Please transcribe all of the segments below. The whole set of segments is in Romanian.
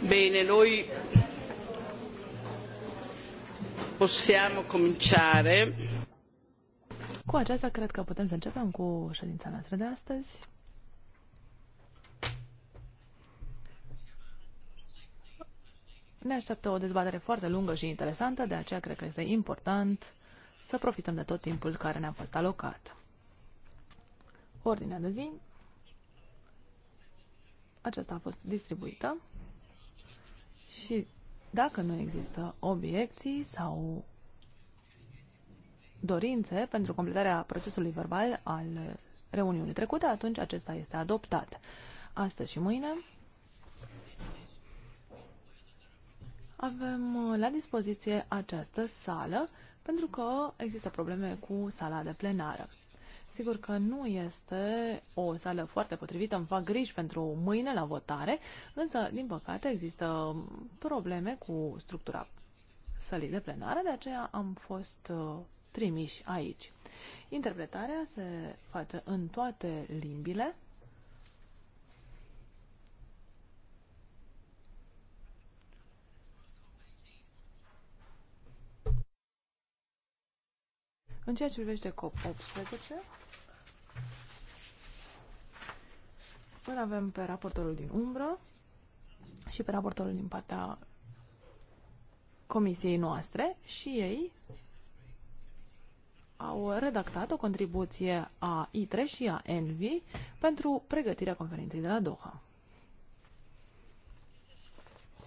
Bene, noi possiamo cominciare. Cu aceasta cred că putem să începem cu ședința noastră de astăzi. ne așteaptă o dezbatere foarte lungă și interesantă, de aceea cred că este important să profităm de tot timpul care ne-a fost alocat. Ordinea de zi. Aceasta a fost distribuită și dacă nu există obiecții sau dorințe pentru completarea procesului verbal al reuniunii trecute, atunci acesta este adoptat. Astăzi și mâine avem uh, la dispoziție această sală pentru că există probleme cu sala de plenară. Sigur că nu este o sală foarte potrivită, îmi fac griji pentru mâine la votare, însă, din păcate, există probleme cu structura sălii de plenară, de aceea am fost uh, trimiși aici. Interpretarea se face în toate limbile, În ceea ce privește COP18, îl avem pe raportorul din umbră și pe raportorul din partea comisiei noastre și ei au redactat o contribuție a ITRE și a ENVI pentru pregătirea conferinței de la Doha.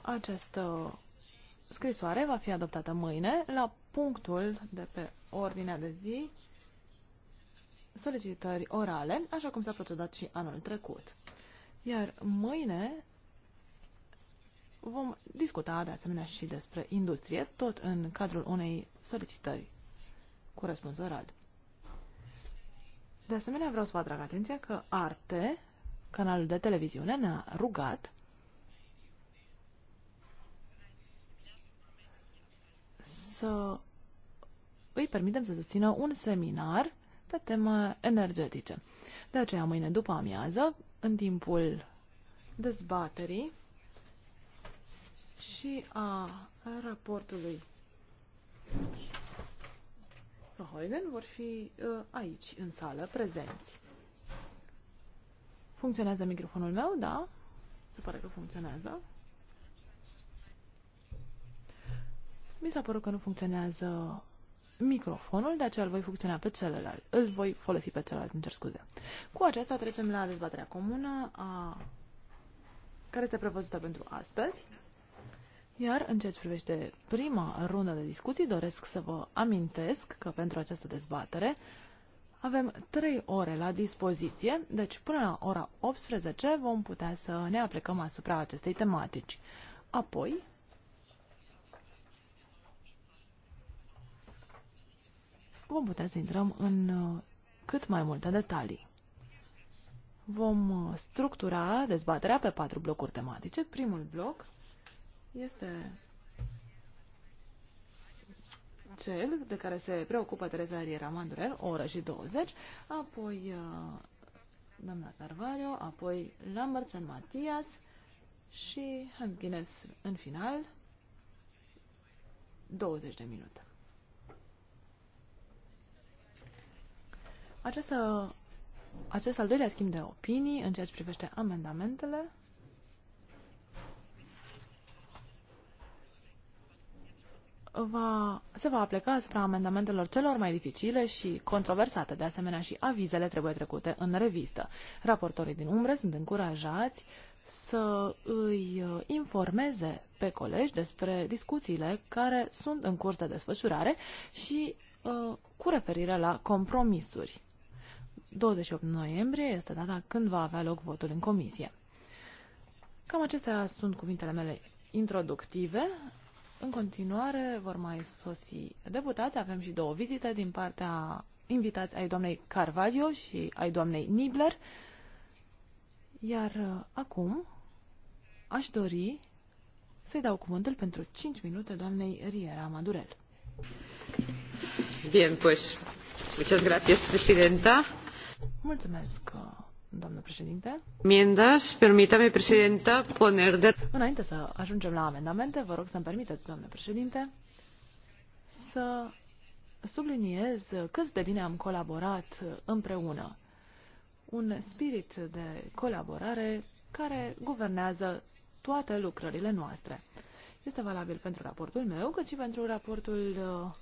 Această scrisoare va fi adoptată mâine la punctul de pe ordinea de zi solicitări orale, așa cum s-a procedat și anul trecut. Iar mâine vom discuta de asemenea și despre industrie, tot în cadrul unei solicitări cu răspuns oral. De asemenea, vreau să vă atrag atenția că Arte, canalul de televiziune, ne-a rugat să îi permitem să susțină un seminar pe teme energetice. De aceea, mâine după amiază, în timpul dezbaterii și a raportului Hoyden vor fi uh, aici, în sală, prezenți. Funcționează microfonul meu, da? Se pare că funcționează. Mi s-a părut că nu funcționează microfonul, de aceea îl voi funcționa pe celălalt. Îl voi folosi pe celălalt, îmi cer scuze. Cu aceasta trecem la dezbaterea comună a... care este prevăzută pentru astăzi. Iar în ceea ce privește prima rundă de discuții, doresc să vă amintesc că pentru această dezbatere avem 3 ore la dispoziție, deci până la ora 18 vom putea să ne aplicăm asupra acestei tematici. Apoi, vom putea să intrăm în uh, cât mai multe detalii. Vom uh, structura dezbaterea pe patru blocuri tematice. Primul bloc este cel de care se preocupă Teresa Riera Mandurel, o oră și 20, apoi uh, doamna Carvario, apoi Lambert San Matias și Hankines în final, 20 de minute. Această, acest al doilea schimb de opinii în ceea ce privește amendamentele va, se va aplica asupra amendamentelor celor mai dificile și controversate. De asemenea, și avizele trebuie trecute în revistă. Raportorii din umbre sunt încurajați să îi uh, informeze pe colegi despre discuțiile care sunt în curs de desfășurare și uh, cu referire la compromisuri. 28 noiembrie este data când va avea loc votul în comisie. Cam acestea sunt cuvintele mele introductive. În continuare vor mai sosi deputați. Avem și două vizite din partea invitați ai doamnei Carvalho și ai doamnei Nibler. Iar uh, acum aș dori să-i dau cuvântul pentru 5 minute doamnei Riera Madurel. Bine, pues, muchas gracias, presidenta. Mulțumesc, uh, permítame, poner de... Înainte să ajungem la amendamente, vă rog să-mi permiteți, doamnă președinte, să subliniez cât de bine am colaborat împreună. Un spirit de colaborare care guvernează toate lucrările noastre. Este valabil pentru raportul meu, cât și pentru raportul uh,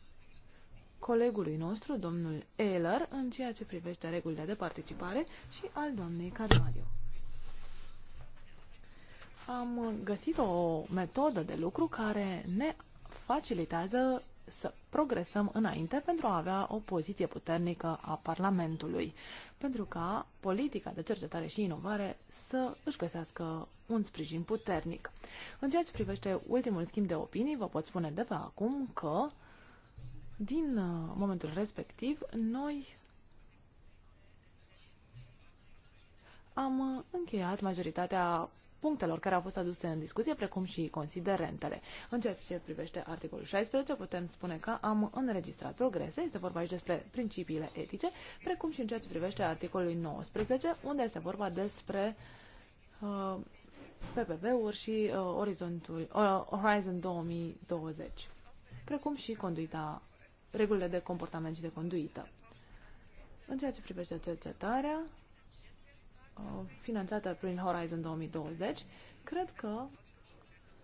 colegului nostru, domnul Ehler, în ceea ce privește regulile de participare și al doamnei Carvalho. Am găsit o metodă de lucru care ne facilitează să progresăm înainte pentru a avea o poziție puternică a Parlamentului, pentru ca politica de cercetare și inovare să își găsească un sprijin puternic. În ceea ce privește ultimul schimb de opinii, vă pot spune de pe acum că din uh, momentul respectiv, noi am uh, încheiat majoritatea punctelor care au fost aduse în discuție, precum și considerentele. În ceea ce privește articolul 16, putem spune că am înregistrat progrese, este vorba aici despre principiile etice, precum și în ceea ce privește articolul 19, unde este vorba despre uh, ppv uri și uh, orizontul, uh, Horizon 2020, precum și conduita regulile de comportament și de conduită. În ceea ce privește cercetarea uh, finanțată prin Horizon 2020, cred că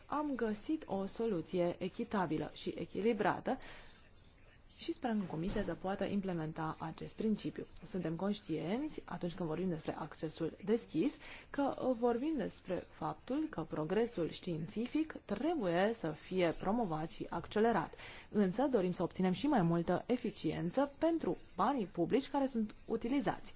am găsit o soluție echitabilă și echilibrată și sperăm că Comisia să poată implementa acest principiu. Suntem conștienți, atunci când vorbim despre accesul deschis, că vorbim despre faptul că progresul științific trebuie să fie promovat și accelerat. Însă dorim să obținem și mai multă eficiență pentru banii publici care sunt utilizați.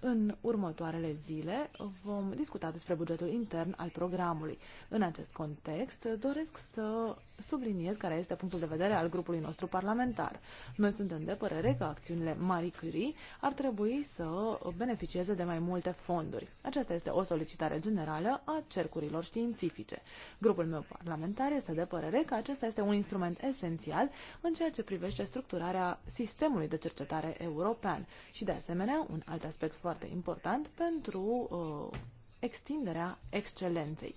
În următoarele zile vom discuta despre bugetul intern al programului. În acest context, doresc să subliniez care este punctul de vedere al grupului nostru parlamentar. Noi suntem de părere că acțiunile Marie Curie ar trebui să beneficieze de mai multe fonduri. Aceasta este o solicitare generală a cercurilor științifice. Grupul meu parlamentar este de părere că acesta este un instrument esențial în ceea ce privește structurarea sistemului de cercetare european și, de asemenea, un alt aspect foarte important pentru uh, extinderea excelenței.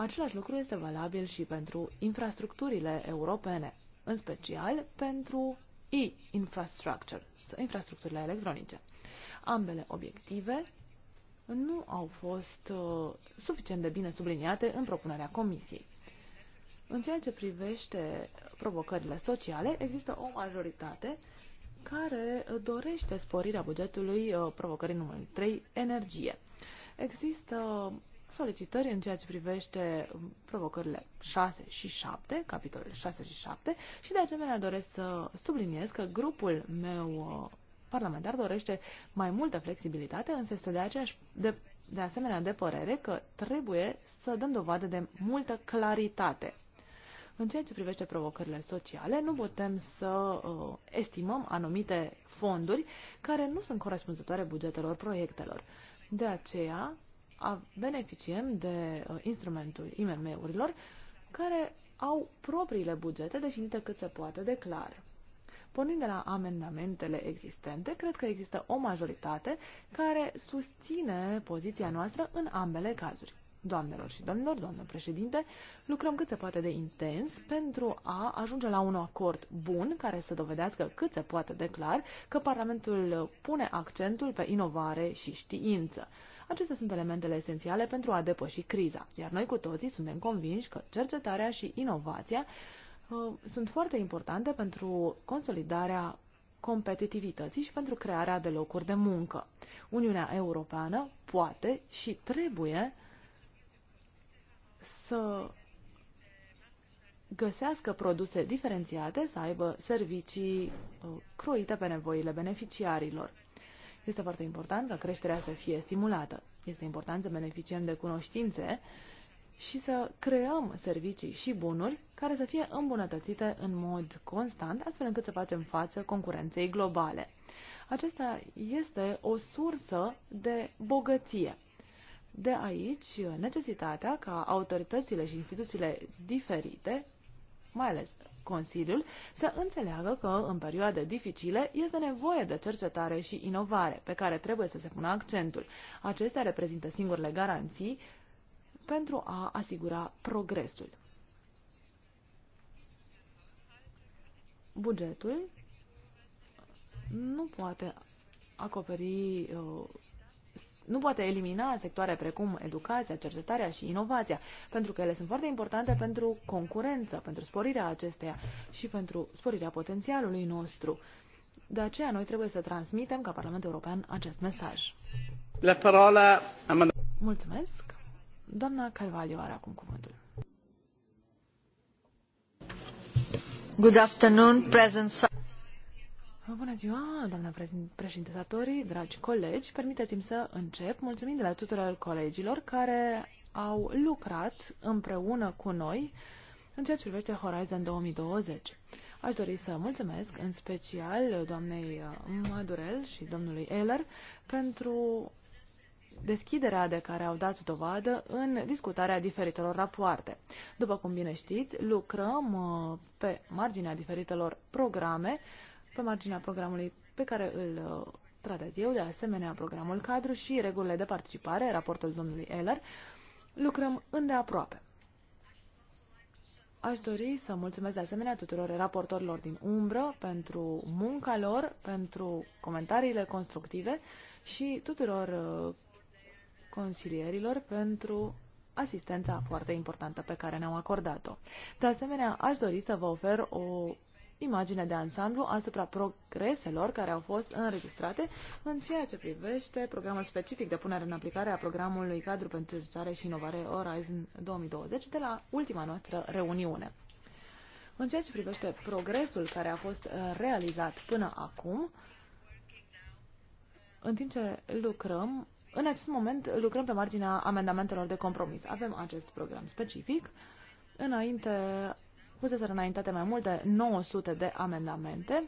Același lucru este valabil și pentru infrastructurile europene, în special pentru e-infrastructure, infrastructurile electronice. Ambele obiective nu au fost uh, suficient de bine subliniate în propunerea Comisiei. În ceea ce privește provocările sociale, există o majoritate care dorește sporirea bugetului uh, provocării numărul 3, energie. Există solicitări în ceea ce privește provocările 6 și 7, capitolele 6 și 7 și de asemenea doresc să subliniez că grupul meu uh, parlamentar dorește mai multă flexibilitate, însă este de, aceeași, de, de asemenea de părere că trebuie să dăm dovadă de multă claritate. În ceea ce privește provocările sociale, nu putem să uh, estimăm anumite fonduri care nu sunt corespunzătoare bugetelor proiectelor. De aceea, beneficiem de uh, instrumentul IMM-urilor care au propriile bugete definite cât se poate de clar. Pornind de la amendamentele existente, cred că există o majoritate care susține poziția noastră în ambele cazuri. Doamnelor și domnilor, doamnă președinte, lucrăm cât se poate de intens pentru a ajunge la un acord bun care să dovedească cât se poate de clar că Parlamentul pune accentul pe inovare și știință. Acestea sunt elementele esențiale pentru a depăși criza, iar noi cu toții suntem convinși că cercetarea și inovația uh, sunt foarte importante pentru consolidarea competitivității și pentru crearea de locuri de muncă. Uniunea Europeană poate și trebuie să găsească produse diferențiate, să aibă servicii uh, croite pe nevoile beneficiarilor. Este foarte important ca creșterea să fie stimulată. Este important să beneficiem de cunoștințe și să creăm servicii și bunuri care să fie îmbunătățite în mod constant, astfel încât să facem față concurenței globale. Acesta este o sursă de bogăție. De aici necesitatea ca autoritățile și instituțiile diferite, mai ales Consiliul să înțeleagă că, în perioade dificile, este nevoie de cercetare și inovare, pe care trebuie să se pună accentul. Acestea reprezintă singurele garanții pentru a asigura progresul. Bugetul nu poate acoperi uh, nu poate elimina sectoare precum educația, cercetarea și inovația, pentru că ele sunt foarte importante pentru concurență, pentru sporirea acesteia și pentru sporirea potențialului nostru. De aceea noi trebuie să transmitem ca Parlament European acest mesaj. La parola... Mulțumesc. Doamna Carvalho are acum cuvântul. Good afternoon, present... Bună ziua, doamna președinte Satori, dragi colegi. Permiteți-mi să încep mulțumind de la tuturor colegilor care au lucrat împreună cu noi în ceea ce privește Horizon 2020. Aș dori să mulțumesc în special doamnei uh, Madurel și domnului Eller pentru deschiderea de care au dat dovadă în discutarea diferitelor rapoarte. După cum bine știți, lucrăm uh, pe marginea diferitelor programe pe marginea programului pe care îl uh, tratez eu, de asemenea programul cadru și regulile de participare, raportul domnului Eller, lucrăm îndeaproape. Aș dori să mulțumesc de asemenea tuturor raportorilor din umbră pentru munca lor, pentru comentariile constructive și tuturor uh, consilierilor pentru asistența foarte importantă pe care ne-au acordat-o. De asemenea, aș dori să vă ofer o imagine de ansamblu asupra progreselor care au fost înregistrate în ceea ce privește programul specific de punere în aplicare a programului cadru pentru cercetare și inovare Horizon 2020 de la ultima noastră reuniune. În ceea ce privește progresul care a fost realizat până acum, în timp ce lucrăm, în acest moment lucrăm pe marginea amendamentelor de compromis. Avem acest program specific. Înainte fusese înaintate mai multe 900 de amendamente,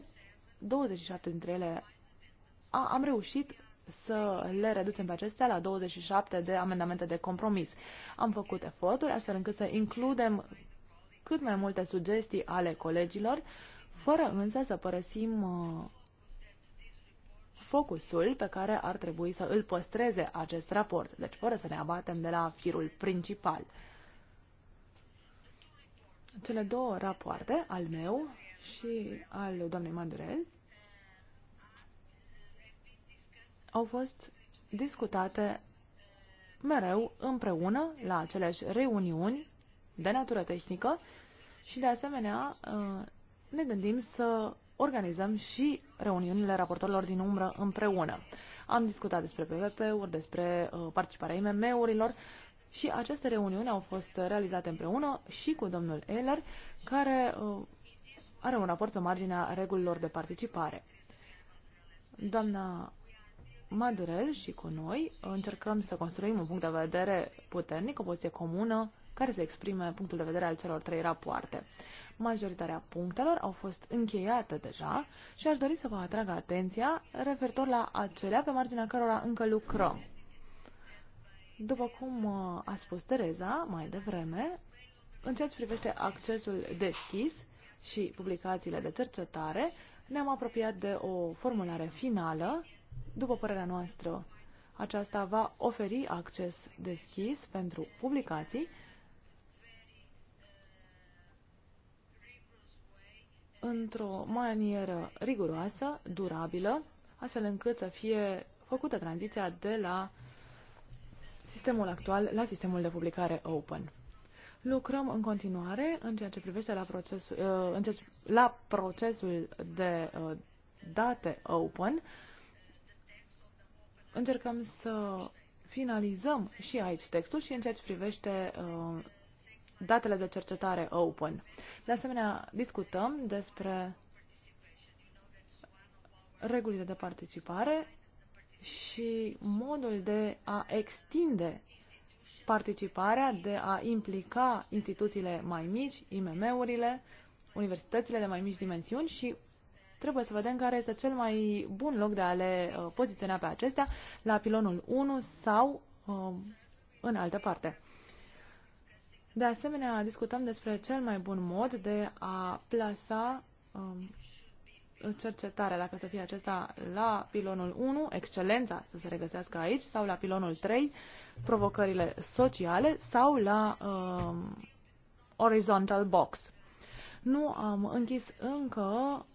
27 dintre ele a, am reușit să le reducem pe acestea la 27 de amendamente de compromis. Am făcut eforturi astfel încât să includem cât mai multe sugestii ale colegilor, fără însă să părăsim uh, focusul pe care ar trebui să îl păstreze acest raport, deci fără să ne abatem de la firul principal cele două rapoarte, al meu și al doamnei Mandurel, au fost discutate mereu împreună la aceleași reuniuni de natură tehnică și de asemenea uh, ne gândim să organizăm și reuniunile raportorilor din umbră împreună. Am discutat despre PVP-uri, despre uh, participarea IMM-urilor și aceste reuniuni au fost realizate împreună și cu domnul Eller, care uh, are un raport pe marginea regulilor de participare. Doamna Madurel și cu noi încercăm să construim un punct de vedere puternic, o poziție comună care să exprime punctul de vedere al celor trei rapoarte. Majoritatea punctelor au fost încheiate deja și aș dori să vă atrag atenția referitor la acelea pe marginea cărora încă lucrăm. După cum uh, a spus Tereza mai devreme, în ceea ce privește accesul deschis și publicațiile de cercetare, ne-am apropiat de o formulare finală. După părerea noastră, aceasta va oferi acces deschis pentru publicații într-o manieră riguroasă, durabilă, astfel încât să fie făcută tranziția de la uh, sistemul actual la sistemul de publicare open. Lucrăm în continuare în ceea ce privește la procesul, uh, în ceea ce, la procesul de uh, date open. Încercăm să finalizăm și aici textul și în ceea ce privește uh, datele de cercetare open. De asemenea, discutăm despre regulile de participare și modul de a extinde participarea, de a implica instituțiile mai mici, IMM-urile, universitățile de mai mici dimensiuni și trebuie să vedem care este cel mai bun loc de a le uh, poziționa pe acestea la pilonul 1 sau um, în altă parte. De asemenea, discutăm despre cel mai bun mod de a plasa um, cercetarea, dacă să fie acesta la pilonul 1, excelența să se regăsească aici, sau la pilonul 3, provocările sociale, sau la um, horizontal box. Nu am închis încă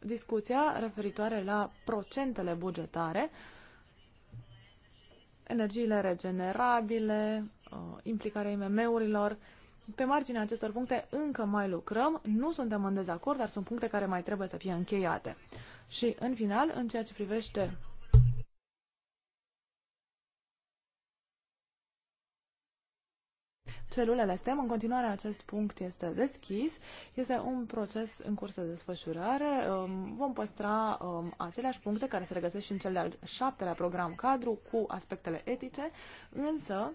discuția referitoare la procentele bugetare, energiile regenerabile, uh, implicarea IMM-urilor, pe marginea acestor puncte încă mai lucrăm, nu suntem în dezacord, dar sunt puncte care mai trebuie să fie încheiate. Și, în final, în ceea ce privește celulele STEM. În continuare, acest punct este deschis. Este un proces în curs de desfășurare. Um, vom păstra um, aceleași puncte care se regăsesc și în cel de-al șaptelea program cadru cu aspectele etice, însă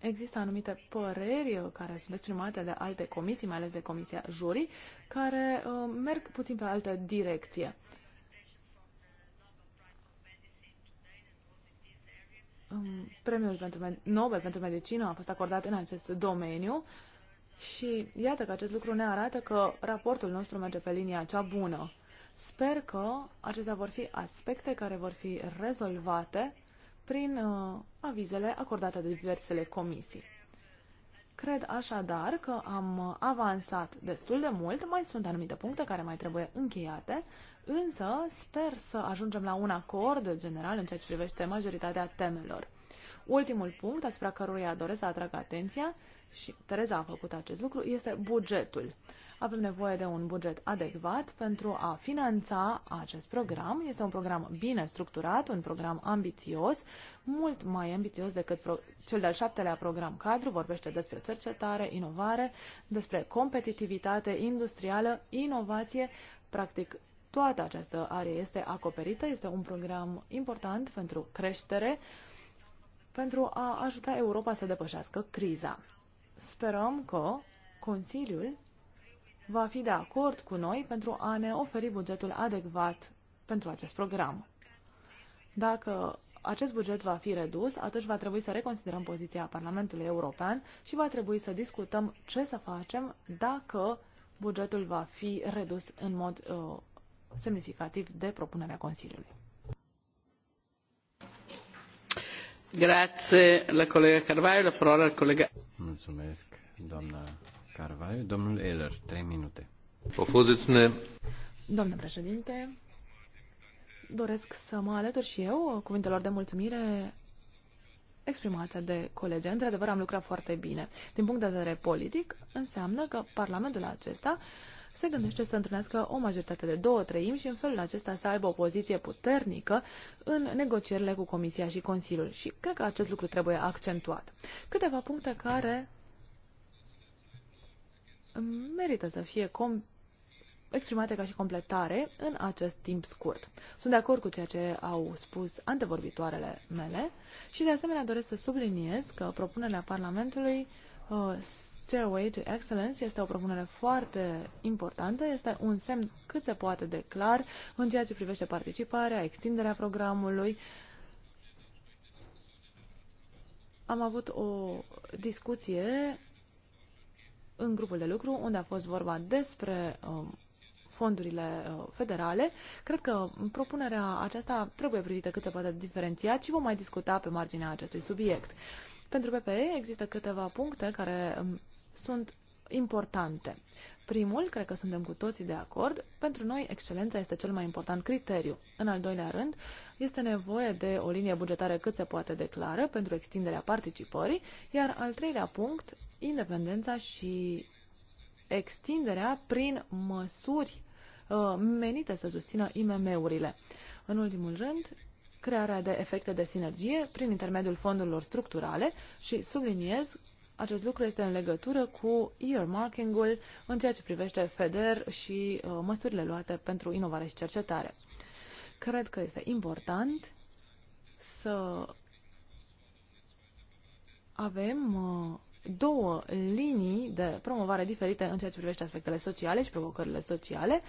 există anumite păreri care sunt exprimate de alte comisii, mai ales de Comisia Jurii, care uh, merg puțin pe altă direcție. Um, premiul pentru Nobel pentru medicină a fost acordat în acest domeniu și iată că acest lucru ne arată că raportul nostru merge pe linia cea bună. Sper că acestea vor fi aspecte care vor fi rezolvate prin uh, avizele acordate de diversele comisii. Cred așadar că am uh, avansat destul de mult, mai sunt anumite puncte care mai trebuie încheiate, însă sper să ajungem la un acord general în ceea ce privește majoritatea temelor. Ultimul punct asupra căruia doresc să atrag atenția, și Tereza a făcut acest lucru, este bugetul. Avem nevoie de un buget adecvat pentru a finanța acest program. Este un program bine structurat, un program ambițios, mult mai ambițios decât cel de-al șaptelea program cadru. Vorbește despre cercetare, inovare, despre competitivitate industrială, inovație, practic toată această arie este acoperită, este un program important pentru creștere, pentru a ajuta Europa să depășească criza. Sperăm că Consiliul va fi de acord cu noi pentru a ne oferi bugetul adecvat pentru acest program. Dacă acest buget va fi redus, atunci va trebui să reconsiderăm poziția Parlamentului European și va trebui să discutăm ce să facem dacă bugetul va fi redus în mod uh, semnificativ de propunerea Consiliului. Grazie la colega Carvalho, la parola al colega. Mulțumesc, doamna Carvalho. Domnul Eller, trei minute. Domnule președinte, doresc să mă alătur și eu cuvintelor de mulțumire exprimate de colegi. Într-adevăr, am lucrat foarte bine. Din punct de vedere politic, înseamnă că Parlamentul acesta se gândește să întrunească o majoritate de două treimi și în felul acesta să aibă o poziție puternică în negocierile cu Comisia și Consiliul. Și cred că acest lucru trebuie accentuat. Câteva puncte care merită să fie exprimate ca și completare în acest timp scurt. Sunt de acord cu ceea ce au spus antevorbitoarele mele și de asemenea doresc să subliniez că propunerea Parlamentului uh, Stairway to Excellence este o propunere foarte importantă, este un semn cât se poate de clar în ceea ce privește participarea, extinderea programului. Am avut o discuție în grupul de lucru unde a fost vorba despre um, fondurile uh, federale. Cred că um, propunerea aceasta trebuie privită cât se poate diferențiat și vom mai discuta pe marginea acestui subiect. Pentru PPE există câteva puncte care um, sunt importante. Primul, cred că suntem cu toții de acord, pentru noi excelența este cel mai important criteriu. În al doilea rând, este nevoie de o linie bugetară cât se poate declară pentru extinderea participării, iar al treilea punct, independența și extinderea prin măsuri uh, menite să susțină IMM-urile. În ultimul rând, crearea de efecte de sinergie prin intermediul fondurilor structurale și subliniez acest lucru este în legătură cu earmarking-ul în ceea ce privește FEDER și uh, măsurile luate pentru inovare și cercetare. Cred că este important să avem uh, două linii de promovare diferite în ceea ce privește aspectele sociale și provocările sociale.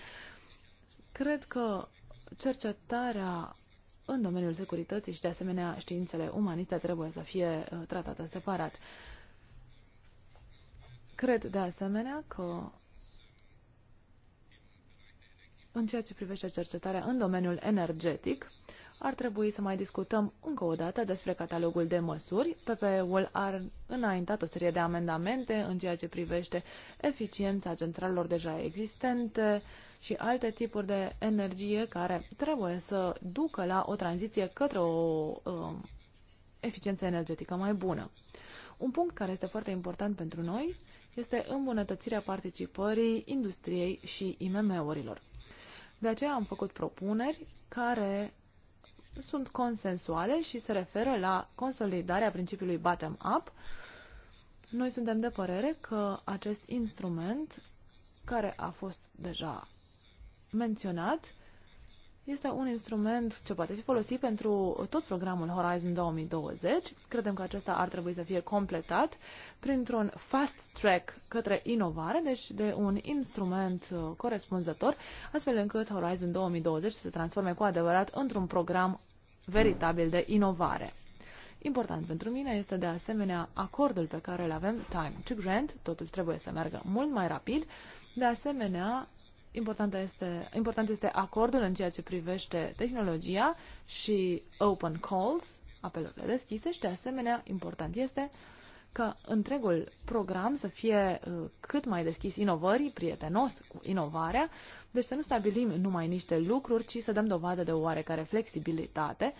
Cred că cercetarea în domeniul securității și, de asemenea, științele umaniste trebuie să fie uh, tratate separat. Cred de asemenea că în ceea ce privește cercetarea în domeniul energetic, ar trebui să mai discutăm încă o dată despre catalogul de măsuri. PPE-ul a înaintat o serie de amendamente în ceea ce privește eficiența centralelor deja existente și alte tipuri de energie care trebuie să ducă la o tranziție către o um, eficiență energetică mai bună. Un punct care este foarte important pentru noi este îmbunătățirea participării industriei și IMM-urilor. De aceea am făcut propuneri care sunt consensuale și se referă la consolidarea principiului bottom-up. Noi suntem de părere că acest instrument, care a fost deja menționat, este un instrument ce poate fi folosit pentru tot programul Horizon 2020. Credem că acesta ar trebui să fie completat printr-un fast track către inovare, deci de un instrument uh, corespunzător, astfel încât Horizon 2020 să se transforme cu adevărat într-un program veritabil de inovare. Important pentru mine este de asemenea acordul pe care îl avem, Time to Grant, totul trebuie să meargă mult mai rapid, de asemenea important este, important este acordul în ceea ce privește tehnologia și open calls, apelurile deschise și de asemenea important este ca întregul program să fie uh, cât mai deschis inovării, prietenos cu inovarea, deci să nu stabilim numai niște lucruri, ci să dăm dovadă de oarecare flexibilitate,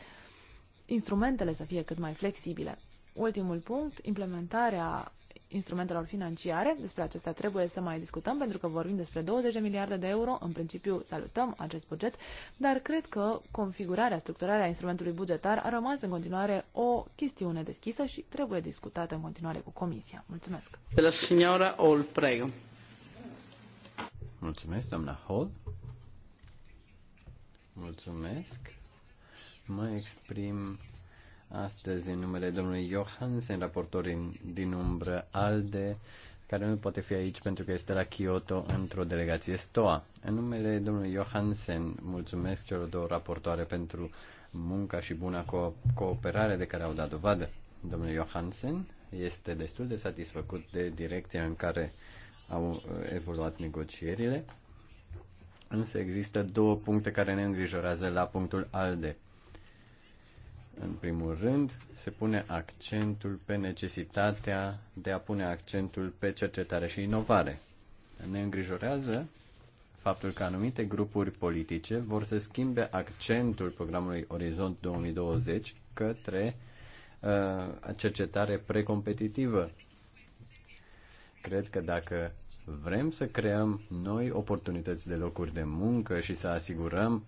instrumentele să fie cât mai flexibile. Ultimul punct, implementarea instrumentelor financiare. Despre acestea trebuie să mai discutăm pentru că vorbim despre 20 de miliarde de euro. În principiu salutăm acest buget, dar cred că configurarea, structurarea instrumentului bugetar a rămas în continuare o chestiune deschisă și trebuie discutată în continuare cu Comisia. Mulțumesc! De la signora Hall, prego. Mulțumesc, doamna Hall. Mulțumesc. Mă exprim astăzi în numele domnului Johansen, raportor din, din umbră ALDE, care nu poate fi aici pentru că este la Kyoto într-o delegație STOA. În numele domnului Johansen, mulțumesc celor două raportoare pentru munca și buna co- cooperare de care au dat dovadă. Domnul Johansen este destul de satisfăcut de direcția în care au uh, evoluat negocierile, însă există două puncte care ne îngrijorează la punctul ALDE. În primul rând, se pune accentul pe necesitatea de a pune accentul pe cercetare și inovare. Ne îngrijorează faptul că anumite grupuri politice vor să schimbe accentul programului Orizont 2020 către uh, cercetare precompetitivă. Cred că dacă Vrem să creăm noi oportunități de locuri de muncă și să asigurăm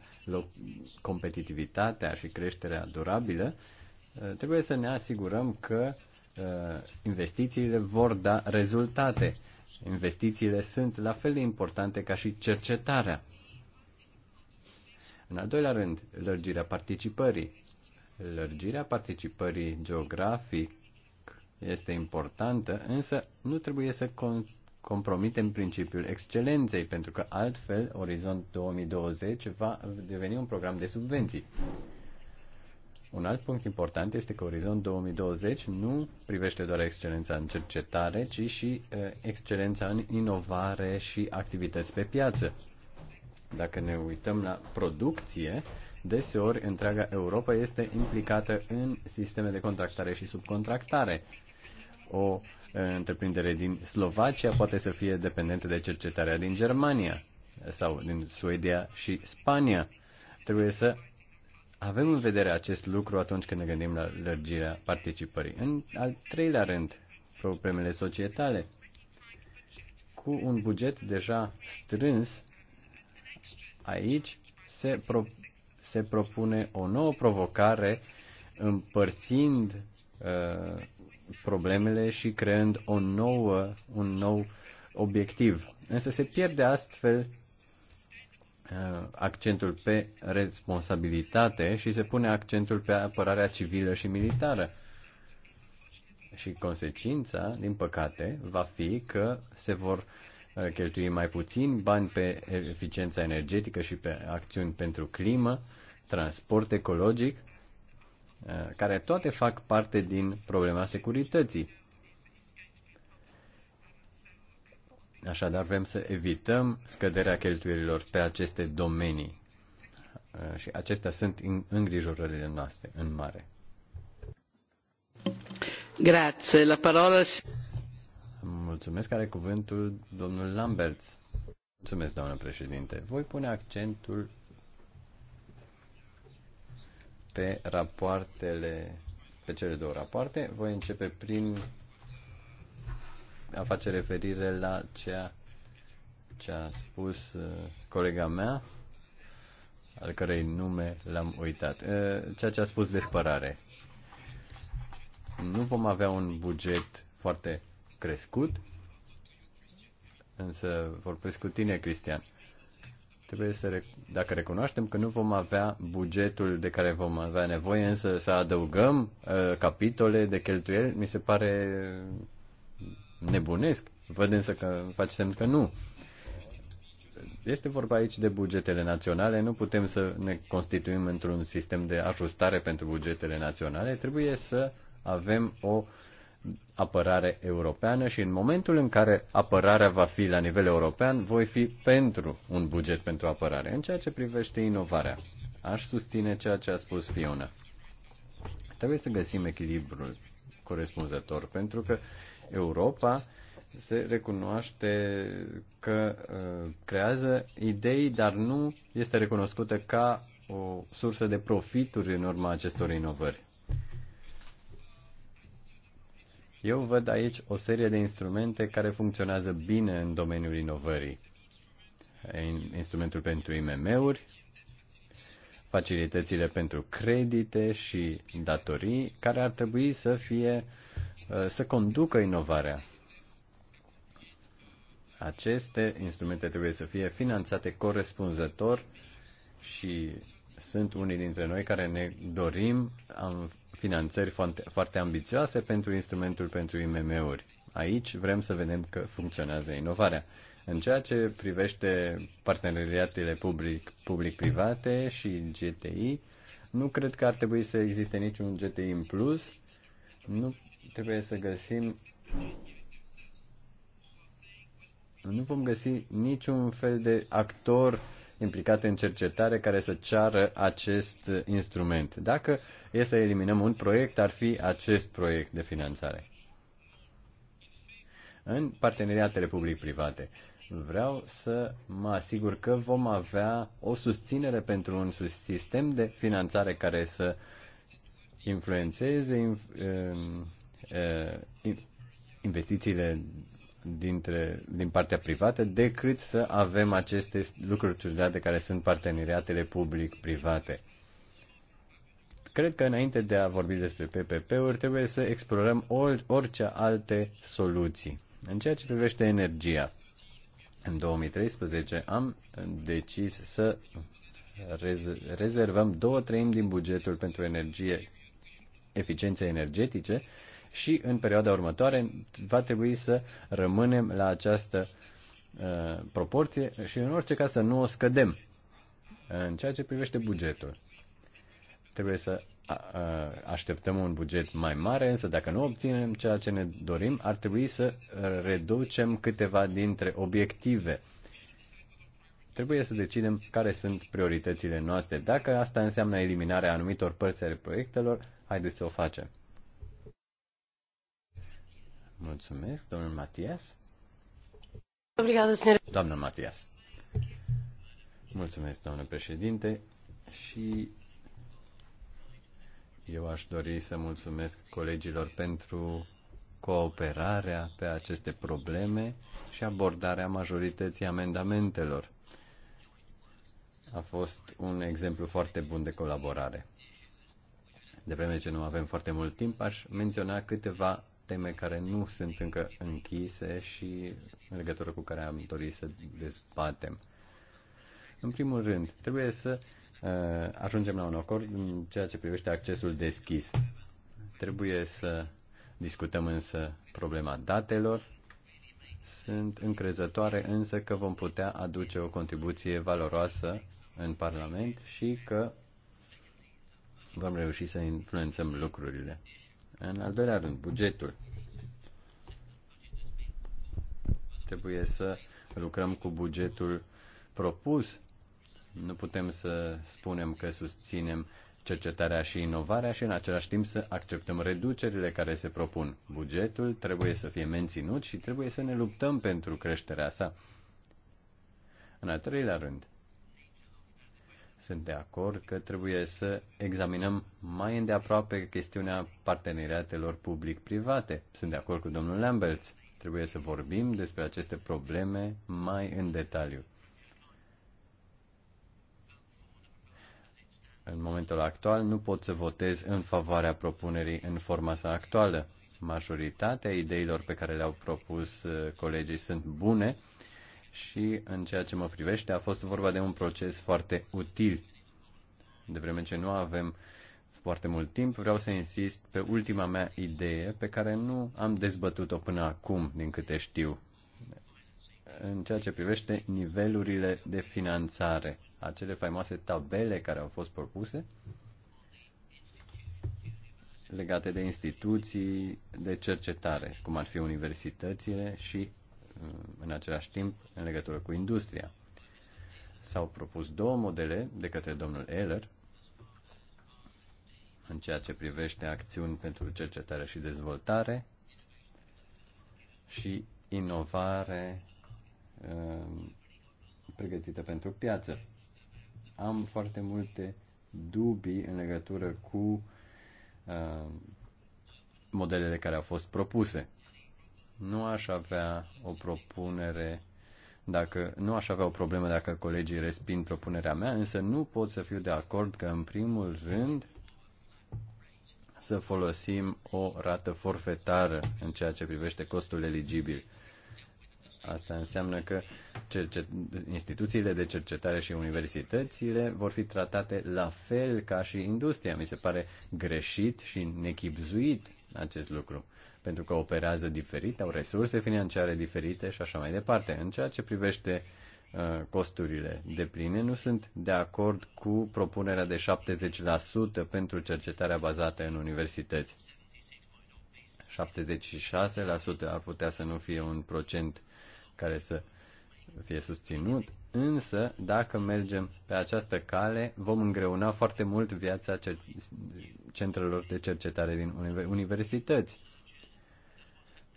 competitivitatea și creșterea durabilă, uh, trebuie să ne asigurăm că uh, investițiile vor da rezultate. Investițiile sunt la fel de importante ca și cercetarea. În al doilea rând, lărgirea participării. Lărgirea participării geografic este importantă, însă nu trebuie să con- compromitem principiul excelenței, pentru că altfel Orizont 2020 va deveni un program de subvenții. Un alt punct important este că Orizont 2020 nu privește doar excelența în cercetare, ci și excelența în inovare și activități pe piață. Dacă ne uităm la producție, deseori întreaga Europa este implicată în sisteme de contractare și subcontractare. O uh, întreprindere din Slovacia poate să fie dependentă de cercetarea din Germania sau din Suedia și Spania. Trebuie să avem în vedere acest lucru atunci când ne gândim la lărgirea participării. În al treilea rând, problemele societale. Cu un buget deja strâns, aici se, pro- se propune o nouă provocare împărțind uh, problemele și creând o nouă, un nou obiectiv. Însă se pierde astfel uh, accentul pe responsabilitate și se pune accentul pe apărarea civilă și militară. Și consecința, din păcate, va fi că se vor uh, cheltui mai puțin bani pe eficiența energetică și pe acțiuni pentru climă, transport ecologic Uh, care toate fac parte din problema securității. Așadar, vrem să evităm scăderea cheltuielilor pe aceste domenii. Uh, și acestea sunt îngrijorările noastre în mare. Grație. La parola... Mulțumesc. Are cuvântul domnul Lamberts. Mulțumesc, doamnă președinte. Voi pune accentul pe rapoartele, pe cele două rapoarte. Voi începe prin a face referire la ceea ce a spus uh, colega mea, al cărei nume l-am uitat. Uh, ceea ce a spus despărare. Nu vom avea un buget foarte crescut, însă vorbesc cu tine, Cristian trebuie să, dacă recunoaștem că nu vom avea bugetul de care vom avea nevoie, însă să adăugăm uh, capitole de cheltuieli, mi se pare nebunesc. Văd însă că faci semn că nu. Este vorba aici de bugetele naționale, nu putem să ne constituim într-un sistem de ajustare pentru bugetele naționale, trebuie să avem o uh, apărare europeană și în momentul în care apărarea va fi la nivel european, voi fi pentru un buget pentru apărare. În ceea ce privește inovarea, aș susține ceea ce a spus Fiona. Trebuie să găsim echilibrul corespunzător, pentru că Europa se recunoaște că uh, creează idei, dar nu este recunoscută ca o sursă de profituri în urma acestor inovări. Eu văd aici o serie de instrumente care funcționează bine în domeniul inovării. Instrumentul pentru IMM-uri, facilitățile pentru credite și datorii, care ar trebui să fie uh, să conducă inovarea. Aceste instrumente trebuie să fie finanțate corespunzător și sunt unii dintre noi care ne dorim finanțări foarte, ambițioase pentru instrumentul pentru IMM-uri. Aici vrem să vedem că funcționează inovarea. În ceea ce privește parteneriatele public, public-private și GTI, nu cred că ar trebui să existe niciun GTI în plus. Nu trebuie să găsim nu vom găsi niciun fel de actor implicate în cercetare care să ceară acest instrument. Dacă e să eliminăm un proiect, ar fi acest proiect de finanțare. În parteneriatele public-private vreau să mă asigur că vom avea o susținere pentru un sistem de finanțare care să influențeze investițiile dintre, din partea privată decât să avem aceste lucruri ciudate care sunt parteneriatele public-private. Cred că înainte de a vorbi despre PPP-uri trebuie să explorăm orice alte soluții. În ceea ce privește energia, în 2013 am decis să rez- rezervăm două treimi din bugetul pentru energie, eficiențe energetice și în perioada următoare va trebui să rămânem la această uh, proporție și în orice caz să nu o scădem în ceea ce privește bugetul. Trebuie să așteptăm un buget mai mare, însă dacă nu obținem ceea ce ne dorim, ar trebui să reducem câteva dintre obiective. Trebuie să decidem care sunt prioritățile noastre. Dacă asta înseamnă eliminarea anumitor părți ale proiectelor, haideți să o facem. Mulțumesc, domnul Matias. Doamna Matias. Mulțumesc, domnule președinte, și eu aș dori să mulțumesc colegilor pentru cooperarea pe aceste probleme și abordarea majorității amendamentelor. A fost un exemplu foarte bun de colaborare. De vreme ce nu avem foarte mult timp, aș menționa câteva teme care nu sunt încă închise și în legătură cu care am dorit să dezbatem. În primul rând, trebuie să uh, ajungem la un acord în ceea ce privește accesul deschis. Trebuie să discutăm însă problema datelor. Sunt încrezătoare însă că vom putea aduce o contribuție valoroasă în Parlament și că vom reuși să influențăm lucrurile. În al doilea rând, bugetul. Trebuie să lucrăm cu bugetul propus. Nu putem să spunem că susținem cercetarea și inovarea și în același timp să acceptăm reducerile care se propun. Bugetul trebuie să fie menținut și trebuie să ne luptăm pentru creșterea sa. În al treilea rând, sunt de acord că trebuie să examinăm mai îndeaproape chestiunea parteneriatelor public-private. Sunt de acord cu domnul Lamberts. Trebuie să vorbim despre aceste probleme mai în detaliu. În momentul actual nu pot să votez în favoarea propunerii în forma sa actuală. Majoritatea ideilor pe care le-au propus uh, colegii sunt bune, și în ceea ce mă privește a fost vorba de un proces foarte util. De vreme ce nu avem foarte mult timp, vreau să insist pe ultima mea idee pe care nu am dezbătut-o până acum, din câte știu, în ceea ce privește nivelurile de finanțare, acele faimoase tabele care au fost propuse legate de instituții de cercetare, cum ar fi universitățile și în același timp în legătură cu industria. S-au propus două modele de către domnul Eller în ceea ce privește acțiuni pentru cercetare și dezvoltare și inovare uh, pregătită pentru piață. Am foarte multe dubii în legătură cu uh, modelele care au fost propuse nu aș avea o propunere dacă nu aș avea o problemă dacă colegii resping propunerea mea, însă nu pot să fiu de acord că în primul rând să folosim o rată forfetară în ceea ce privește costul eligibil. Asta înseamnă că cercet- instituțiile de cercetare și universitățile vor fi tratate la fel ca și industria. Mi se pare greșit și nechipzuit acest lucru pentru că operează diferit, au resurse financiare diferite și așa mai departe. În ceea ce privește uh, costurile de pline, nu sunt de acord cu propunerea de 70% pentru cercetarea bazată în universități. 76% ar putea să nu fie un procent care să fie susținut, însă dacă mergem pe această cale, vom îngreuna foarte mult viața centrelor de cercetare din universități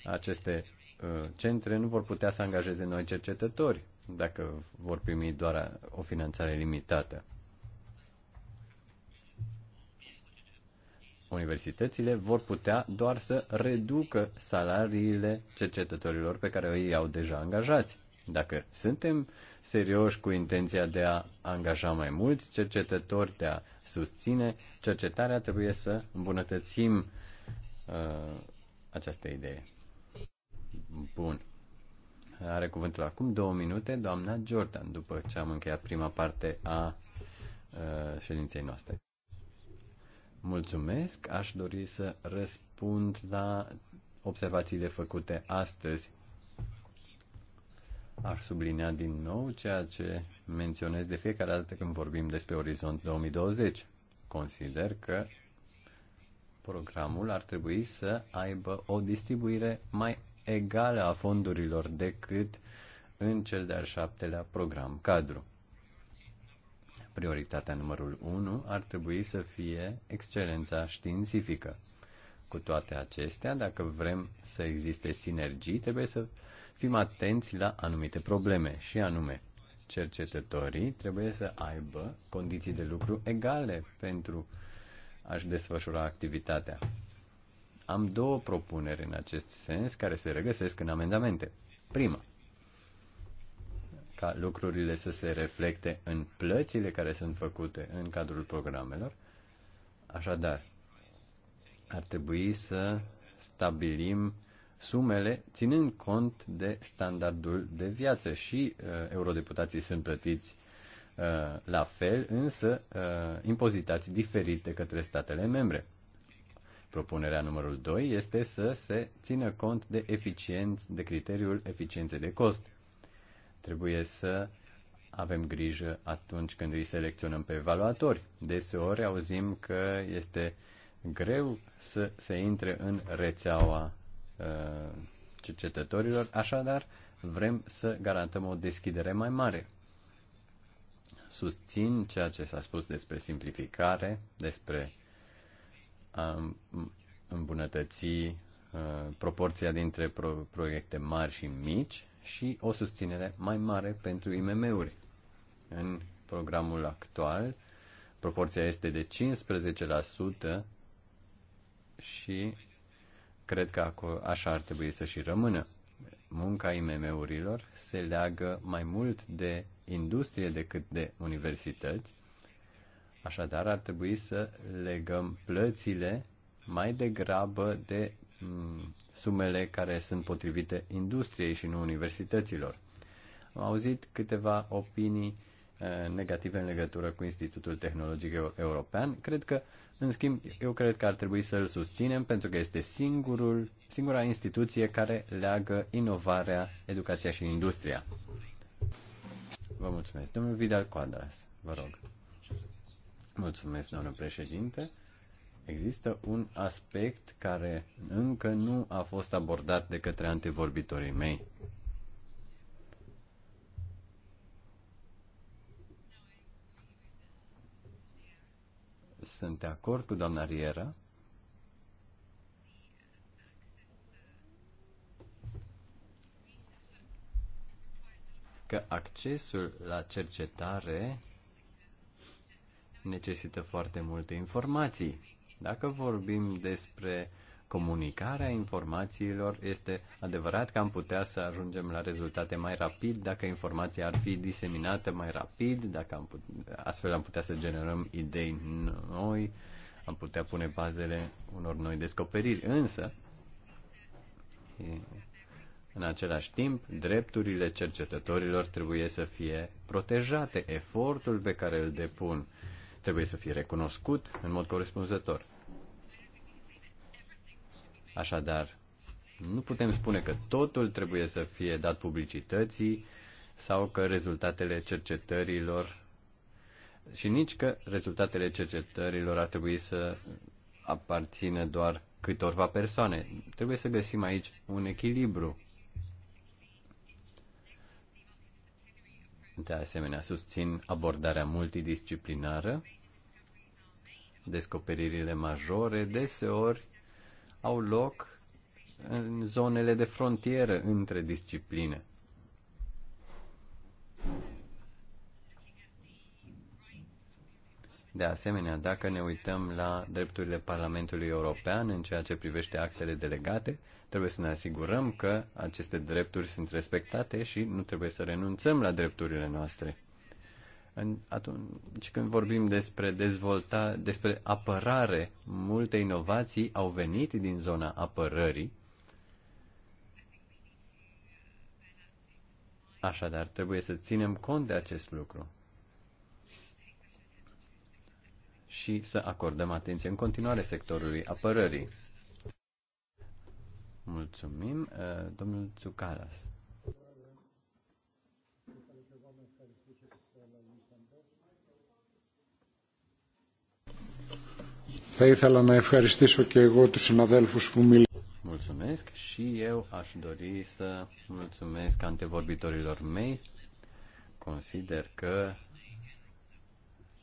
aceste uh, centre nu vor putea să angajeze noi cercetători dacă vor primi doar o finanțare limitată. Universitățile vor putea doar să reducă salariile cercetătorilor pe care îi au deja angajați. Dacă suntem serioși cu intenția de a angaja mai mulți cercetători, de a susține cercetarea, trebuie să îmbunătățim uh, această idee. Bun. Are cuvântul acum două minute doamna Jordan, după ce am încheiat prima parte a uh, ședinței noastre. Mulțumesc. Aș dori să răspund la observațiile făcute astăzi. Aș sublinea din nou ceea ce menționez de fiecare dată când vorbim despre Orizont 2020. Consider că programul ar trebui să aibă o distribuire mai egală a fondurilor decât în cel de-al șaptelea program cadru. Prioritatea numărul 1 ar trebui să fie excelența științifică. Cu toate acestea, dacă vrem să existe sinergii, trebuie să fim atenți la anumite probleme, și anume, cercetătorii trebuie să aibă condiții de lucru egale pentru a-și desfășura activitatea. Am două propuneri în acest sens care se regăsesc în amendamente. Prima, ca lucrurile să se reflecte în plățile care sunt făcute în cadrul programelor. Așadar, ar trebui să stabilim sumele ținând cont de standardul de viață și uh, eurodeputații sunt plătiți uh, la fel, însă uh, impozitați diferit de către statele membre. Propunerea numărul 2 este să se țină cont de, eficienț, de criteriul eficienței de cost. Trebuie să avem grijă atunci când îi selecționăm pe evaluatori. Deseori auzim că este greu să se intre în rețeaua uh, cercetătorilor, așadar vrem să garantăm o deschidere mai mare. Susțin ceea ce s-a spus despre simplificare, despre a îmbunătăți uh, proporția dintre pro- proiecte mari și mici și o susținere mai mare pentru IMM-uri. În programul actual, proporția este de 15% și cred că așa ar trebui să și rămână. Munca IMM-urilor se leagă mai mult de industrie decât de universități Așadar, ar trebui să legăm plățile mai degrabă de mm, sumele care sunt potrivite industriei și nu universităților. Am auzit câteva opinii eh, negative în legătură cu Institutul Tehnologic European. Cred că, în schimb, eu cred că ar trebui să-l susținem pentru că este singurul, singura instituție care leagă inovarea, educația și industria. Vă mulțumesc. Domnul Vidal Quadras, vă rog. Mulțumesc, doamnă președinte. Există un aspect care încă nu a fost abordat de către antevorbitorii mei. Sunt de acord cu doamna Riera. că accesul la cercetare necesită foarte multe informații. Dacă vorbim despre comunicarea informațiilor, este adevărat că am putea să ajungem la rezultate mai rapid dacă informația ar fi diseminată mai rapid, dacă am put- astfel am putea să generăm idei noi, am putea pune bazele unor noi descoperiri. Însă, în același timp, drepturile cercetătorilor trebuie să fie protejate, efortul pe care îl depun trebuie să fie recunoscut în mod corespunzător. Așadar, nu putem spune că totul trebuie să fie dat publicității sau că rezultatele cercetărilor și nici că rezultatele cercetărilor ar trebui să aparțină doar câtorva persoane. Trebuie să găsim aici un echilibru. De asemenea, susțin abordarea multidisciplinară. Descoperirile majore deseori au loc în zonele de frontieră între discipline. De asemenea, dacă ne uităm la drepturile Parlamentului European în ceea ce privește actele delegate, trebuie să ne asigurăm că aceste drepturi sunt respectate și nu trebuie să renunțăm la drepturile noastre. În, atunci când vorbim despre dezvolta, despre apărare, multe inovații au venit din zona apărării. Așadar, trebuie să ținem cont de acest lucru. și să acordăm atenție în continuare sectorului apărării. Mulțumim, uh, domnul Tsukalas. Θα ήθελα να ευχαριστήσω και εγώ τους συναδέλφους που μιλήσαν. Mulțumesc și eu aș dori să mulțumesc antevorbitorilor mei. Consider că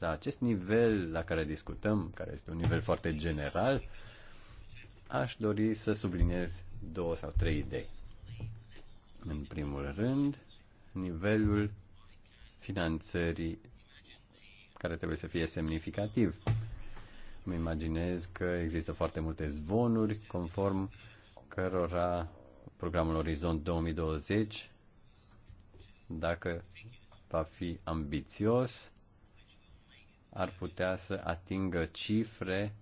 la acest nivel la care discutăm, care este un nivel foarte general, aș dori să subliniez două sau trei idei. În primul rând, nivelul finanțării care trebuie să fie semnificativ. Îmi imaginez că există foarte multe zvonuri conform cărora programul Orizont 2020, dacă va fi ambițios, ar putea să atingă cifre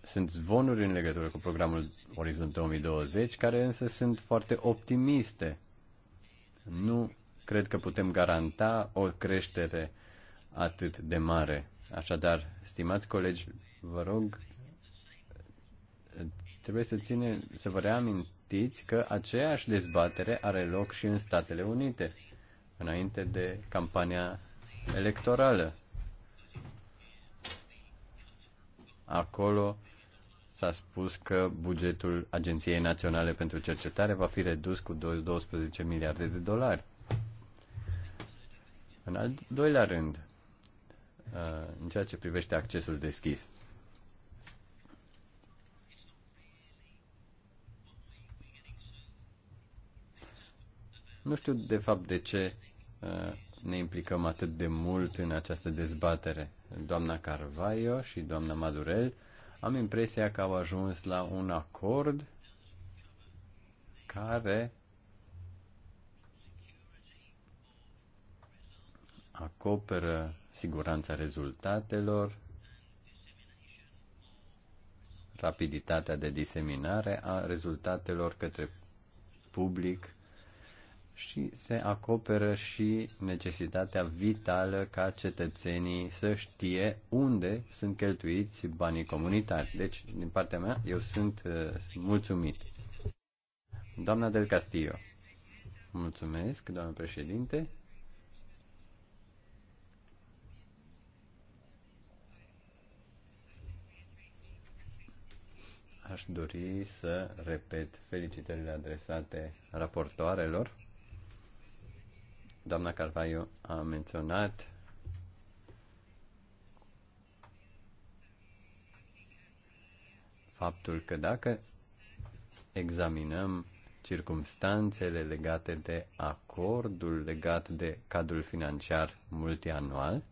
sunt zvonuri în legătură cu programul Orizont 2020, care însă sunt foarte optimiste. Nu cred că putem garanta o creștere atât de mare. Așadar, stimați colegi, vă rog, trebuie să, ține, să vă reamintiți că aceeași dezbatere are loc și în Statele Unite înainte de campania electorală. Acolo s-a spus că bugetul Agenției Naționale pentru Cercetare va fi redus cu 12 miliarde de dolari. În al doilea rând, uh, în ceea ce privește accesul deschis. Nu știu de fapt de ce Eh, ne implicăm atât de mult în această dezbatere. Doamna Carvaio și doamna Madurel, am impresia că au ajuns la un acord care acoperă siguranța rezultatelor, rapiditatea de diseminare a rezultatelor către public și se acoperă și necesitatea vitală ca cetățenii să știe unde sunt cheltuiți banii comunitari. Deci, din partea mea, eu sunt uh, mulțumit. Doamna Del Castillo. Mulțumesc, doamnă președinte. Aș dori să repet felicitările adresate raportoarelor Doamna Carvalho a menționat faptul că dacă examinăm circumstanțele legate de acordul legat de cadrul financiar multianual,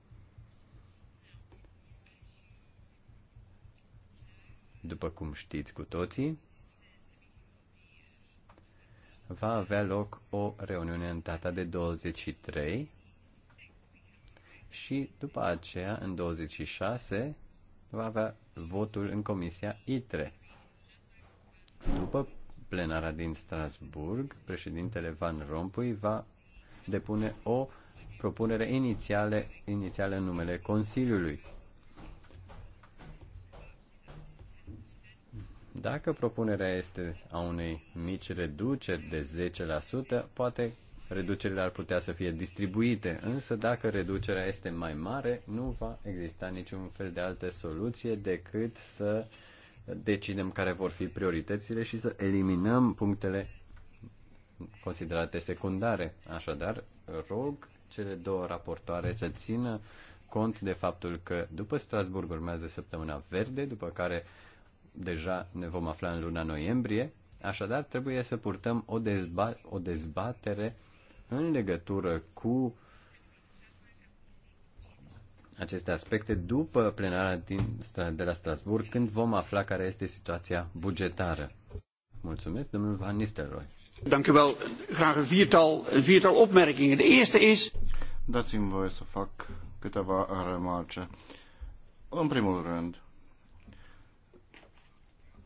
după cum știți cu toții, va avea loc o reuniune în data de 23 și după aceea, în 26, va avea votul în Comisia ITRE. După plenara din Strasburg, președintele Van Rompuy va depune o propunere inițiale, inițială în numele Consiliului. Dacă propunerea este a unei mici reduceri de 10%, poate reducerile ar putea să fie distribuite, însă dacă reducerea este mai mare, nu va exista niciun fel de altă soluție decât să decidem care vor fi prioritățile și să eliminăm punctele considerate secundare. Așadar, rog cele două raportoare să țină cont de faptul că după Strasburg urmează săptămâna verde, după care deja ne vom afla în luna noiembrie, așadar trebuie să purtăm o, dezba- o dezbatere în legătură cu aceste aspecte după plenara din, de la Strasburg, când vom afla care este situația bugetară. Mulțumesc, domnul Van Nistelrooy. Dank u wel. Graag een viertal, een viertal opmerkingen. De eerste is... Dați-mi voie să fac câteva remarce. În primul rând,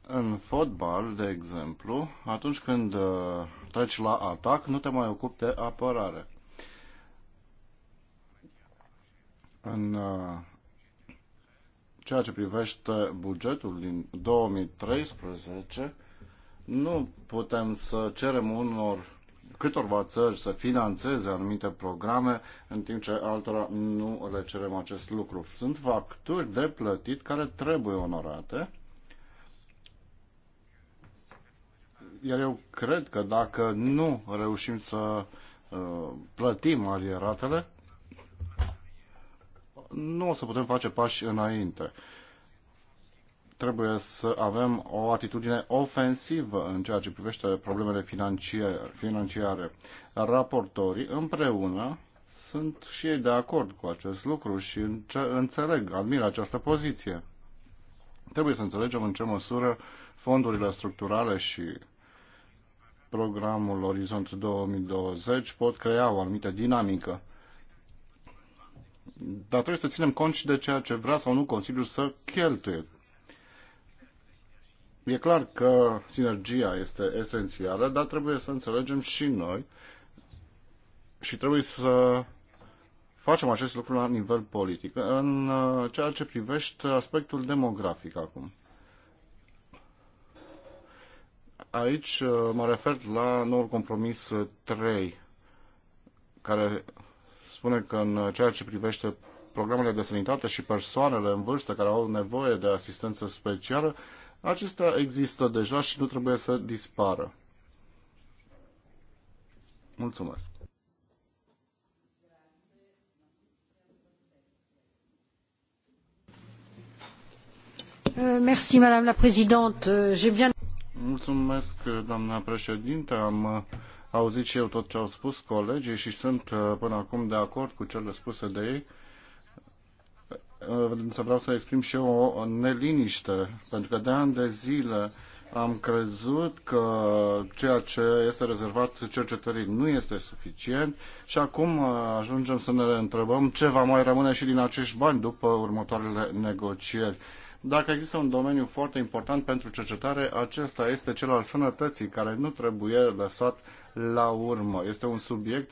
în fotbal, de exemplu, atunci când uh, treci la atac, nu te mai ocupi de apărare. În uh, ceea ce privește bugetul din 2013, nu putem să cerem unor câtorva țări să financeze anumite programe, în timp ce altora nu le cerem acest lucru. Sunt facturi de plătit care trebuie onorate Iar eu cred că dacă nu reușim să uh, plătim arieratele, nu o să putem face pași înainte. Trebuie să avem o atitudine ofensivă în ceea ce privește problemele financiare. Raportorii împreună sunt și ei de acord cu acest lucru și înțeleg, admir această poziție. Trebuie să înțelegem în ce măsură fondurile structurale și programul Orizont 2020 pot crea o anumită dinamică. Dar trebuie să ținem cont și de ceea ce vrea sau nu Consiliul să cheltuie. E clar că sinergia este esențială, dar trebuie să înțelegem și noi și trebuie să facem acest lucru la nivel politic. În uh, ceea ce privește aspectul demografic acum. Aici uh, mă refer la noul compromis 3, uh, care spune că în uh, ceea ce privește programele de sănătate și persoanele în vârstă care au nevoie de asistență specială, acestea există deja și nu trebuie să dispară. Mulțumesc! Euh, merci, Madame la Présidente. Euh, j'ai bien Mulțumesc, doamna președinte. Am uh, auzit și eu tot ce au spus colegii și sunt uh, până acum de acord cu cele spuse de ei. Uh, să vreau să exprim și eu o neliniște, pentru că de ani de zile am crezut că ceea ce este rezervat cercetării nu este suficient și acum ajungem să ne întrebăm ce va mai rămâne și din acești bani după următoarele negocieri. Dacă există un domeniu foarte important pentru cercetare, acesta este cel al sănătății, care nu trebuie lăsat la urmă. Este un subiect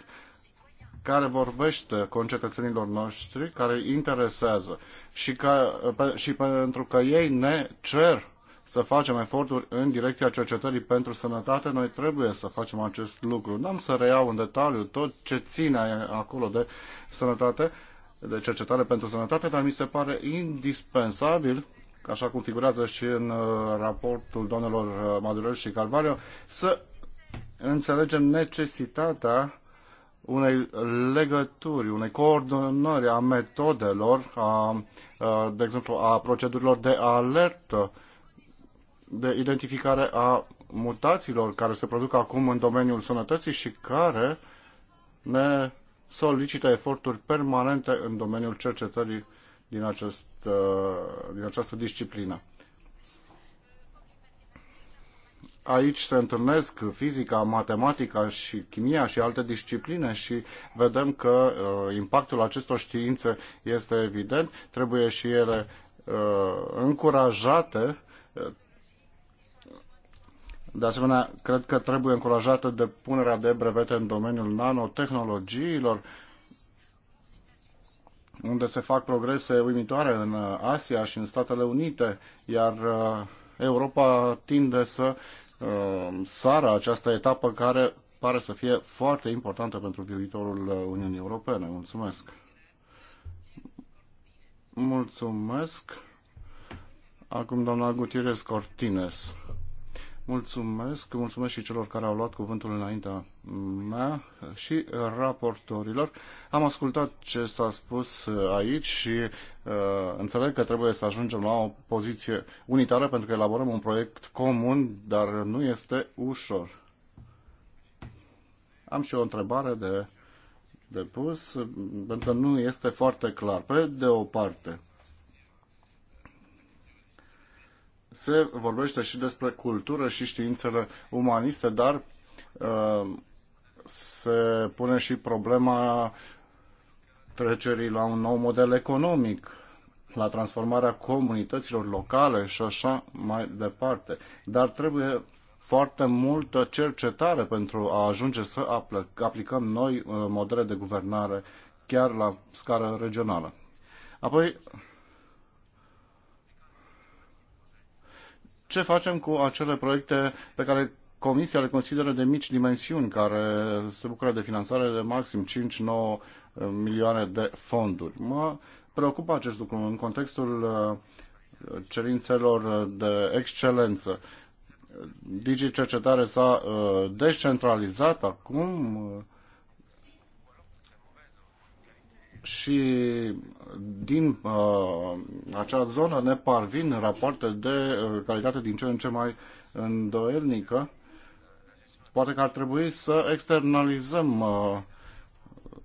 care vorbește concetățenilor noștri, care îi interesează și, ca, pe, și pentru că ei ne cer să facem eforturi în direcția cercetării pentru sănătate, noi trebuie să facem acest lucru. N-am să reiau în detaliu tot ce ține acolo de sănătate, de cercetare pentru sănătate, dar mi se pare indispensabil așa cum figurează și în uh, raportul doamnelor uh, Madurel și Calvario, să înțelegem necesitatea unei legături, unei coordonări a metodelor, a, de exemplu, a procedurilor de alertă, de identificare a mutațiilor care se produc acum în domeniul sănătății și care ne solicită eforturi permanente în domeniul cercetării din, acest, uh, din această disciplină. Aici se întâlnesc fizica, matematica și chimia și alte discipline și vedem că uh, impactul acestor științe este evident, trebuie și ele uh, încurajate. De asemenea, cred că trebuie încurajată depunerea de brevete în domeniul nanotehnologiilor, unde se fac progrese uimitoare în uh, Asia și în Statele Unite, iar uh, Europa tinde să uh, sară această etapă care pare să fie foarte importantă pentru viitorul Uniunii Europene. Mulțumesc! Mulțumesc! Acum doamna Gutierrez Cortines. Mulțumesc, mulțumesc și celor care au luat cuvântul înaintea mea și raportorilor. Am ascultat ce s-a spus aici și uh, înțeleg că trebuie să ajungem la o poziție unitară pentru că elaborăm un proiect comun, dar nu este ușor. Am și o întrebare de, de pus, pentru că nu este foarte clar. Pe de o parte, se vorbește și despre cultură și științele umaniste, dar uh, se pune și problema trecerii la un nou model economic, la transformarea comunităților locale și așa mai departe. Dar trebuie foarte multă cercetare pentru a ajunge să aplicăm noi uh, modele de guvernare chiar la scară regională. Apoi, ce facem cu acele proiecte pe care Comisia le consideră de mici dimensiuni, care se bucură de finanțare de maxim 5-9 eh, milioane de fonduri. Mă preocupă acest lucru în contextul eh, cerințelor de excelență. Digi Cercetare s-a eh, descentralizat acum și din uh, acea zonă ne parvin rapoarte de uh, calitate din ce în ce mai îndoielnică. Poate că ar trebui să externalizăm uh,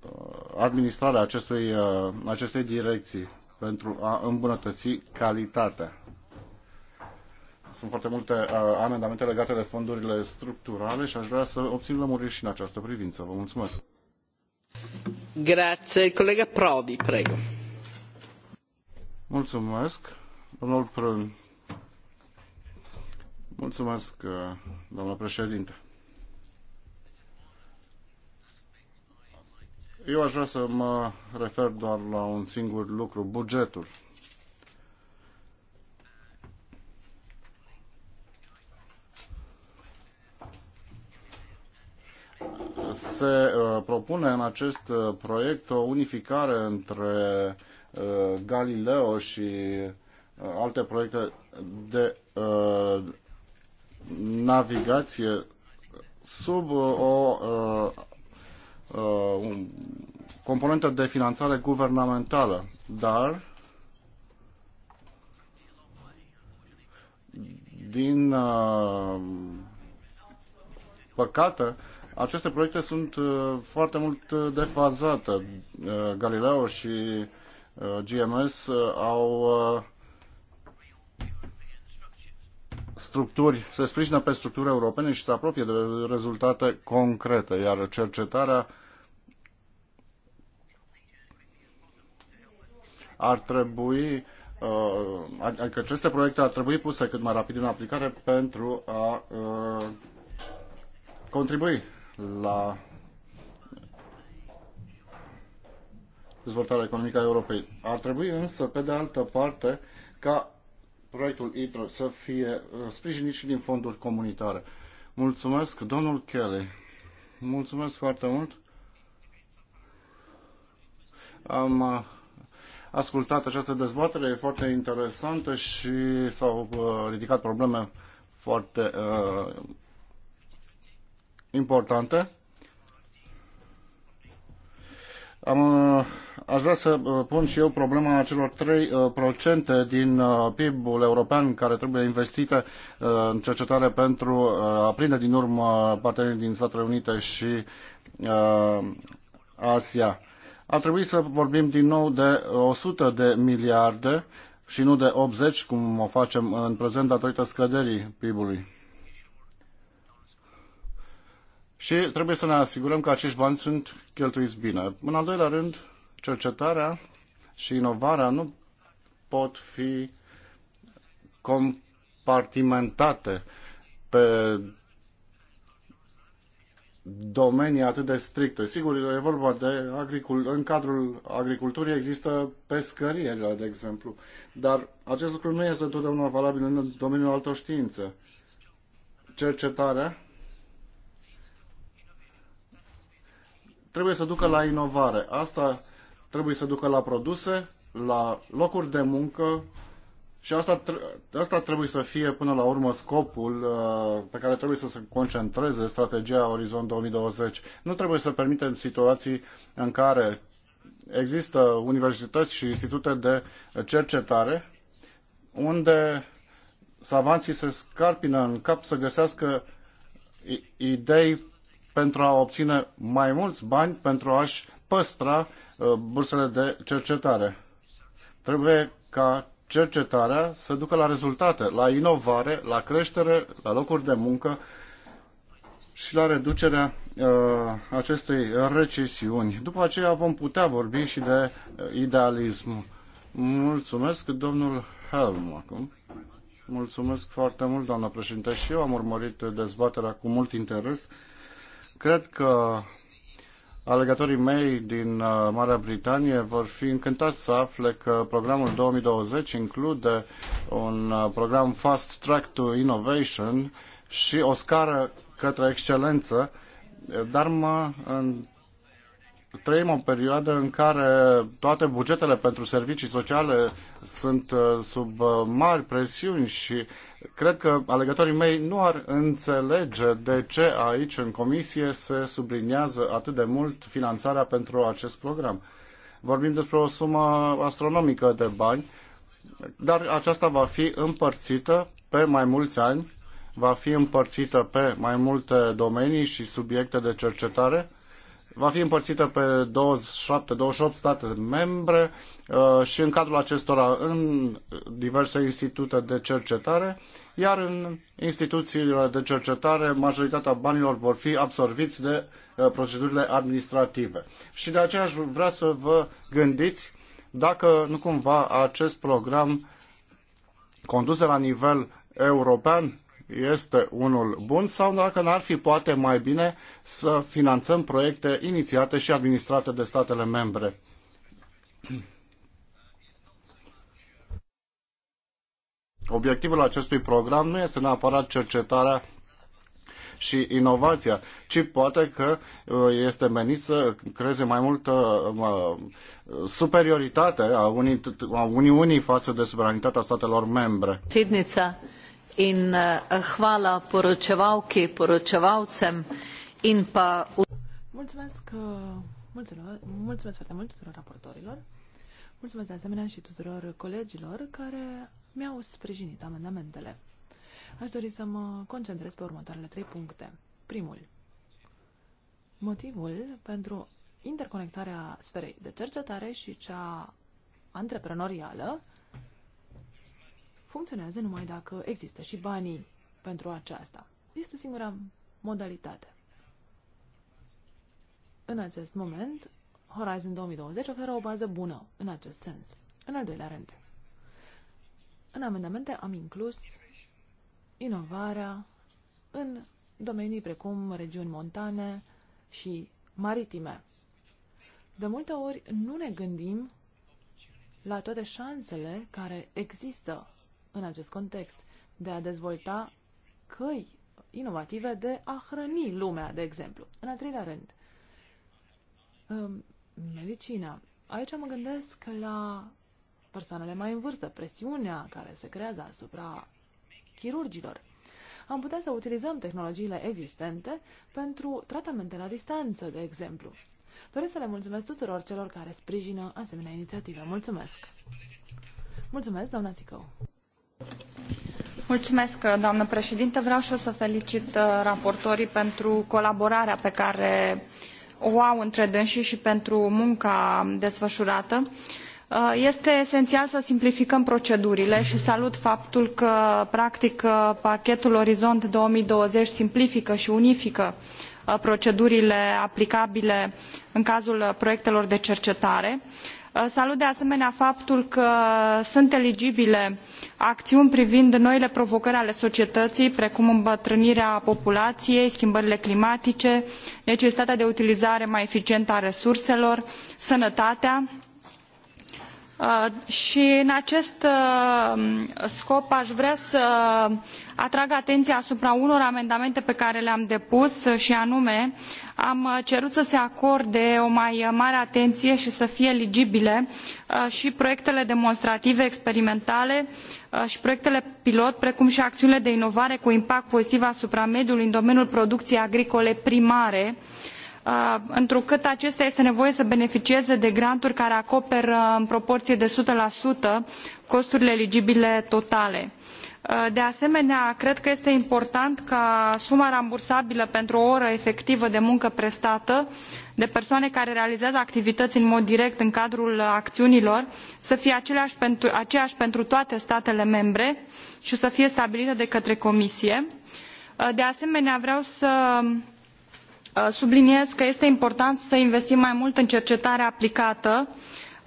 uh, administrarea acestui, uh, acestei direcții pentru a îmbunătăți calitatea. Sunt foarte multe uh, amendamente legate de fondurile structurale și aș vrea să obțin lămuriri și în această privință. Vă mulțumesc! Grazie. Colega Prodi, prego. Mulțumesc. Domnul Prân. Mulțumesc, uh, doamnă președinte. Eu aș vrea să mă refer doar la un singur lucru, bugetul. se uh, propune în acest uh, proiect o unificare între uh, Galileo și alte proiecte de navigație sub o componentă de finanțare guvernamentală, dar din păcate aceste proiecte sunt uh, foarte mult uh, defazate. Uh, Galileo și GMS au structuri, se sprijină pe structuri europene și se apropie de rezultate concrete, iar cercetarea ar trebui, adică aceste proiecte ar trebui puse cât mai rapid în aplicare pentru a contribui la dezvoltarea economică a Europei. Ar trebui însă, pe de altă parte, ca proiectul ITRO să fie uh, sprijinit și din fonduri comunitare. Mulțumesc, domnul Kelly. Mulțumesc foarte mult. Am uh, ascultat această dezbatere, e foarte interesantă și s-au uh, ridicat probleme foarte uh, importantă. Am, uh, aș vrea să uh, pun și eu problema acelor 3% uh, din PIB-ul european care trebuie investite în cercetare pentru a prinde din urmă partenerii din Statele Unite și Asia. Ar trebui să vorbim din nou de 100 de miliarde și nu de 80, cum o facem în prezent, datorită scăderii PIB-ului. Și trebuie să ne asigurăm că acești bani sunt cheltuiți bine. În al doilea rând, cercetarea și inovarea nu pot fi compartimentate pe domenii atât de stricte. Sigur, e vorba de agricul... în cadrul agriculturii există pescărie, de exemplu, dar acest lucru nu este întotdeauna valabil în domeniul altor științe. Cercetarea trebuie să ducă la inovare. Asta trebuie să ducă la produse, la locuri de muncă și asta, asta trebuie să fie până la urmă scopul uh, pe care trebuie să se concentreze strategia Orizont 2020. Nu trebuie să permitem situații în care există universități și institute de cercetare unde savanții se scarpină în cap să găsească idei pentru a obține mai mulți bani pentru a-și păstra uh, bursele de cercetare. Trebuie ca cercetarea să ducă la rezultate, la inovare, la creștere, la locuri de muncă și la reducerea uh, acestei recesiuni. După aceea vom putea vorbi și de uh, idealism. Mulțumesc, domnul Helm, acum. Mulțumesc foarte mult, doamna președinte, și eu am urmărit dezbaterea cu mult interes. Cred că alegătorii mei din uh, Marea Britanie vor fi încântați să afle că programul 2020 include un uh, program Fast Track to Innovation și o scară către excelență, dar mă trăim o perioadă în care toate bugetele pentru servicii sociale sunt uh, sub mari presiuni și Cred că alegătorii mei nu ar înțelege de ce aici, în comisie, se subliniază atât de mult finanțarea pentru acest program. Vorbim despre o sumă astronomică de bani, dar aceasta va fi împărțită pe mai mulți ani, va fi împărțită pe mai multe domenii și subiecte de cercetare va fi împărțită pe 27-28 state membre uh, și în cadrul acestora în diverse institute de cercetare, iar în instituțiile de cercetare majoritatea banilor vor fi absorbiți de uh, procedurile administrative. Și de aceea aș vrea să vă gândiți dacă nu cumva acest program condus de la nivel european este unul bun sau dacă n-ar fi poate mai bine să finanțăm proiecte inițiate și administrate de statele membre. Obiectivul acestui program nu este neapărat cercetarea și inovația, ci poate că uh, este menit să creeze mai multă uh, superioritate a Uniunii față de suveranitatea statelor membre. Sednița in eh, hvala poročevalki, poročevalcem in pa... Mulțumesc, eh, mulțumesc, mulțumesc foarte mult tuturor raportorilor. Mulțumesc de asemenea și tuturor colegilor care mi-au sprijinit amendamentele. Aș dori să mă concentrez pe următoarele trei puncte. Primul. Motivul pentru interconectarea sferei de cercetare și cea antreprenorială funcționează numai dacă există și banii pentru aceasta. Este singura modalitate. În acest moment, Horizon 2020 oferă o bază bună în acest sens. În al doilea rând, în amendamente am inclus inovarea în domenii precum regiuni montane și maritime. De multe ori nu ne gândim la toate șansele care există în acest context, de a dezvolta căi inovative de a hrăni lumea, de exemplu. În al treilea rând, um, medicina. Aici mă gândesc la persoanele mai în vârstă, presiunea care se creează asupra chirurgilor. Am putea să utilizăm tehnologiile existente pentru tratamente la distanță, de exemplu. Doresc să le mulțumesc tuturor celor care sprijină asemenea inițiative. Mulțumesc! Mulțumesc, doamna Țicău! Mulțumesc, doamnă președinte. Vreau și eu să felicit uh, raportorii pentru colaborarea pe care o au între dânsii și pentru munca desfășurată. Uh, este esențial să simplificăm procedurile și salut faptul că, practic, uh, pachetul Orizont 2020 simplifică și unifică procedurile aplicabile în cazul proiectelor de cercetare. Salut de asemenea faptul că sunt eligibile acțiuni privind noile provocări ale societății, precum îmbătrânirea populației, schimbările climatice, necesitatea de utilizare mai eficientă a resurselor, sănătatea, uh, i în acest uh, scop a vrea să atrag atenia asupra unor amendamente pe care le am depus i anume am uh, cerut să se acorde o mai uh, mare atenie i să fie eligibile uh, i proiectele demonstrative experimentale i proiectele pilot precum i aciunile de inovare cu impact pozitiv asupra mediului în domeniul produciei agricole primare întrucât acestea este nevoie să beneficieze de granturi care acoperă în proporie de o sută costurile eligibile totale. Uh, de asemenea, cred că este important ca suma rambursabilă pentru o oră efectivă de muncă prestată de persoane care realizează activități în mod direct în cadrul acțiunilor să fie aceleași pentru, aceeași pentru toate statele membre și să fie stabilită de către Comisie. Uh, de asemenea, vreau să uh, subliniez că este important să investim mai mult în cercetare aplicată uh,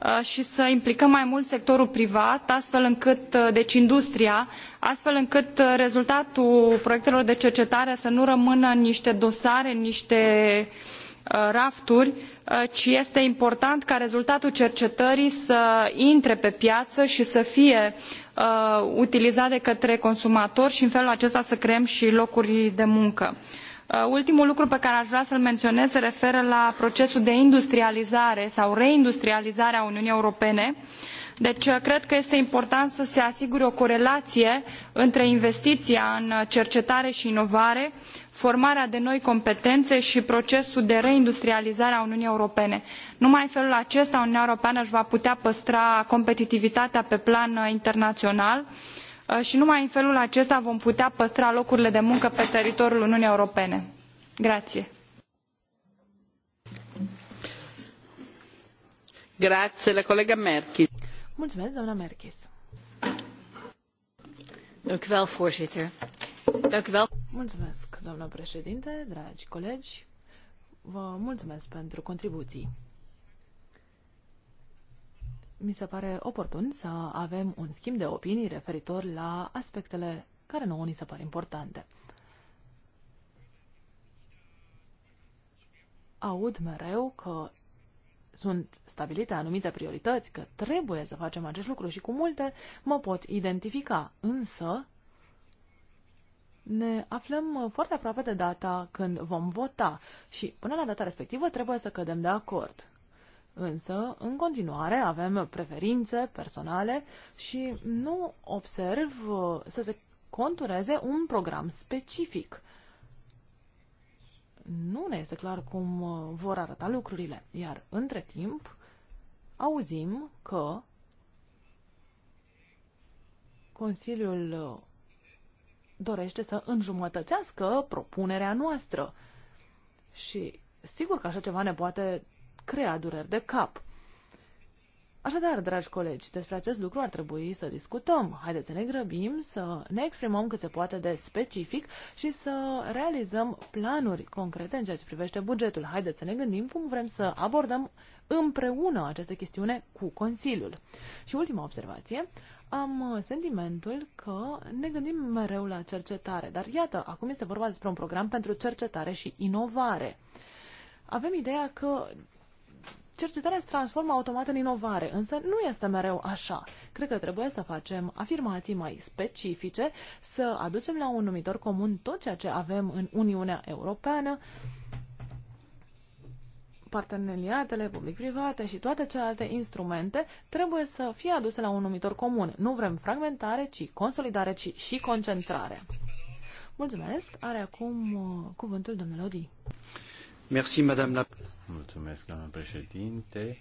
Uh, i să implicăm mai mult sectorul privat astfel încât uh, deci industria astfel încât uh, rezultatul proiectelor de cercetare să nu rămână în nite dosare în nite rafturi ci este important ca rezultatul cercetării să intre pe piaă i să fie utilizat de către consumatori i în felul acesta să creăm i locuri de muncă. Uh, ultimul lucru pe care a vrea să l menionez se referă la procesul de industrializare sau reindustrializare a uniunii europene deci uh, cred că este important să se asigure o corelaie între investiia în cercetare i inovare formarea de noi competene i procesul de reindustrializare a uniunii europene. numai în felul acesta uniunea europeană îi va putea păstra competitivitatea pe plan uh, internaional i Uh, i numai în felul acesta vom putea păstra locurile de muncă pe teritoriul uniunii europene. Grazie. Grazie, la colega Merkis. Mulțumesc, doamna Merkis. Dank u wel, voorzitter. Dank u wel. Mulțumesc, doamna președinte, dragi colegi. Vă mulțumesc pentru contribuții mi se pare oportun să avem un schimb de opinii referitor la aspectele care nouă ni se par importante. Aud mereu că sunt stabilite anumite priorități, că trebuie să facem acest lucru și cu multe mă pot identifica, însă ne aflăm foarte aproape de data când vom vota și până la data respectivă trebuie să cădem de acord. Însă, în continuare, avem preferințe personale și nu observ uh, să se contureze un program specific. Nu ne este clar cum uh, vor arăta lucrurile, iar între timp auzim că Consiliul uh, dorește să înjumătățească propunerea noastră. Și sigur că așa ceva ne poate crea dureri de cap. Așadar, dragi colegi, despre acest lucru ar trebui să discutăm. Haideți să ne grăbim, să ne exprimăm cât se poate de specific și să realizăm planuri concrete în ceea ce privește bugetul. Haideți să ne gândim cum vrem să abordăm împreună această chestiune cu Consiliul. Și ultima observație, am sentimentul că ne gândim mereu la cercetare, dar iată, acum este vorba despre un program pentru cercetare și inovare avem ideea că cercetarea se transformă automat în inovare, însă nu este mereu așa. Cred că trebuie să facem afirmații mai specifice, să aducem la un numitor comun tot ceea ce avem în Uniunea Europeană, parteneriatele public-private și toate celelalte instrumente trebuie să fie aduse la un numitor comun. Nu vrem fragmentare, ci consolidare, ci și concentrare. Mulțumesc. Are acum uh, cuvântul domnul Odi. Merci, Madame la... Mulțumesc, doamnă președinte.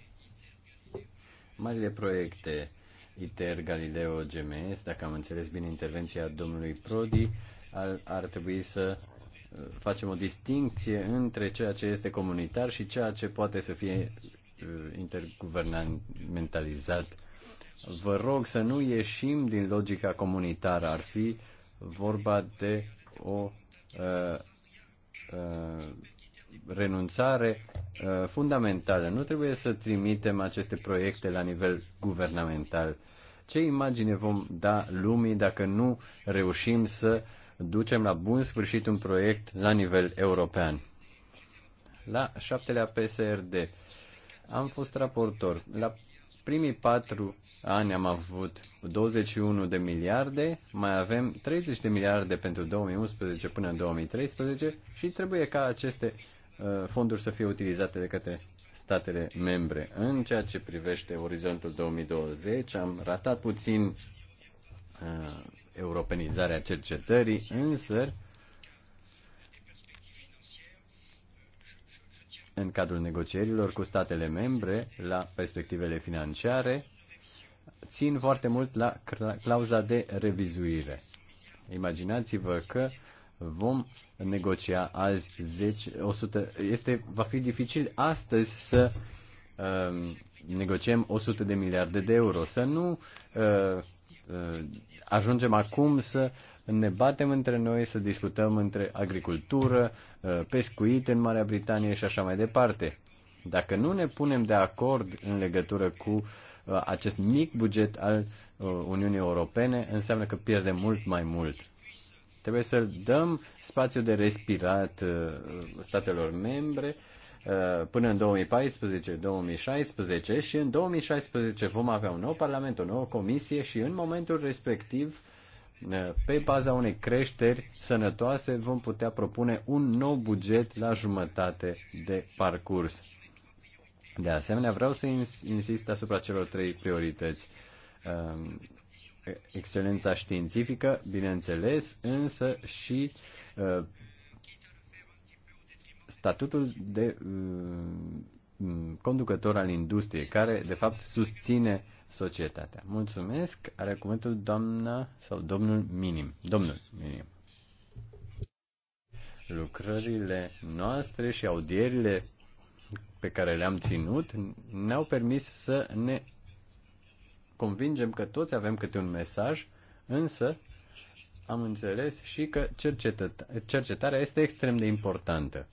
Marile proiecte ITER, Galileo, GMS, dacă am înțeles bine intervenția domnului Prodi, ar, ar trebui să uh, facem o distincție între ceea ce este comunitar și ceea ce poate să fie uh, interguvernamentalizat. Vă rog să nu ieșim din logica comunitară. Ar fi vorba de o uh, uh, renunțare uh, fundamentală. Nu trebuie să trimitem aceste proiecte la nivel guvernamental. Ce imagine vom da lumii dacă nu reușim să ducem la bun sfârșit un proiect la nivel european? La șaptelea PSRD am fost raportor. La primii patru ani am avut 21 de miliarde, mai avem 30 de miliarde pentru 2011 până în 2013 și trebuie ca aceste Uh, fonduri să fie utilizate de către statele membre. În ceea ce privește orizontul 2020, am ratat puțin uh, europenizarea cercetării, însă în cadrul negocierilor cu statele membre la perspectivele financiare, țin foarte mult la clauza de revizuire. Imaginați-vă că uh, vom negocia azi 10, 100, este, va fi dificil astăzi să uh, negociem 100 de miliarde de euro, să nu uh, uh, ajungem acum să ne batem între noi, să discutăm între agricultură, uh, pescuit în Marea Britanie și așa mai departe. Dacă nu ne punem de acord în legătură cu uh, acest mic buget al uh, Uniunii Europene, înseamnă că pierdem mult mai mult Trebuie să dăm spațiu de respirat uh, statelor membre uh, până în 2014-2016 și în 2016 vom avea un nou parlament, o nouă comisie și în momentul respectiv uh, pe baza unei creșteri sănătoase vom putea propune un nou buget la jumătate de parcurs. De asemenea, vreau să insist asupra celor trei priorități excelența științifică, bineînțeles, însă și uh, statutul de uh, conducător al industriei, care de fapt susține societatea. Mulțumesc. Are cuvântul doamna sau domnul minim. Domnul minim. Lucrările noastre și audierile pe care le-am ținut ne-au permis să ne convingem că toți avem câte un mesaj, însă am înțeles și că cercetarea este extrem de importantă.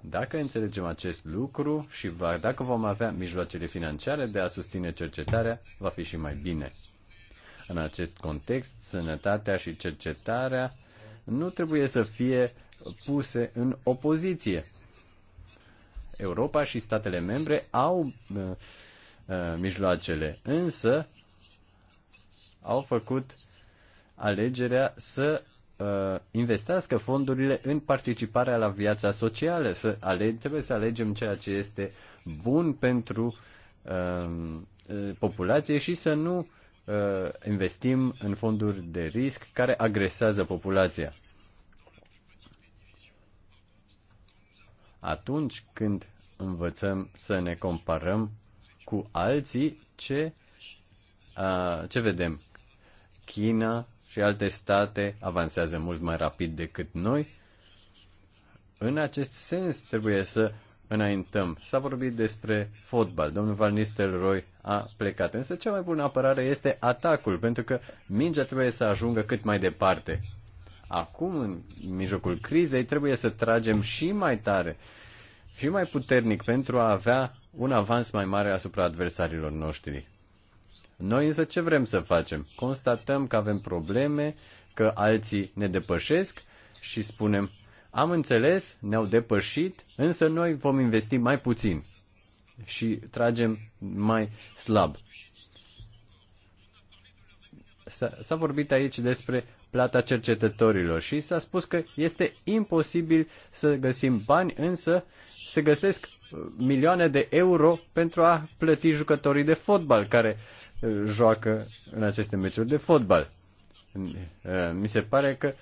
Dacă înțelegem acest lucru și va, dacă vom avea mijloacele financiare de a susține cercetarea, va fi și mai bine. În acest context, sănătatea și cercetarea nu trebuie să fie puse în opoziție. Europa și statele membre au uh, Uh, mijloacele, însă au făcut alegerea să uh, investească fondurile în participarea la viața socială. Să ale- trebuie să alegem ceea ce este bun pentru um, uh, populație și să nu uh, investim în fonduri de risc care agresează populația. Atunci când învățăm să ne comparăm cu alții, ce, uh, ce vedem? China și alte state avansează mult mai rapid decât noi. În acest sens trebuie să înaintăm. S-a vorbit despre fotbal. Domnul Van Nistelrooy a plecat. Însă cea mai bună apărare este atacul, pentru că mingea trebuie să ajungă cât mai departe. Acum, în mijlocul crizei, trebuie să tragem și mai tare și mai puternic pentru a avea un avans mai mare asupra adversarilor noștri. Noi însă ce vrem să facem? Constatăm că avem probleme, că alții ne depășesc și spunem, am înțeles, ne-au depășit, însă noi vom investi mai puțin și tragem mai slab. S-a vorbit aici despre plata cercetătorilor și s-a spus că este imposibil să găsim bani, însă se găsesc milioane de euro pentru a plăti jucătorii de fotbal care uh, joacă în aceste meciuri de fotbal. Uh, mi se pare că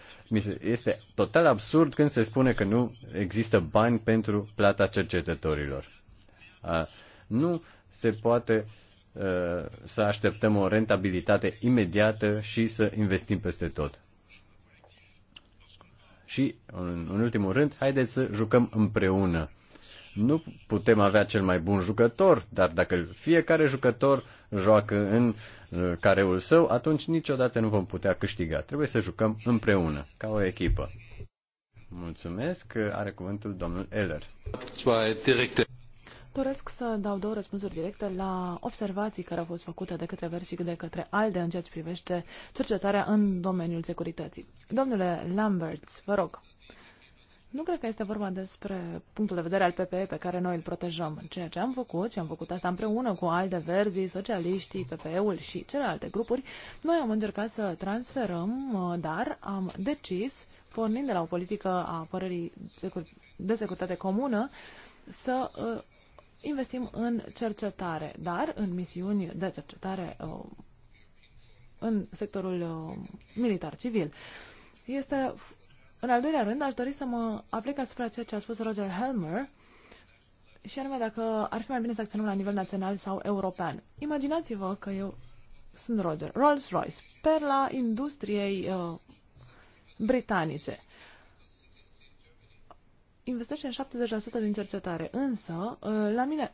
este total absurd când se spune că nu există bani pentru plata cercetătorilor. Nu se poate uh, să așteptăm o rentabilitate imediată și să investim peste tot. Și, în, ultimul rând, haideți să jucăm împreună. Nu putem avea cel mai bun jucător, dar dacă fiecare jucător joacă în uh, careul său, atunci niciodată nu vom putea câștiga. Trebuie să jucăm împreună, ca o echipă. Mulțumesc. Are cuvântul domnul Eller. Doresc să dau două răspunsuri directe la observații care au fost făcute de către Versi și de către ALDE în ceea ce privește cercetarea în domeniul securității. Domnule Lamberts, vă rog. Nu cred că este vorba despre punctul de vedere al PPE pe care noi îl protejăm. Ceea ce am făcut, și am făcut asta împreună cu alte Verzii, Socialiștii, PPE-ul și celelalte grupuri, noi am încercat să transferăm, uh, dar am decis, pornind de la o politică a apărării de securitate comună, să uh, investim în cercetare, dar în misiuni de cercetare uh, în sectorul militar-civil. Este în al doilea rând, aș dori să mă aplic asupra ceea ce a spus Roger Helmer, și anume dacă ar fi mai bine să acționăm la nivel național sau european. Imaginați-vă că eu sunt Roger, Rolls-Royce, perla industriei uh, britanice. Investește în 70% din cercetare, însă uh, la mine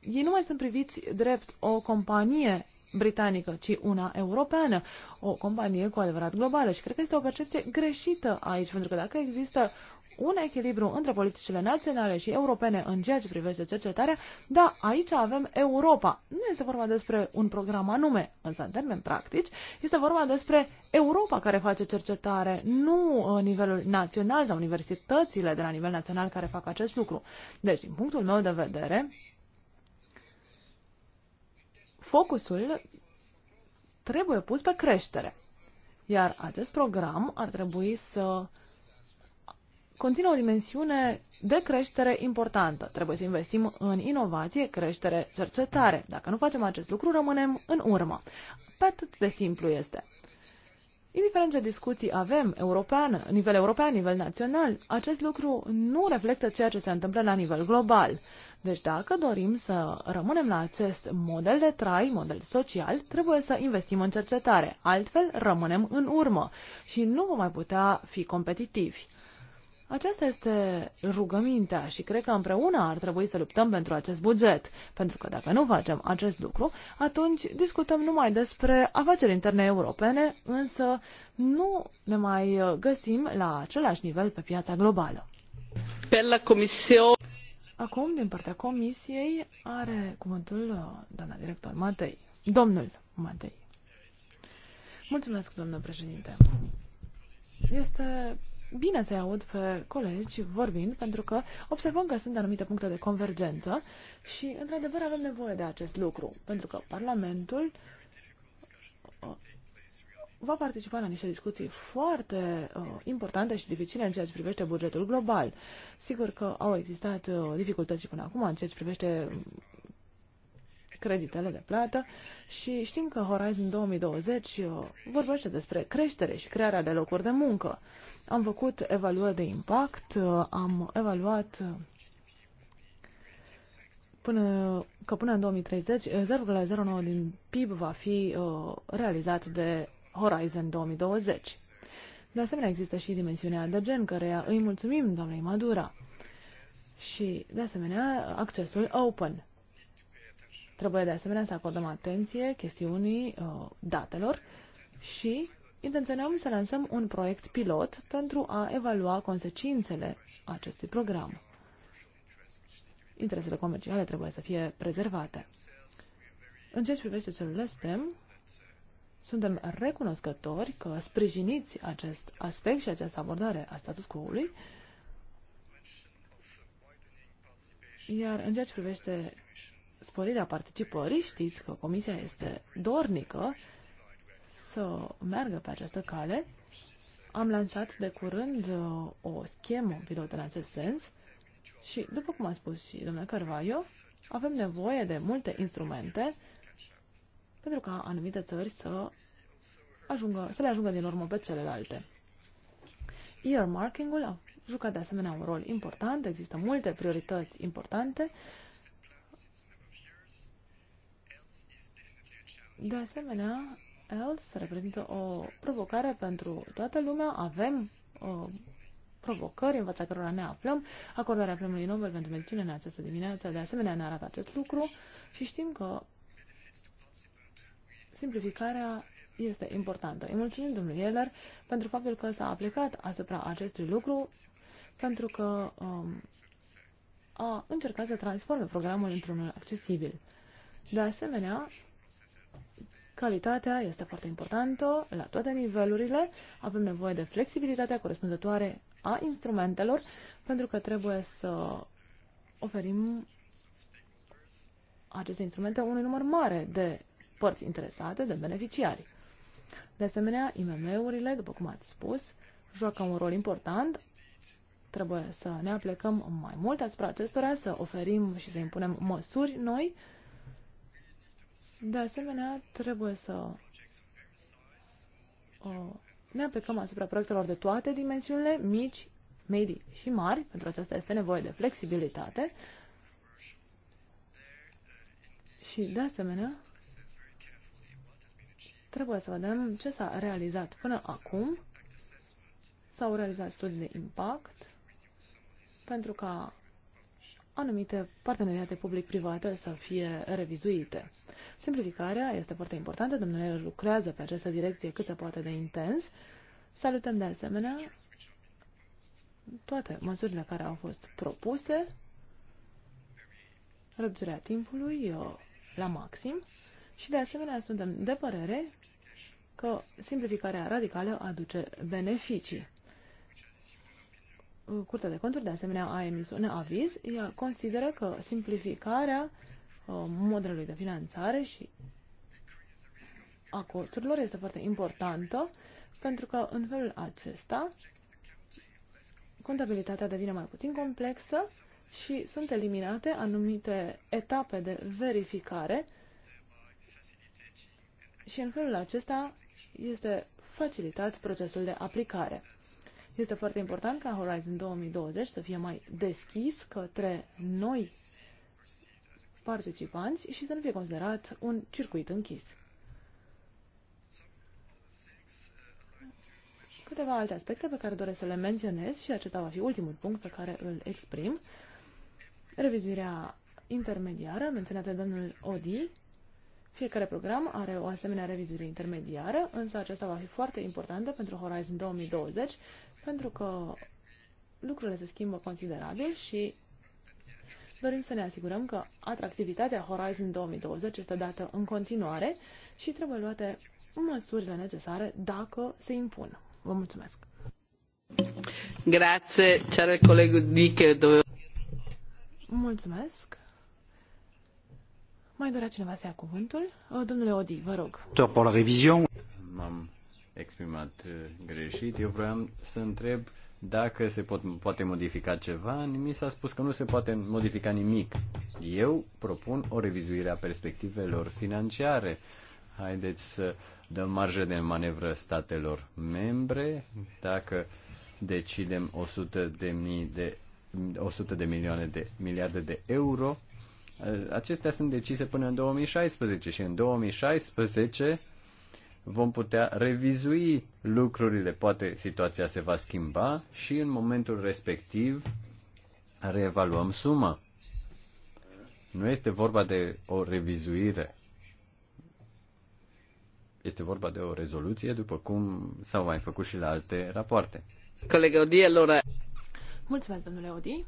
ei nu mai sunt priviți drept o companie britanică, ci una europeană, o companie cu adevărat globală. Și cred că este o percepție greșită aici, pentru că dacă există un echilibru între politicile naționale și europene în ceea ce privește cercetarea, da, aici avem Europa. Nu este vorba despre un program anume, însă în termeni practici, este vorba despre Europa care face cercetare, nu uh, nivelul național sau universitățile de la nivel național care fac acest lucru. Deci, din punctul meu de vedere, focusul trebuie pus pe creștere. Iar acest program ar trebui să conțină o dimensiune de creștere importantă. Trebuie să investim în inovație, creștere, cercetare. Dacă nu facem acest lucru, rămânem în urmă. Pe atât de simplu este. Indiferent ce discuții avem, european, nivel european, nivel național, acest lucru nu reflectă ceea ce se întâmplă la nivel global. Deci dacă dorim să rămânem la acest model de trai, model social, trebuie să investim în cercetare. Altfel, rămânem în urmă și nu vom mai putea fi competitivi. Aceasta este rugămintea și cred că împreună ar trebui să luptăm pentru acest buget, pentru că dacă nu facem acest lucru, atunci discutăm numai despre afaceri interne europene, însă nu ne mai uh, găsim la același nivel pe piața globală. Pe la comisie... Acum, din partea comisiei, are cuvântul uh, doamna director Matei. Domnul Matei. Mulțumesc, domnule președinte. Este bine să-i aud pe colegi vorbind, pentru că observăm că sunt anumite puncte de convergență și, într-adevăr, avem nevoie de acest lucru, pentru că Parlamentul uh, va participa la niște discuții foarte uh, importante și dificile în ceea ce privește bugetul global. Sigur că au existat uh, dificultăți și până acum în ceea ce privește creditele de plată și știm că Horizon 2020 uh, vorbește despre creștere și crearea de locuri de muncă. Am făcut evaluări de impact, uh, am evaluat uh, până, că până în 2030 0,09 din PIB va fi realizat de Horizon 2020. De asemenea, există și dimensiunea de gen, care îi mulțumim doamnei Madura. Și, de asemenea, accesul open. Trebuie de asemenea să acordăm atenție chestiunii uh, datelor și intenționăm să lansăm un proiect pilot pentru a evalua consecințele acestui program. Interesele comerciale trebuie să fie prezervate. În ceea ce privește celulele STEM, suntem recunoscători că sprijiniți acest aspect și această abordare a status quo-ului, iar în ceea ce privește sporirea participării. Știți că Comisia este dornică să meargă pe această cale. Am lansat de curând uh, o schemă pilot în acest sens și, după cum a spus și domnul Carvaio, avem nevoie de multe instrumente pentru ca anumite țări să, ajungă, să le ajungă din urmă pe celelalte. Earmarking-ul a jucat de asemenea un rol important, există multe priorități importante De asemenea, ELS reprezintă o provocare pentru toată lumea. Avem uh, provocări în fața cărora ne aflăm. Acordarea Premiului Nobel pentru Medicină în această dimineață de asemenea ne arată acest lucru și știm că simplificarea este importantă. Îi mulțumim domnului Eller pentru faptul că s-a aplicat asupra acestui lucru, pentru că um, a încercat să transforme programul într-unul accesibil. De asemenea, Calitatea este foarte importantă la toate nivelurile. Avem nevoie de flexibilitatea corespunzătoare a instrumentelor pentru că trebuie să oferim aceste instrumente unui număr mare de părți interesate, de beneficiari. De asemenea, IMM-urile, după cum ați spus, joacă un rol important. Trebuie să ne aplicăm mai mult asupra acestora, să oferim și să impunem măsuri noi de asemenea, trebuie să ne aplicăm asupra proiectelor de toate dimensiunile, mici, medii și mari. Pentru aceasta este nevoie de flexibilitate. Și, de asemenea, trebuie să vedem ce s-a realizat până acum. S-au realizat studii de impact pentru ca anumite parteneriate public-private să fie revizuite. Simplificarea este foarte importantă, domnule lucrează pe această direcție cât se poate de intens. Salutăm de asemenea toate măsurile care au fost propuse, reducerea timpului uh, la maxim și de asemenea suntem de părere că simplificarea radicală aduce beneficii. Uh, Curtea de Conturi, de asemenea, a emis un aviz. Ea consideră că simplificarea uh, modelului de finanțare și a costurilor este foarte importantă, pentru că în felul acesta contabilitatea devine mai puțin complexă și sunt eliminate anumite etape de verificare și în felul acesta este facilitat procesul de aplicare. Este foarte important ca Horizon 2020 să fie mai deschis către noi participanți și să nu fie considerat un circuit închis. Câteva alte aspecte pe care doresc să le menționez și acesta va fi ultimul punct pe care îl exprim. Revizuirea intermediară menționată de domnul Odi. Fiecare program are o asemenea revizuire intermediară, însă aceasta va fi foarte importantă pentru Horizon 2020 pentru că lucrurile se schimbă considerabil și dorim să ne asigurăm că atractivitatea Horizon 2020 este dată în continuare și trebuie luate măsurile necesare dacă se impun. Vă mulțumesc! Grazie, cere colegul Diche. Mulțumesc! Mai dorea cineva să ia cuvântul? Domnule Odi, vă rog. Pentru revizion exprimat uh, greșit. Eu vreau să întreb dacă se pot, poate modifica ceva. Mi s-a spus că nu se poate modifica nimic. Eu propun o revizuire a perspectivelor financiare. Haideți să dăm marjă de manevră statelor membre. Dacă decidem 100 de, mii de, 100 de milioane de miliarde de euro, uh, acestea sunt decise până în 2016 și în 2016 vom putea revizui lucrurile. Poate situația se va schimba și în momentul respectiv reevaluăm suma. Nu este vorba de o revizuire. Este vorba de o rezoluție, după cum s-au mai făcut și la alte rapoarte. Colegă Odie, Laura. Mulțumesc, domnule Odi.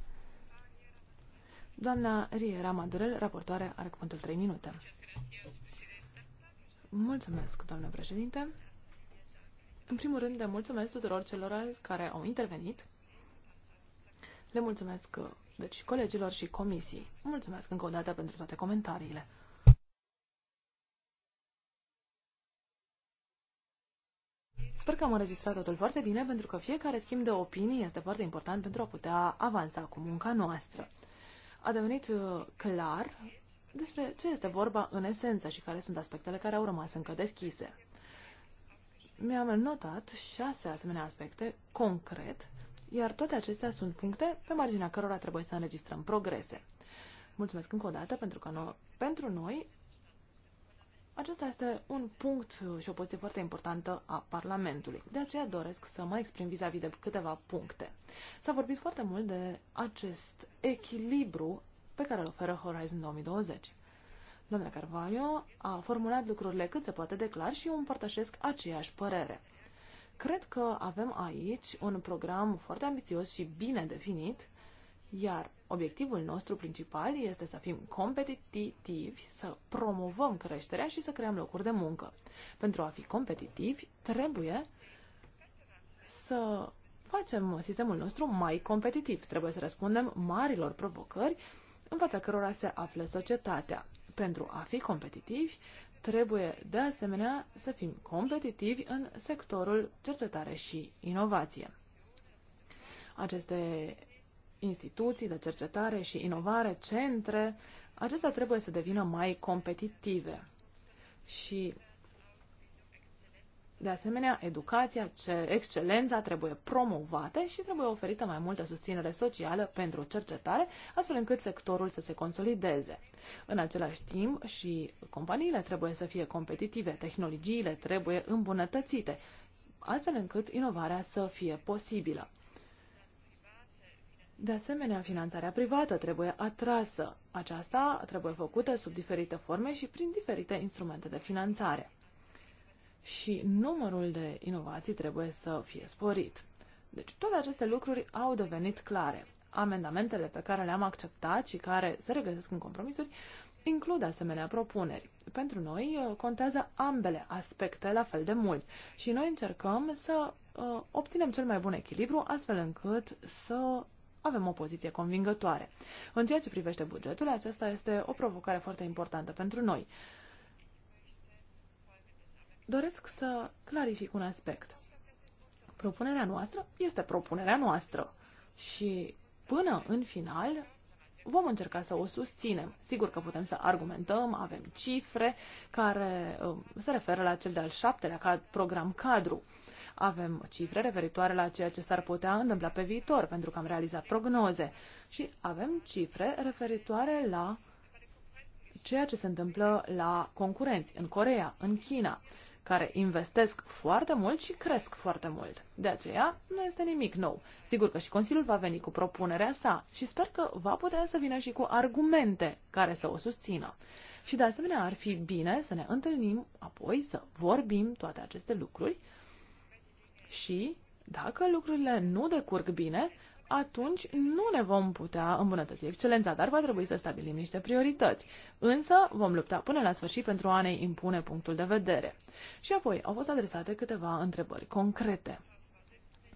Doamna Riera Ramadurel, raportoare, are cuvântul 3 minute. Mulțumesc, doamnă președinte. În primul rând, le mulțumesc tuturor celor care au intervenit. Le mulțumesc, deci, colegilor și comisii. Mulțumesc încă o dată pentru toate comentariile. Sper că am înregistrat totul foarte bine, pentru că fiecare schimb de opinii este foarte important pentru a putea avansa cu munca noastră. A devenit uh, clar despre ce este vorba în esență și care sunt aspectele care au rămas încă deschise. Mi-am notat șase asemenea aspecte concret, iar toate acestea sunt puncte pe marginea cărora trebuie să înregistrăm progrese. Mulțumesc încă o dată pentru că no pentru noi acesta este un punct și o poziție foarte importantă a Parlamentului. De aceea doresc să mă exprim vis-a-vis -vis de câteva puncte. S-a vorbit foarte mult de acest echilibru pe care îl oferă Horizon 2020. Doamna Carvalho a formulat lucrurile cât se poate de clar și eu împărtășesc aceeași părere. Cred că avem aici un program foarte ambițios și bine definit, iar obiectivul nostru principal este să fim competitivi, să promovăm creșterea și să creăm locuri de muncă. Pentru a fi competitivi, trebuie să facem sistemul nostru mai competitiv. Trebuie să răspundem marilor provocări în fața cărora se află societatea. Pentru a fi competitivi, trebuie de asemenea să fim competitivi în sectorul cercetare și inovație. Aceste instituții de cercetare și inovare, centre, acestea trebuie să devină mai competitive. Și de asemenea, educația, ce excelența trebuie promovate și trebuie oferită mai multă susținere socială pentru cercetare, astfel încât sectorul să se consolideze. În același timp, și companiile trebuie să fie competitive, tehnologiile trebuie îmbunătățite, astfel încât inovarea să fie posibilă. De asemenea, finanțarea privată trebuie atrasă. Aceasta trebuie făcută sub diferite forme și prin diferite instrumente de finanțare și numărul de inovații trebuie să fie sporit. Deci toate aceste lucruri au devenit clare. Amendamentele pe care le-am acceptat și care se regăsesc în compromisuri includ asemenea propuneri. Pentru noi uh, contează ambele aspecte la fel de mult și noi încercăm să uh, obținem cel mai bun echilibru astfel încât să avem o poziție convingătoare. În ceea ce privește bugetul, aceasta este o provocare foarte importantă pentru noi. Uh, doresc să clarific un aspect. Propunerea noastră este propunerea noastră și până în final vom încerca să o susținem. Sigur că putem să argumentăm, avem cifre care um, se referă la cel de-al șaptelea ca program cadru. Avem cifre referitoare la ceea ce s-ar putea întâmpla pe viitor, pentru că am realizat prognoze. Și avem cifre referitoare la ceea ce se întâmplă la concurenți în Corea, în China care investesc foarte mult și cresc foarte mult. De aceea, nu este nimic nou. Sigur că și Consiliul va veni cu propunerea sa și sper că va putea să vină și cu argumente care să o susțină. Și de asemenea, ar fi bine să ne întâlnim apoi, să vorbim toate aceste lucruri și, dacă lucrurile nu decurg bine, atunci nu ne vom putea îmbunătăți excelența, dar va trebui să stabilim niște priorități. Însă vom lupta până la sfârșit pentru a ne impune punctul de vedere. Și apoi au fost adresate câteva întrebări concrete.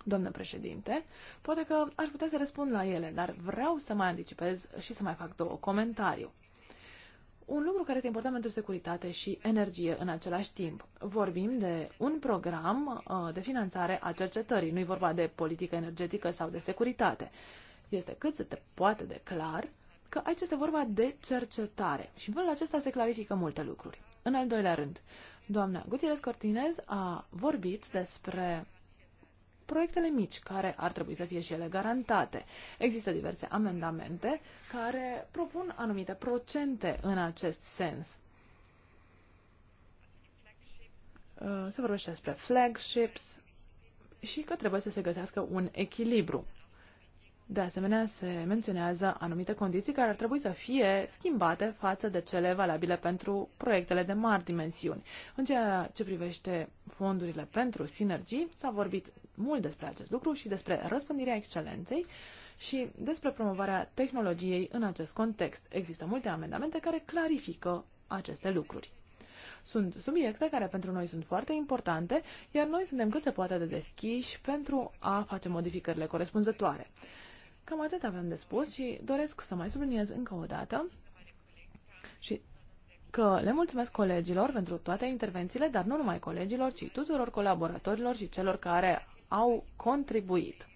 domnule președinte, poate că aș putea să răspund la ele, dar vreau să mai anticipez și să mai fac două comentarii un lucru care este important pentru securitate și energie în același timp. Vorbim de un program uh, de finanțare a cercetării. Nu-i vorba de politică energetică sau de securitate. Este cât se te poate de clar că aici este vorba de cercetare. Și în felul acesta se clarifică multe lucruri. În al doilea rând, doamna Gutierrez Cortinez a vorbit despre proiectele mici, care ar trebui să fie și ele garantate. Există diverse amendamente care propun anumite procente în acest sens. Uh, se vorbește despre flagships și că trebuie să se găsească un echilibru. De asemenea, se menționează anumite condiții care ar trebui să fie schimbate față de cele valabile pentru proiectele de mari dimensiuni. În ceea ce privește fondurile pentru sinergii, s-a vorbit mult despre acest lucru și despre răspândirea excelenței și despre promovarea tehnologiei în acest context. Există multe amendamente care clarifică aceste lucruri. Sunt subiecte care pentru noi sunt foarte importante, iar noi suntem cât se poate de deschiși pentru a face modificările corespunzătoare. Cam atât avem de spus și doresc să mai subliniez încă o dată și că le mulțumesc colegilor pentru toate intervențiile, dar nu numai colegilor, ci tuturor colaboratorilor și celor care au contribuit.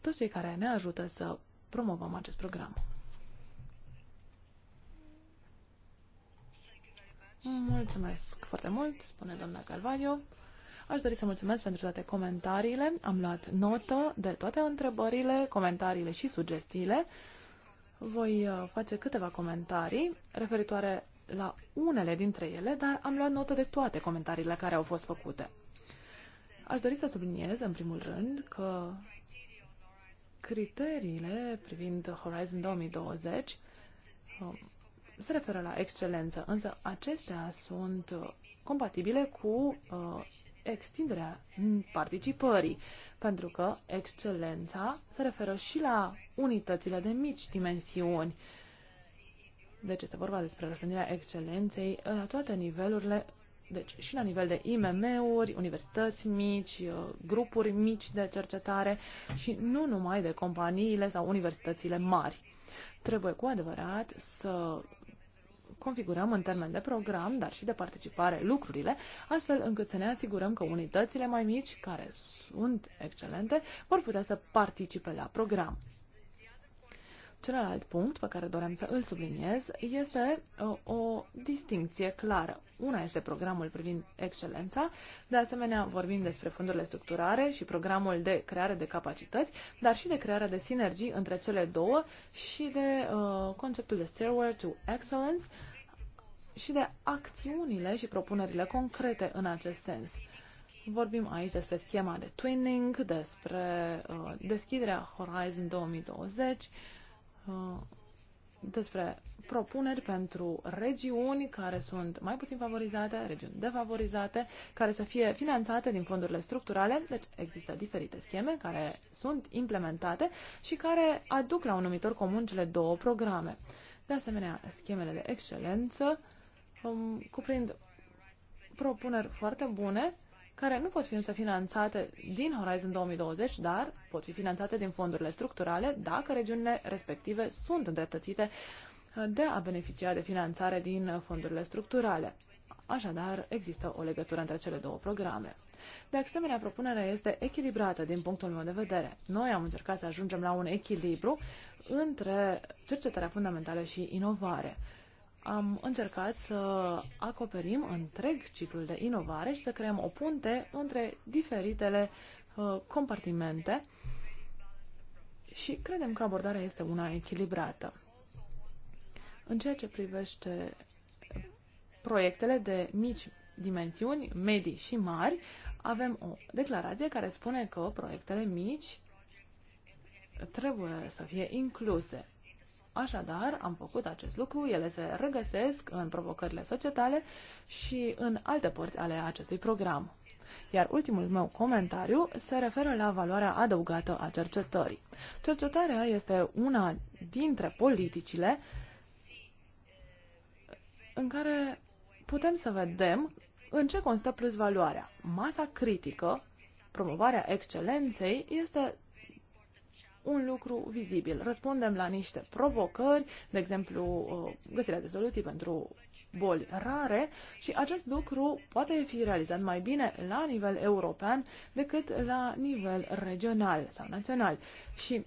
Toți cei care ne ajută să promovăm acest program. Mulțumesc foarte mult, spune doamna Calvario. Aș dori să mulțumesc pentru toate comentariile. Am luat notă de toate întrebările, comentariile și sugestiile. Voi uh, face câteva comentarii referitoare la unele dintre ele, dar am luat notă de toate comentariile care au fost făcute. Aș dori să subliniez, în primul rând, că criteriile privind Horizon 2020 uh, se referă la excelență, însă acestea sunt uh, compatibile cu uh, extinderea participării, pentru că excelența se referă și la unitățile de mici dimensiuni. Deci este vorba despre răspândirea excelenței la toate nivelurile deci și la nivel de IMM-uri, universități mici, uh, grupuri mici de cercetare și nu numai de companiile sau universitățile mari. Trebuie cu adevărat să configurăm în termen de program, dar și de participare lucrurile, astfel încât să ne asigurăm că unitățile mai mici, care sunt excelente, vor putea să participe la program. Celălalt punct pe care doream să îl subliniez este o, uh, o distinție clară. Una este programul privind excelența, de asemenea vorbim despre fondurile structurare și programul de creare de capacități, dar și de crearea de sinergii între cele două și de uh, conceptul de Stairway to Excellence și de acțiunile și propunerile concrete în acest sens. Vorbim aici despre schema de twinning, despre uh, deschiderea Horizon 2020, Uh, despre propuneri pentru regiuni care sunt mai puțin favorizate, regiuni defavorizate, care să fie finanțate din fondurile structurale. Deci există diferite scheme care sunt implementate și care aduc la un numitor comun cele două programe. De asemenea, schemele de excelență um, cuprind propuneri foarte bune care nu pot fi însă finanțate din Horizon 2020, dar pot fi finanțate din fondurile structurale dacă regiunile respective sunt îndreptățite de a beneficia de finanțare din fondurile structurale. Așadar, există o legătură între cele două programe. De asemenea, propunerea este echilibrată din punctul meu de vedere. Noi am încercat să ajungem la un echilibru între cercetarea fundamentală și inovare am încercat să acoperim întreg ciclul de inovare și să creăm o punte între diferitele uh, compartimente și credem că abordarea este una echilibrată. În ceea ce privește proiectele de mici dimensiuni, medii și mari, avem o declarație care spune că proiectele mici trebuie să fie incluse. Așadar, am făcut acest lucru, ele se regăsesc în provocările societale și în alte părți ale acestui program. Iar ultimul meu comentariu se referă la valoarea adăugată a cercetării. Cercetarea este una dintre politicile în care putem să vedem în ce constă plus valoarea. Masa critică, promovarea excelenței, este un lucru vizibil. Răspundem la niște provocări, de exemplu, uh, găsirea de soluții pentru boli rare și acest lucru poate fi realizat mai bine la nivel european decât la nivel regional sau național. Și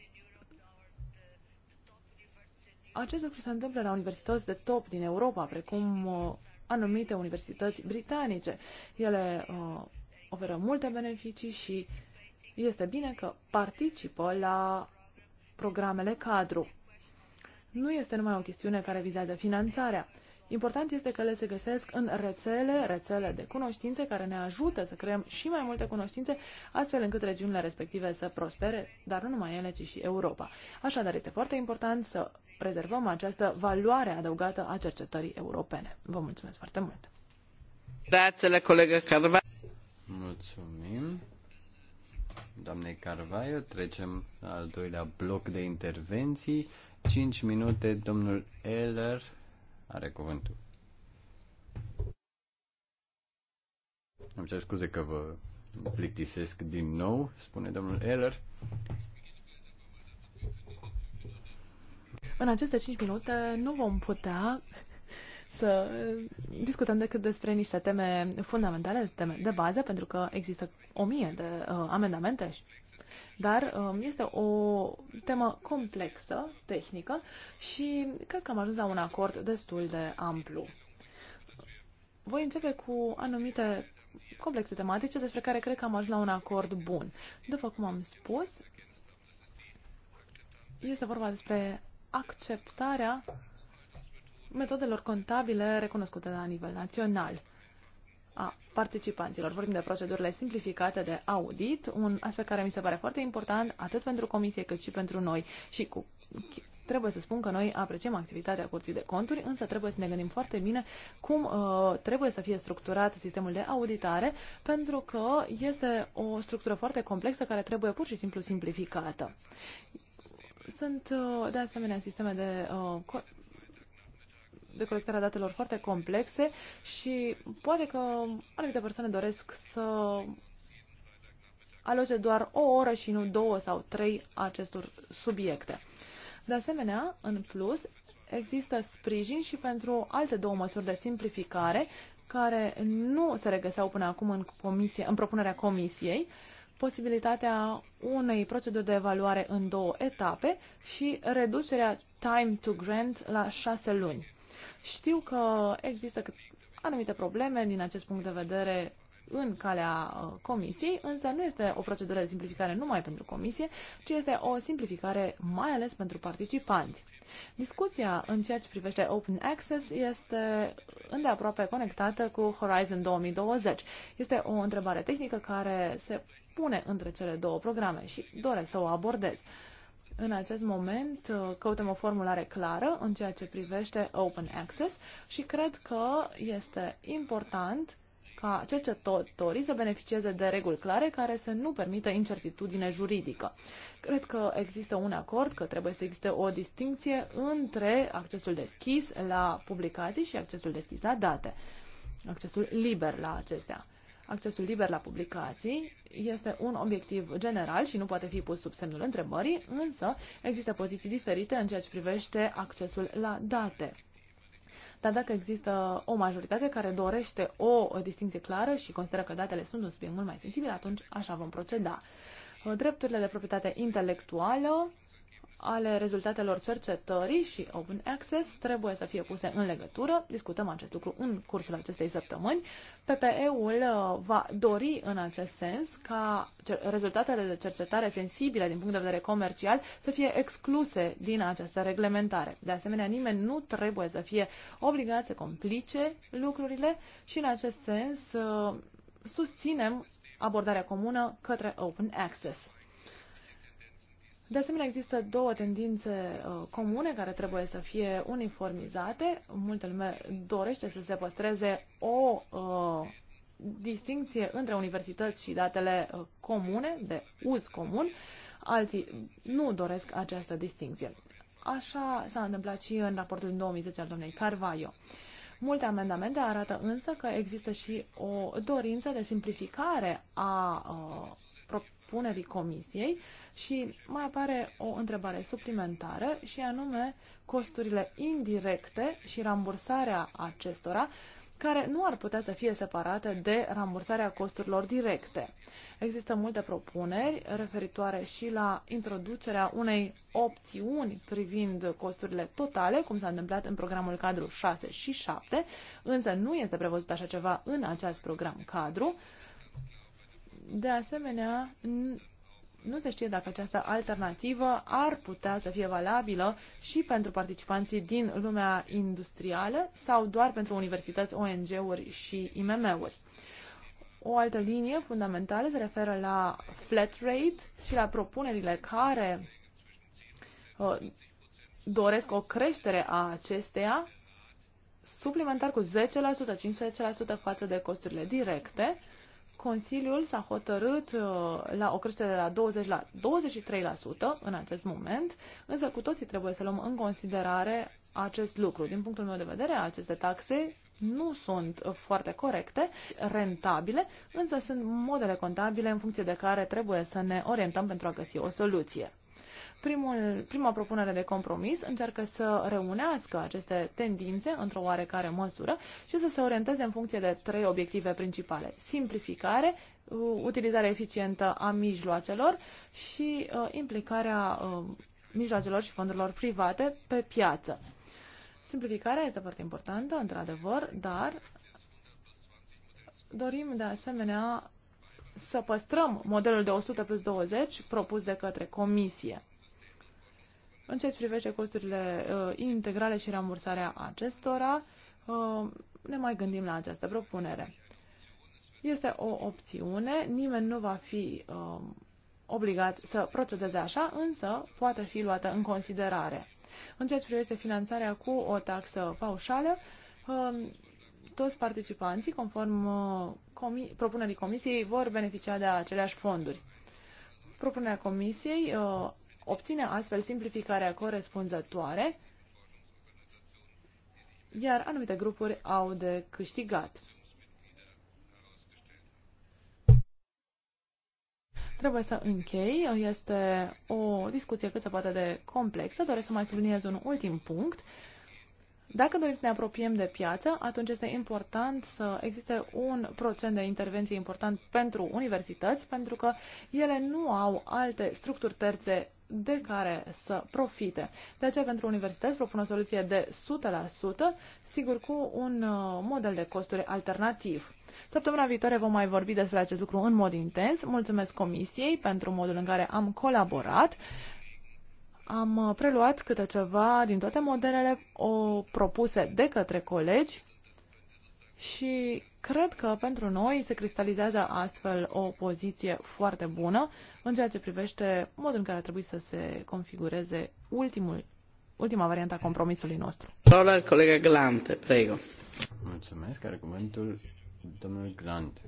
acest lucru se întâmplă la universități de top din Europa, precum uh, anumite universități britanice. Ele uh, oferă multe beneficii și uh, este bine că participă la programele cadru. Nu este numai o chestiune care vizează finanțarea. Important este că le se găsesc în rețele, rețele de cunoștințe care ne ajută să creăm și mai multe cunoștințe, astfel încât regiunile respective să prospere, dar nu numai ele, ci și Europa. Așadar, este foarte important să prezervăm această valoare adăugată a cercetării europene. Vă mulțumesc foarte mult! la colegă Carvalho! Mulțumim! doamnei Carvaio. Trecem la al doilea bloc de intervenții. 5 minute, domnul Eller are cuvântul. Îmi cer scuze că vă plictisesc din nou, spune domnul Eller. În aceste 5 minute nu vom putea să discutăm decât despre niște teme fundamentale, teme de bază, pentru că există o mie de uh, amendamente, dar um, este o temă complexă, tehnică și cred că am ajuns la un acord destul de amplu. Voi începe cu anumite complexe tematice despre care cred că am ajuns la un acord bun. După cum am spus, este vorba despre acceptarea metodelor contabile recunoscute la nivel național a participanților. Vorbim de procedurile simplificate de audit, un aspect care mi se pare foarte important atât pentru comisie cât și pentru noi. Și cu Trebuie să spun că noi apreciem activitatea Curții de Conturi, însă trebuie să ne gândim foarte bine cum uh, trebuie să fie structurat sistemul de auditare, pentru că este o structură foarte complexă care trebuie pur și simplu simplificată. Sunt, uh, de asemenea, sisteme de uh, de colectarea datelor foarte complexe și poate că anumite persoane doresc să aloce doar o oră și nu două sau trei acestor subiecte. De asemenea, în plus, există sprijin și pentru alte două măsuri de simplificare care nu se regăseau până acum în, comisie, în propunerea comisiei, posibilitatea unei proceduri de evaluare în două etape și reducerea time to grant la șase luni. Știu că există anumite probleme din acest punct de vedere în calea uh, comisiei, însă nu este o procedură de simplificare numai pentru comisie, ci este o simplificare mai ales pentru participanți. Discuția în ceea ce privește Open Access este îndeaproape conectată cu Horizon 2020. Este o întrebare tehnică care se pune între cele două programe și doresc să o abordez. În acest moment uh, căutăm o formulare clară în ceea ce privește Open Access și cred că este important ca cercetătorii să beneficieze de reguli clare care să nu permită incertitudine juridică. Cred că există un acord că trebuie să existe o distinție între accesul deschis la publicații și accesul deschis la date, accesul liber la acestea. Accesul liber la publicații este un obiectiv general și nu poate fi pus sub semnul întrebării, însă există poziții diferite în ceea ce privește accesul la date. Dar dacă există o majoritate care dorește o distinție clară și consideră că datele sunt un subiect mult mai sensibil, atunci așa vom proceda. Drepturile de proprietate intelectuală ale rezultatelor cercetării și Open Access trebuie să fie puse în legătură. Discutăm acest lucru în cursul acestei săptămâni. PPE-ul uh, va dori în acest sens ca rezultatele de cercetare sensibile din punct de vedere comercial să fie excluse din această reglementare. De asemenea, nimeni nu trebuie să fie obligat să complice lucrurile și în acest sens uh, susținem abordarea comună către Open Access. De asemenea, există două tendințe uh, comune care trebuie să fie uniformizate. Multă lume dorește să se păstreze o uh, distinție între universități și datele uh, comune, de uz comun. Alții nu doresc această distinție. Așa s-a întâmplat și în raportul din 2010 al domnului Carvaio. Multe amendamente arată însă că există și o dorință de simplificare a uh, propunerii comisiei și mai apare o întrebare suplimentară și anume costurile indirecte și rambursarea acestora care nu ar putea să fie separate de rambursarea costurilor directe. Există multe propuneri referitoare și la introducerea unei opțiuni privind costurile totale, cum s-a întâmplat în programul cadru 6 și 7, însă nu este prevăzut așa ceva în acest program cadru. De asemenea, nu se știe dacă această alternativă ar putea să fie valabilă și pentru participanții din lumea industrială sau doar pentru universități, ONG-uri și IMM-uri. O altă linie fundamentală se referă la flat rate și la propunerile care uh, doresc o creștere a acesteia suplimentar cu 10%, 15% față de costurile directe Consiliul s-a hotărât uh, la o creștere de la 20 la 23% în acest moment, însă cu toții trebuie să luăm în considerare acest lucru. Din punctul meu de vedere, aceste taxe nu sunt foarte corecte, rentabile, însă sunt modele contabile în funcție de care trebuie să ne orientăm pentru a găsi o soluție. Primul, prima propunere de compromis încearcă să reunească aceste tendințe într-o oarecare măsură și să se orienteze în funcție de trei obiective principale. Simplificare, utilizarea eficientă a mijloacelor și uh, implicarea uh, mijloacelor și fondurilor private pe piață. Simplificarea este foarte importantă, într-adevăr, dar dorim de asemenea să păstrăm modelul de 100 plus 20 propus de către Comisie. În ce privește costurile uh, integrale și rambursarea acestora, uh, ne mai gândim la această propunere. Este o opțiune, nimeni nu va fi uh, obligat să procedeze așa, însă poate fi luată în considerare. În ceea ce privește finanțarea cu o taxă paușală, uh, toți participanții, conform uh, comi propunerii comisiei, vor beneficia de aceleași fonduri. Propunerea comisiei uh, obține astfel simplificarea corespunzătoare, iar anumite grupuri au de câștigat. Trebuie să închei. Este o discuție cât se poate de complexă. Doresc să mai subliniez un ultim punct. Dacă dorim să ne apropiem de piață, atunci este important să existe un procent de intervenție important pentru universități, pentru că ele nu au alte structuri terțe de care să profite. De aceea, pentru universități propun o soluție de 100%, sigur cu un uh, model de costuri alternativ. Săptămâna viitoare vom mai vorbi despre acest lucru în mod intens. Mulțumesc Comisiei pentru modul în care am colaborat. Am uh, preluat câte ceva din toate modelele o propuse de către colegi și Cred că pentru noi se cristalizează astfel o poziție foarte bună în ceea ce privește modul în care ar trebui să se configureze ultimul, ultima variantă a compromisului nostru. Parola colega Glante, prego. Mulțumesc, are cuvântul domnul Glante.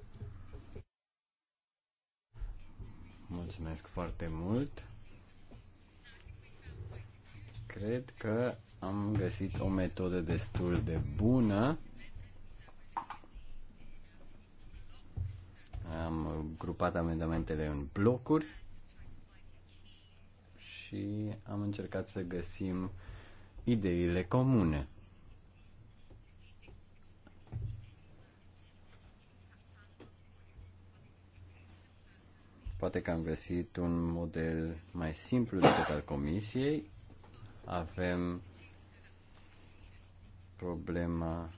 Mulțumesc foarte mult. Cred că am găsit o metodă destul de bună Am grupat amendamentele în blocuri și am încercat să găsim ideile comune. Poate că am găsit un model mai simplu decât al comisiei. Avem problema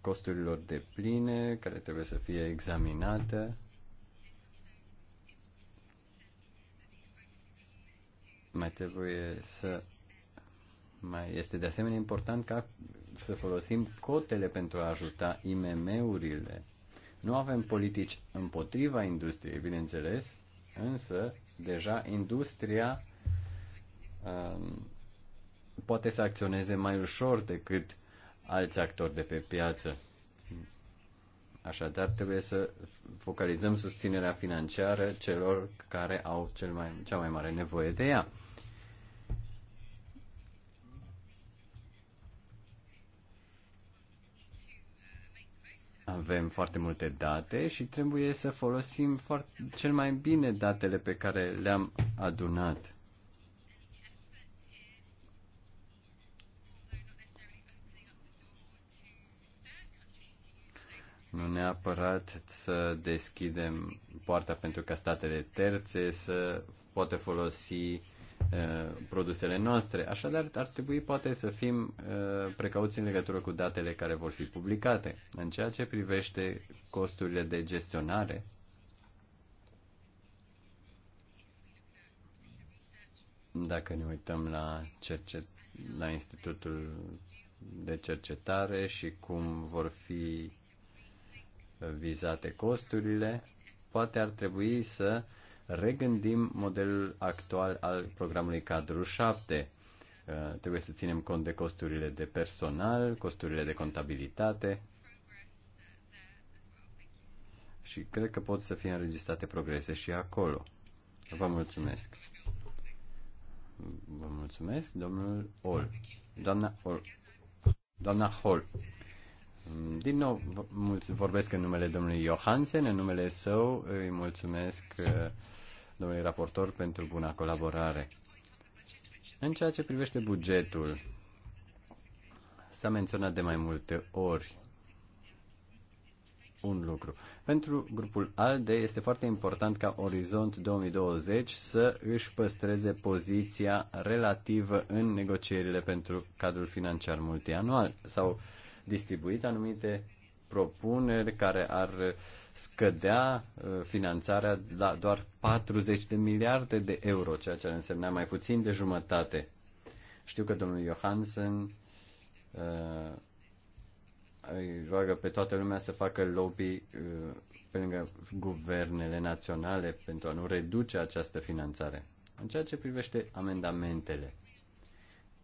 costurilor de pline care trebuie să fie examinate. Mai trebuie să mai este de asemenea important ca să folosim cotele pentru a ajuta IMM-urile. Nu avem politici împotriva industriei, bineînțeles, însă deja industria um, poate să acționeze mai ușor decât uh, alți actori de pe piață. Așadar, trebuie să focalizăm susținerea financiară celor care au cel mai, cea mai mare nevoie de ea. Avem foarte multe date și trebuie să folosim foarte, cel mai bine datele pe care le-am adunat. Nu neapărat să deschidem poarta pentru ca statele terțe să poată folosi uh, produsele noastre. Așadar, ar trebui poate să fim uh, precauți în legătură cu datele care vor fi publicate. În ceea ce privește costurile de gestionare, dacă ne uităm la, cercet, la Institutul de Cercetare și cum vor fi vizate costurile, poate ar trebui să regândim modelul actual al programului cadru 7. Uh, trebuie să ținem cont de costurile de personal, costurile de contabilitate și cred că pot să fie înregistrate progrese și acolo. Vă mulțumesc. Vă mulțumesc, domnul Ol. Doamna Ol. Doamna Hall. Din nou, vorbesc în numele domnului Johansen, în numele său îi mulțumesc uh, domnului raportor pentru buna colaborare. În ceea ce privește bugetul, s-a menționat de mai multe ori un lucru. Pentru grupul ALDE este foarte important ca Orizont 2020 să își păstreze poziția relativă în negocierile pentru cadrul financiar multianual sau uh, distribuit anumite propuneri care ar scădea uh, finanțarea la doar 40 de miliarde de euro, ceea ce ar însemna mai puțin de jumătate. Știu că domnul Johansen uh, îi roagă pe toată lumea să facă lobby uh, pe lângă guvernele naționale pentru a nu reduce această finanțare. În ceea ce privește amendamentele,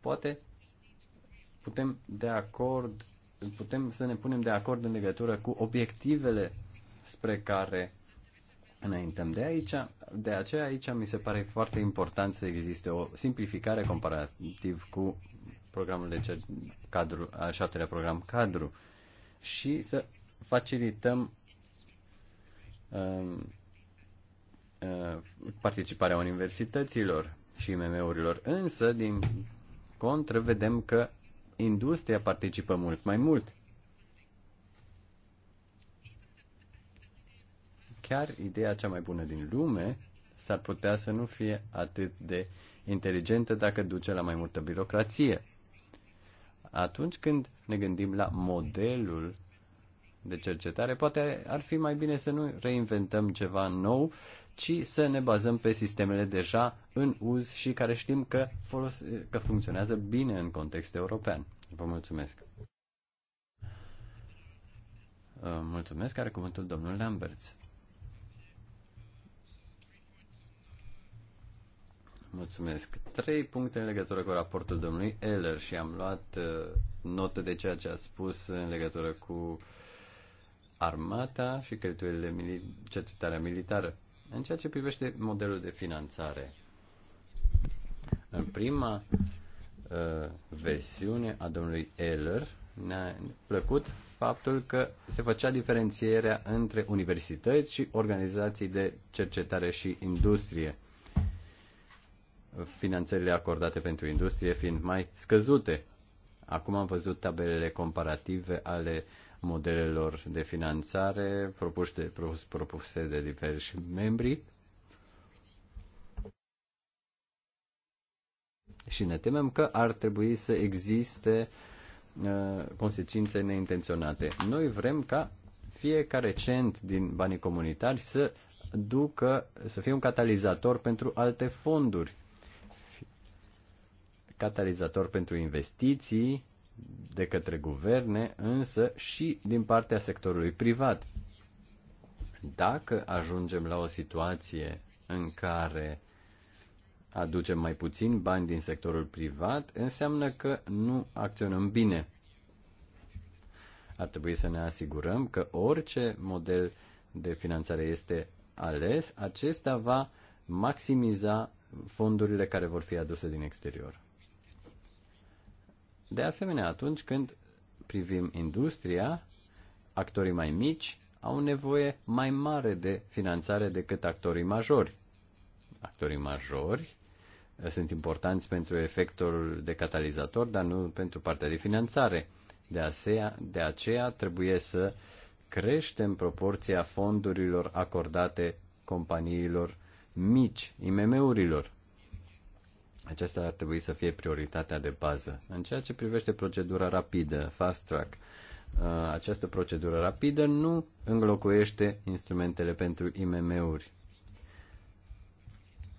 poate putem de acord putem să ne punem de acord în legătură cu obiectivele spre care înaintăm. De, aici, de aceea aici mi se pare foarte important să existe o simplificare comparativ cu programul de cer, cadru, al șaptelea program cadru și să facilităm um, uh, participarea universităților și IMM-urilor. Însă, din contră, vedem că industria participă mult mai mult. Chiar ideea cea mai bună din lume s-ar putea să nu fie atât de inteligentă dacă duce la mai multă birocrație. Atunci când ne gândim la modelul de cercetare, poate ar fi mai bine să nu reinventăm ceva nou, ci să ne bazăm pe sistemele deja în uz și care știm că, folos- că funcționează bine în context european. Vă mulțumesc. Uh, mulțumesc. Are cuvântul domnul Lambert. Mulțumesc. Trei puncte în legătură cu raportul domnului Eller și am luat uh, notă de ceea ce a spus în legătură cu armata și cheltuielile mili- cercetarea militară. În ceea ce privește modelul de finanțare, în prima uh, versiune a domnului Eller ne-a plăcut faptul că se făcea diferențierea între universități și organizații de cercetare și industrie finanțările acordate pentru industrie fiind mai scăzute. Acum am văzut tabelele comparative ale modelelor de finanțare propuse de, propuse de diversi membri. Și ne temem că ar trebui să existe uh, consecințe neintenționate. Noi vrem ca fiecare cent din banii comunitari să ducă, să fie un catalizator pentru alte fonduri, catalizator pentru investiții, de către guverne, însă și din partea sectorului privat. Dacă ajungem la o situație în care aducem mai puțin bani din sectorul privat, înseamnă că nu acționăm bine. Ar trebui să ne asigurăm că orice model de finanțare este ales, acesta va maximiza fondurile care vor fi aduse din exterior. De asemenea, atunci când privim industria, actorii mai mici au nevoie mai mare de finanțare decât actorii majori. Actorii majori eh, sunt importanți pentru efectul de catalizator, dar nu pentru partea de finanțare. De aceea, de aceea trebuie să creștem proporția fondurilor acordate companiilor mici, IMM-urilor. Aceasta ar trebui să fie prioritatea de bază. În ceea ce privește procedura rapidă, fast track, uh, această procedură rapidă nu înlocuiește instrumentele pentru IMM-uri.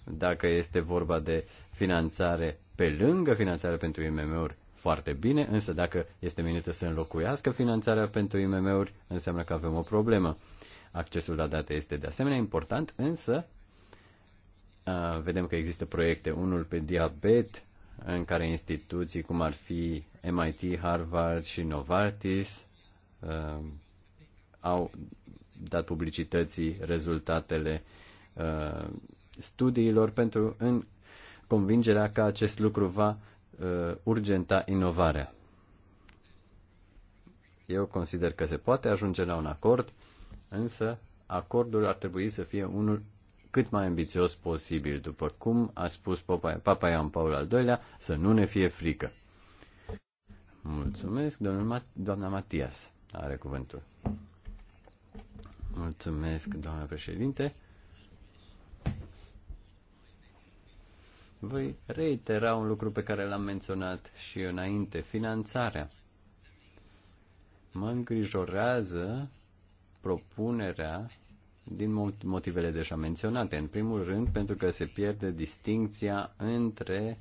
Dacă este vorba de finanțare pe lângă finanțarea pentru IMM-uri, foarte bine, însă dacă este menită să înlocuiască finanțarea pentru IMM-uri, înseamnă că avem o problemă. Accesul la date este de asemenea important, însă vedem că există proiecte, unul pe diabet, în care instituții cum ar fi MIT, Harvard și Novartis uh, au dat publicității rezultatele uh, studiilor pentru în convingerea că acest lucru va uh, urgenta inovarea. Eu consider că se poate ajunge la un acord, însă acordul ar trebui să fie unul cât mai ambițios posibil, după cum a spus Papa Ioan Paul al II-lea, să nu ne fie frică. Mulțumesc, domnul doamna Matias are cuvântul. Mulțumesc, doamna președinte. Voi reitera un lucru pe care l-am menționat și înainte, finanțarea. Mă îngrijorează propunerea din motivele deja menționate. În primul rând, pentru că se pierde distinția între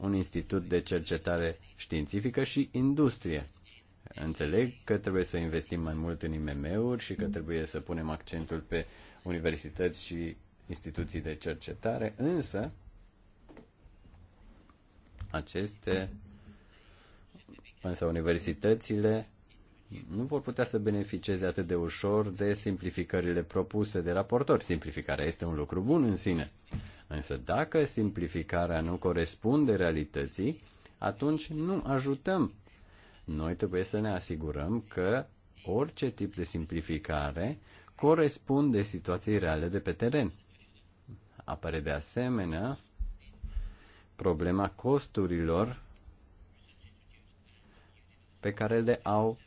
un institut de cercetare științifică și industrie. Înțeleg că trebuie să investim mai mult în IMM-uri și că trebuie să punem accentul pe universități și instituții de cercetare, însă aceste însă universitățile nu vor putea să beneficieze atât de ușor de simplificările propuse de raportori. Simplificarea este un lucru bun în sine. Însă dacă simplificarea nu corespunde realității, atunci nu ajutăm. Noi trebuie să ne asigurăm că orice tip de simplificare corespunde situației reale de pe teren. Apare de asemenea problema costurilor pe care le au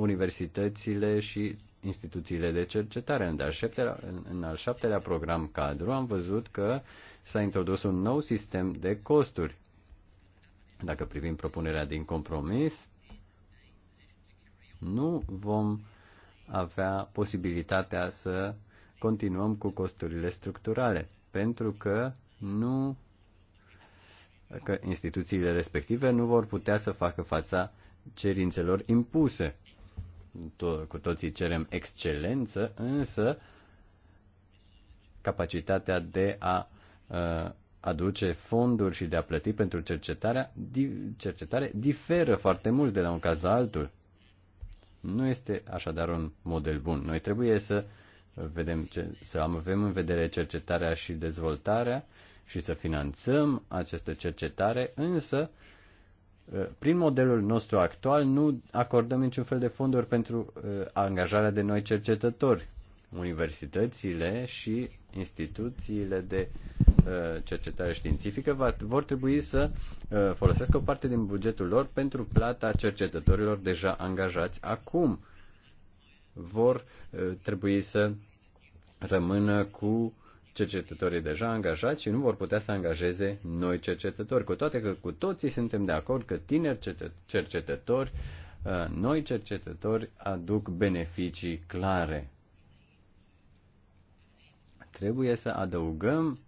universitățile și instituțiile de cercetare. În al, șaptelea, în, al șaptelea program cadru am văzut că s-a introdus un nou sistem de costuri. Dacă privim propunerea din compromis, nu vom avea posibilitatea să continuăm cu costurile structurale, pentru că nu că instituțiile respective nu vor putea să facă fața cerințelor impuse to- cu toții cerem excelență, însă capacitatea de a uh, aduce fonduri și de a plăti pentru cercetarea, di- cercetare diferă foarte mult de la un caz la altul. Nu este așadar un model bun. Noi trebuie să vedem ce, să avem în vedere cercetarea și dezvoltarea și să finanțăm această cercetare, însă uh, prin modelul nostru actual nu acordăm niciun fel de fonduri pentru uh, angajarea de noi cercetători. Universitățile și instituțiile de uh, cercetare științifică vor trebui să uh, folosească o parte din bugetul lor pentru plata cercetătorilor deja angajați acum. Vor trebui să rămână cu cercetătorii deja angajați și nu vor putea să angajeze noi cercetători, cu toate că cu toții suntem de acord că tineri cercetători, uh, noi cercetători aduc beneficii clare. Trebuie să adăugăm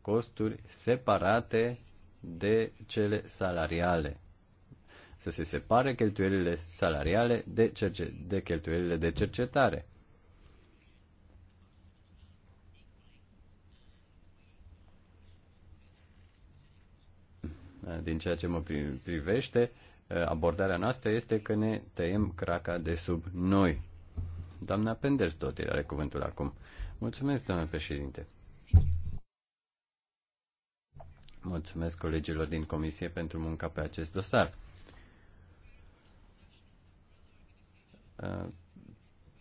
costuri separate de cele salariale. Să se separe cheltuielile salariale de, cerce- de cheltuielile de cercetare. Eh, din ceea ce mă privește, eh, abordarea noastră este că ne tăiem craca de sub noi. Doamna Penders Dotir are cuvântul acum. Mulțumesc, doamnă președinte. Mulțumesc colegilor din comisie pentru munca pe acest dosar. Eh,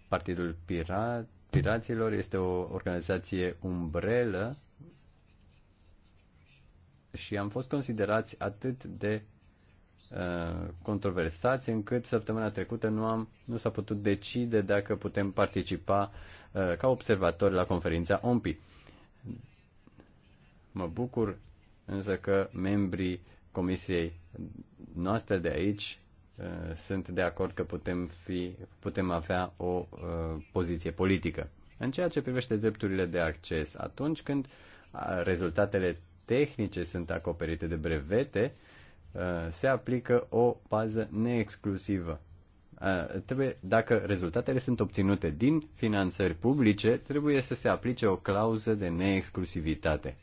Partidul Pirat, Piraților este o organizație umbrelă și am fost considerați atât de uh, controversați încât săptămâna trecută nu, am, nu s-a putut decide dacă putem participa uh, ca observatori la conferința OMPI. Mă bucur însă că membrii comisiei noastre de aici uh, sunt de acord că putem, fi, putem avea o uh, poziție politică. În ceea ce privește drepturile de acces, atunci când uh, rezultatele tehnice sunt acoperite de brevete, uh, se aplică o bază neexclusivă. Uh, trebuie, dacă rezultatele sunt obținute din finanțări publice, trebuie să se aplice o clauză de neexclusivitate.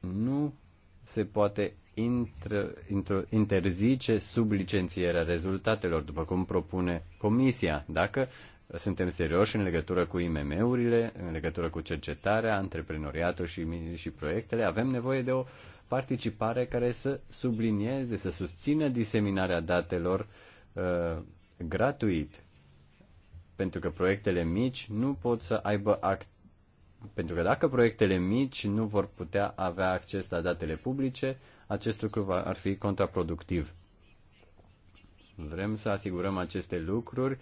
Nu se poate intră, intră, interzice sublicențierea rezultatelor, după cum propune Comisia. Dacă suntem serioși în legătură cu IMM-urile, în legătură cu cercetarea, antreprenoriatul și, și proiectele. Avem nevoie de o participare care să sublinieze, să susțină diseminarea datelor uh, gratuit. Pentru că proiectele mici nu pot să aibă act pentru că dacă proiectele mici nu vor putea avea acces la datele publice, acest lucru va, ar fi contraproductiv. Vrem să asigurăm aceste lucruri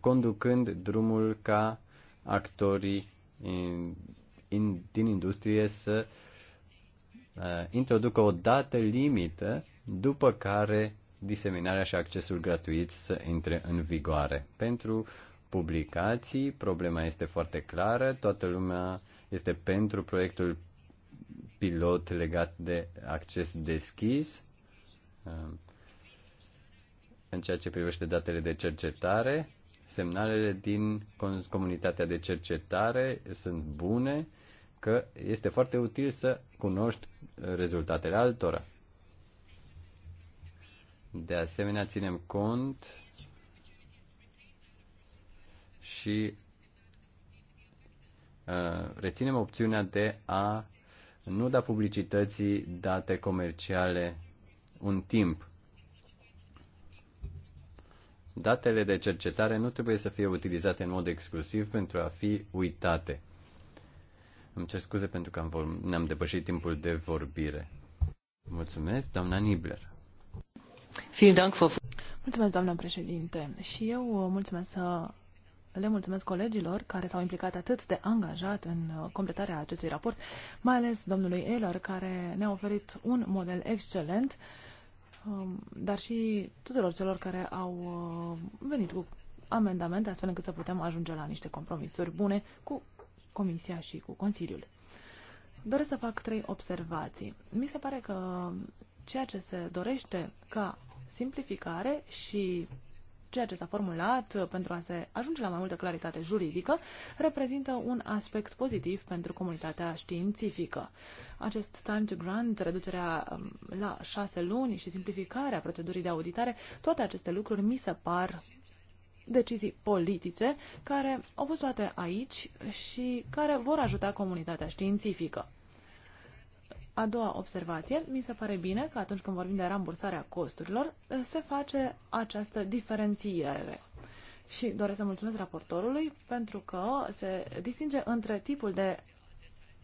conducând drumul ca actorii in, in, din industrie să uh, introducă o dată limită după care diseminarea și accesul gratuit să intre în vigoare. Pentru publicații, problema este foarte clară, toată lumea este pentru proiectul pilot legat de acces deschis. Uh, în ceea ce privește datele de cercetare, semnalele din comunitatea de cercetare sunt bune, că este foarte util să cunoști rezultatele altora. De asemenea, ținem cont și uh, reținem opțiunea de a nu da publicității date comerciale un timp. Datele de cercetare nu trebuie să fie utilizate în mod exclusiv pentru a fi uitate. Îmi cer scuze pentru că am ne-am depășit timpul de vorbire. Mulțumesc, doamna Nibler. Mulțumesc, doamna președinte. Și eu uh, mulțumesc să le mulțumesc colegilor care s-au implicat atât de angajat în uh, completarea acestui raport, mai ales domnului Eller, care ne-a oferit un model excelent uh, Um, dar și tuturor celor care au uh, venit cu amendamente, astfel încât să putem ajunge la niște compromisuri bune cu Comisia și cu Consiliul. Doresc să fac trei observații. Mi se pare că ceea ce se dorește ca simplificare și ceea ce s-a formulat uh, pentru a se ajunge la mai multă claritate juridică reprezintă un aspect pozitiv pentru comunitatea științifică. Acest time to grant, reducerea um, la șase luni și simplificarea procedurii de auditare, toate aceste lucruri mi se par decizii politice care au fost luate aici și care vor ajuta comunitatea științifică. A doua observație, mi se pare bine că atunci când vorbim de rambursarea costurilor, se face această diferențiere. Și doresc să mulțumesc raportorului pentru că se distinge între tipul de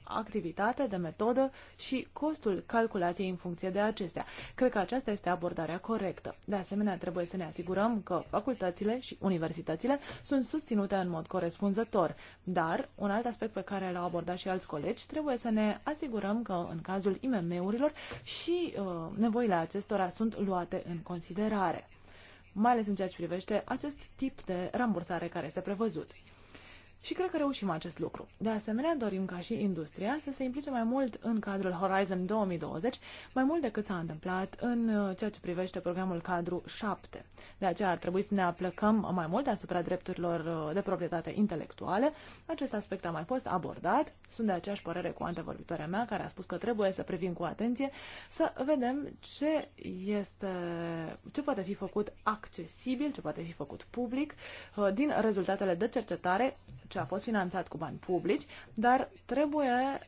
activitate, de metodă și costul calculației în funcție de acestea. Cred că aceasta este abordarea corectă. De asemenea, trebuie să ne asigurăm că facultățile și universitățile sunt susținute în mod corespunzător. Dar, un alt aspect pe care l-au abordat și alți colegi, trebuie să ne asigurăm că, în cazul IMM-urilor, și uh, nevoile acestora sunt luate în considerare mai ales în ceea ce privește acest tip de rambursare care este prevăzut și cred că reușim acest lucru. De asemenea, dorim ca și industria să se implice mai mult în cadrul Horizon 2020, mai mult decât s-a întâmplat în uh, ceea ce privește programul cadru 7. De aceea ar trebui să ne aplăcăm mai mult asupra drepturilor uh, de proprietate intelectuale. Acest aspect a mai fost abordat. Sunt de aceeași părere cu antevorbitoarea mea, care a spus că trebuie să privim cu atenție, să vedem ce este, ce poate fi făcut accesibil, ce poate fi făcut public uh, din rezultatele de cercetare ce a fost finanțat cu bani publici, dar trebuie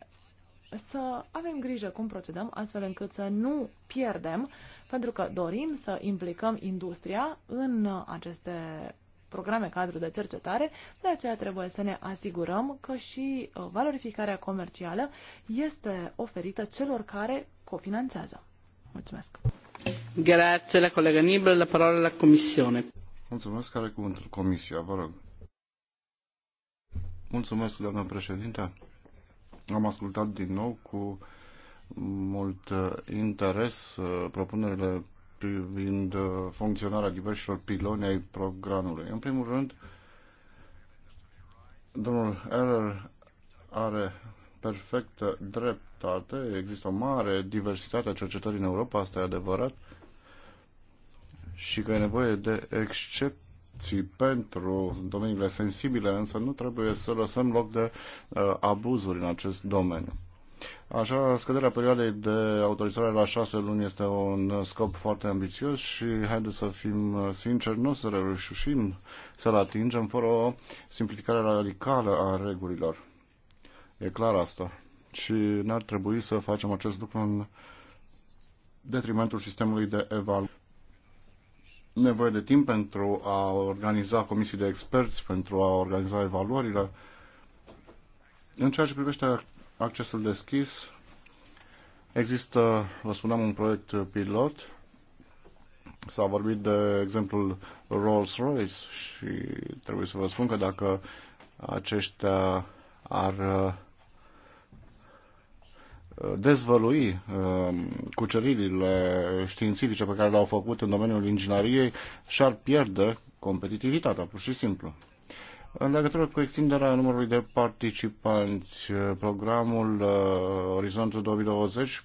să avem grijă cum procedăm astfel încât să nu pierdem, pentru că dorim să implicăm industria în aceste programe cadru de cercetare, de aceea trebuie să ne asigurăm că și uh, valorificarea comercială este oferită celor care cofinanțează. Mulțumesc! Grazie la colega Nibel, la parola la Comisione. Mulțumesc, care cuvântul Comisia, vă rog. Mulțumesc, doamnă președinte. Am ascultat din nou cu mult uh, interes uh, propunerile privind uh, funcționarea diversilor piloni ai programului. În primul rând, domnul Eller are perfectă dreptate. Există o mare diversitate a cercetării în Europa, asta e adevărat, și că e nevoie de excepții și pentru domeniile sensibile, însă nu trebuie să lăsăm loc de uh, abuzuri în acest domeniu. Așa, scăderea perioadei de autorizare la șase luni este un scop foarte ambițios și, haideți să fim sinceri, nu o să reușim să-l atingem fără o simplificare radicală a regulilor. E clar asta. Și n-ar trebui să facem acest lucru în detrimentul sistemului de evaluare nevoie de timp pentru a organiza comisii de experți, pentru a organiza evaluările. În ceea ce privește accesul deschis, există, vă spuneam, un proiect pilot. S-a vorbit de exemplul Rolls-Royce și trebuie să vă spun că dacă aceștia ar dezvălui uh, cuceririle științifice pe care le-au făcut în domeniul ingineriei și-ar pierde competitivitatea, pur și simplu. În legătură cu extinderea numărului de participanți, uh, programul uh, Orizontul 2020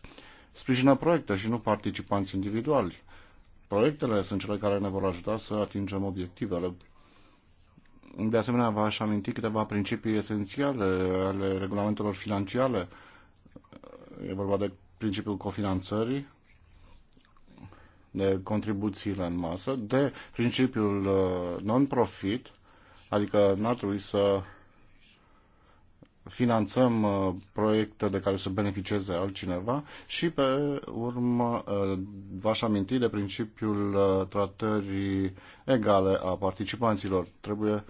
sprijină proiecte și nu participanți individuali. Proiectele sunt cele care ne vor ajuta să atingem obiectivele. De asemenea, v-aș aminti câteva principii esențiale ale regulamentelor financiare E vorba de principiul cofinanțării, de contribuțiile în masă, de principiul uh, non-profit, adică n-ar trebui să finanțăm uh, proiecte de care să beneficieze altcineva și pe urmă uh, v-aș aminti de principiul tratării egale a participanților. Trebuie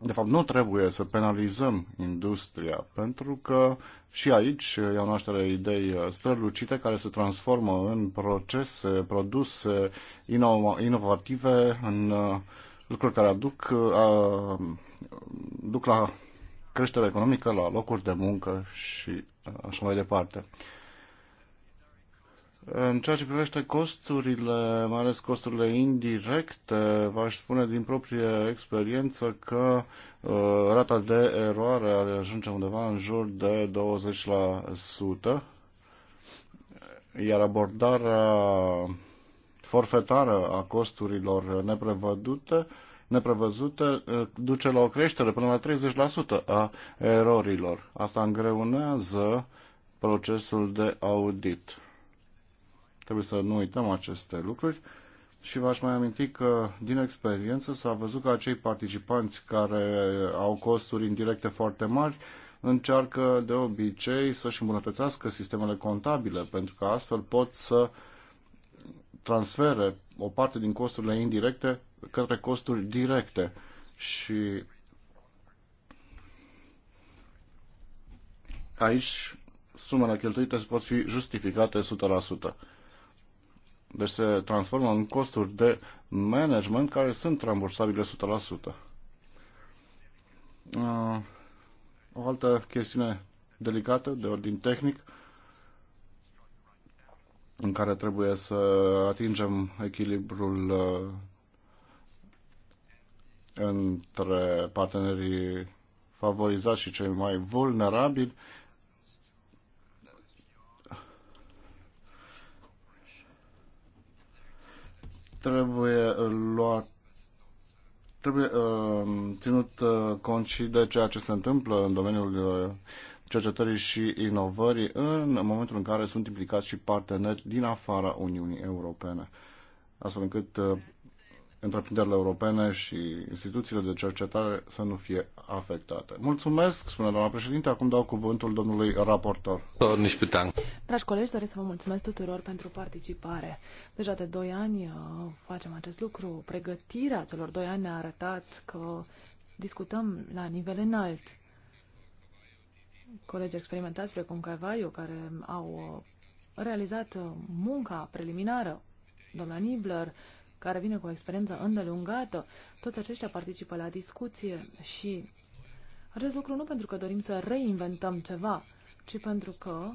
de fapt, nu trebuie să penalizăm industria, pentru că și aici iau naștere idei uh, strălucite care se transformă în procese, produse ino- inovative, în uh, lucruri care aduc, uh, a, duc la creștere economică, la locuri de muncă și așa mai departe. În ceea ce privește costurile, mai ales costurile indirecte, v-aș spune din proprie experiență că uh, rata de eroare ajunge undeva în jur de 20%, iar abordarea forfetară a costurilor neprevăzute, neprevăzute uh, duce la o creștere până la 30% a erorilor. Asta îngreunează procesul de audit. Trebuie să nu uităm aceste lucruri. Și v-aș mai aminti că, din experiență, s-a văzut că acei participanți care au costuri indirecte foarte mari încearcă de obicei să-și îmbunătățească sistemele contabile, pentru că astfel pot să transfere o parte din costurile indirecte către costuri directe. Și aici sumele cheltuite pot fi justificate 100%. Deci se transformă în costuri de management care sunt rambursabile 100%. Uh, o altă chestiune delicată, de ordin tehnic, în care trebuie să atingem echilibrul uh, între partenerii favorizați și cei mai vulnerabili trebuie uh, luat trebuie uh, ținut uh, cont și de ceea ce se întâmplă în domeniul uh, cercetării și inovării în momentul în care sunt implicați și parteneri din afara Uniunii Europene, astfel încât uh, întreprinderile europene și instituțiile de cercetare să nu fie afectate. Mulțumesc, spune doamna președinte. Acum dau cuvântul domnului raportor. Dragi colegi, doresc să vă mulțumesc tuturor pentru participare. Deja de 2 ani uh, facem acest lucru. Pregătirea celor 2 ani ne-a arătat că discutăm la nivel înalt. Colegi experimentați precum Caivaiu, care au uh, realizat uh, munca preliminară, doamna Nibler, care vine cu o experiență îndelungată, toți aceștia participă la discuție și acest lucru nu pentru că dorim să reinventăm ceva, ci pentru că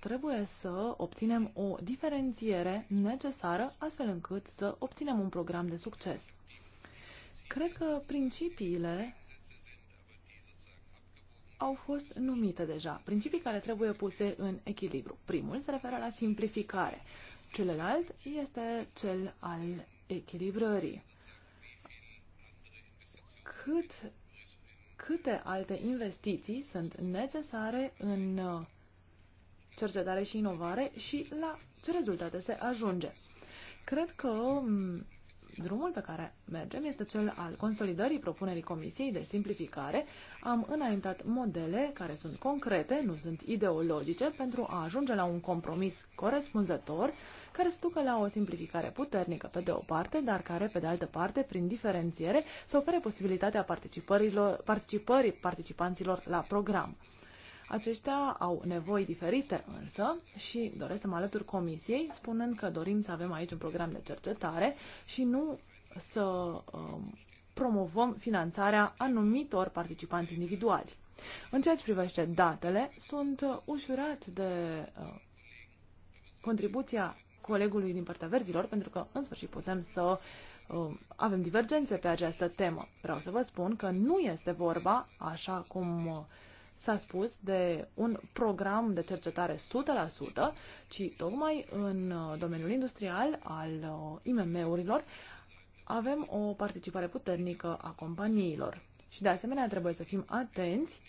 trebuie să obținem o diferențiere necesară astfel încât să obținem un program de succes. Cred că principiile au fost numite deja, principii care trebuie puse în echilibru. Primul se referă la simplificare, celălalt este cel al echilibrării. Cât, câte alte investiții sunt necesare în uh, cercetare și inovare și la ce rezultate se ajunge. Cred că mm, Drumul pe care mergem este cel al consolidării propunerii Comisiei de simplificare. Am înaintat modele care sunt concrete, nu sunt ideologice, pentru a ajunge la un compromis corespunzător care să ducă la o simplificare puternică pe de o parte, dar care pe de altă parte, prin diferențiere, să ofere posibilitatea participării participanților la program. Aceștia au nevoi diferite însă și doresc să mă alătur comisiei spunând că dorim să avem aici un program de cercetare și nu să um, promovăm finanțarea anumitor participanți individuali. În ceea ce privește datele, sunt ușurat de uh, contribuția colegului din partea verzilor, pentru că în sfârșit putem să uh, avem divergențe pe această temă. Vreau să vă spun că nu este vorba, așa cum uh, s-a spus de un program de cercetare 100%, ci tocmai în uh, domeniul industrial al uh, IMM-urilor avem o participare puternică a companiilor. Și de asemenea trebuie să fim atenți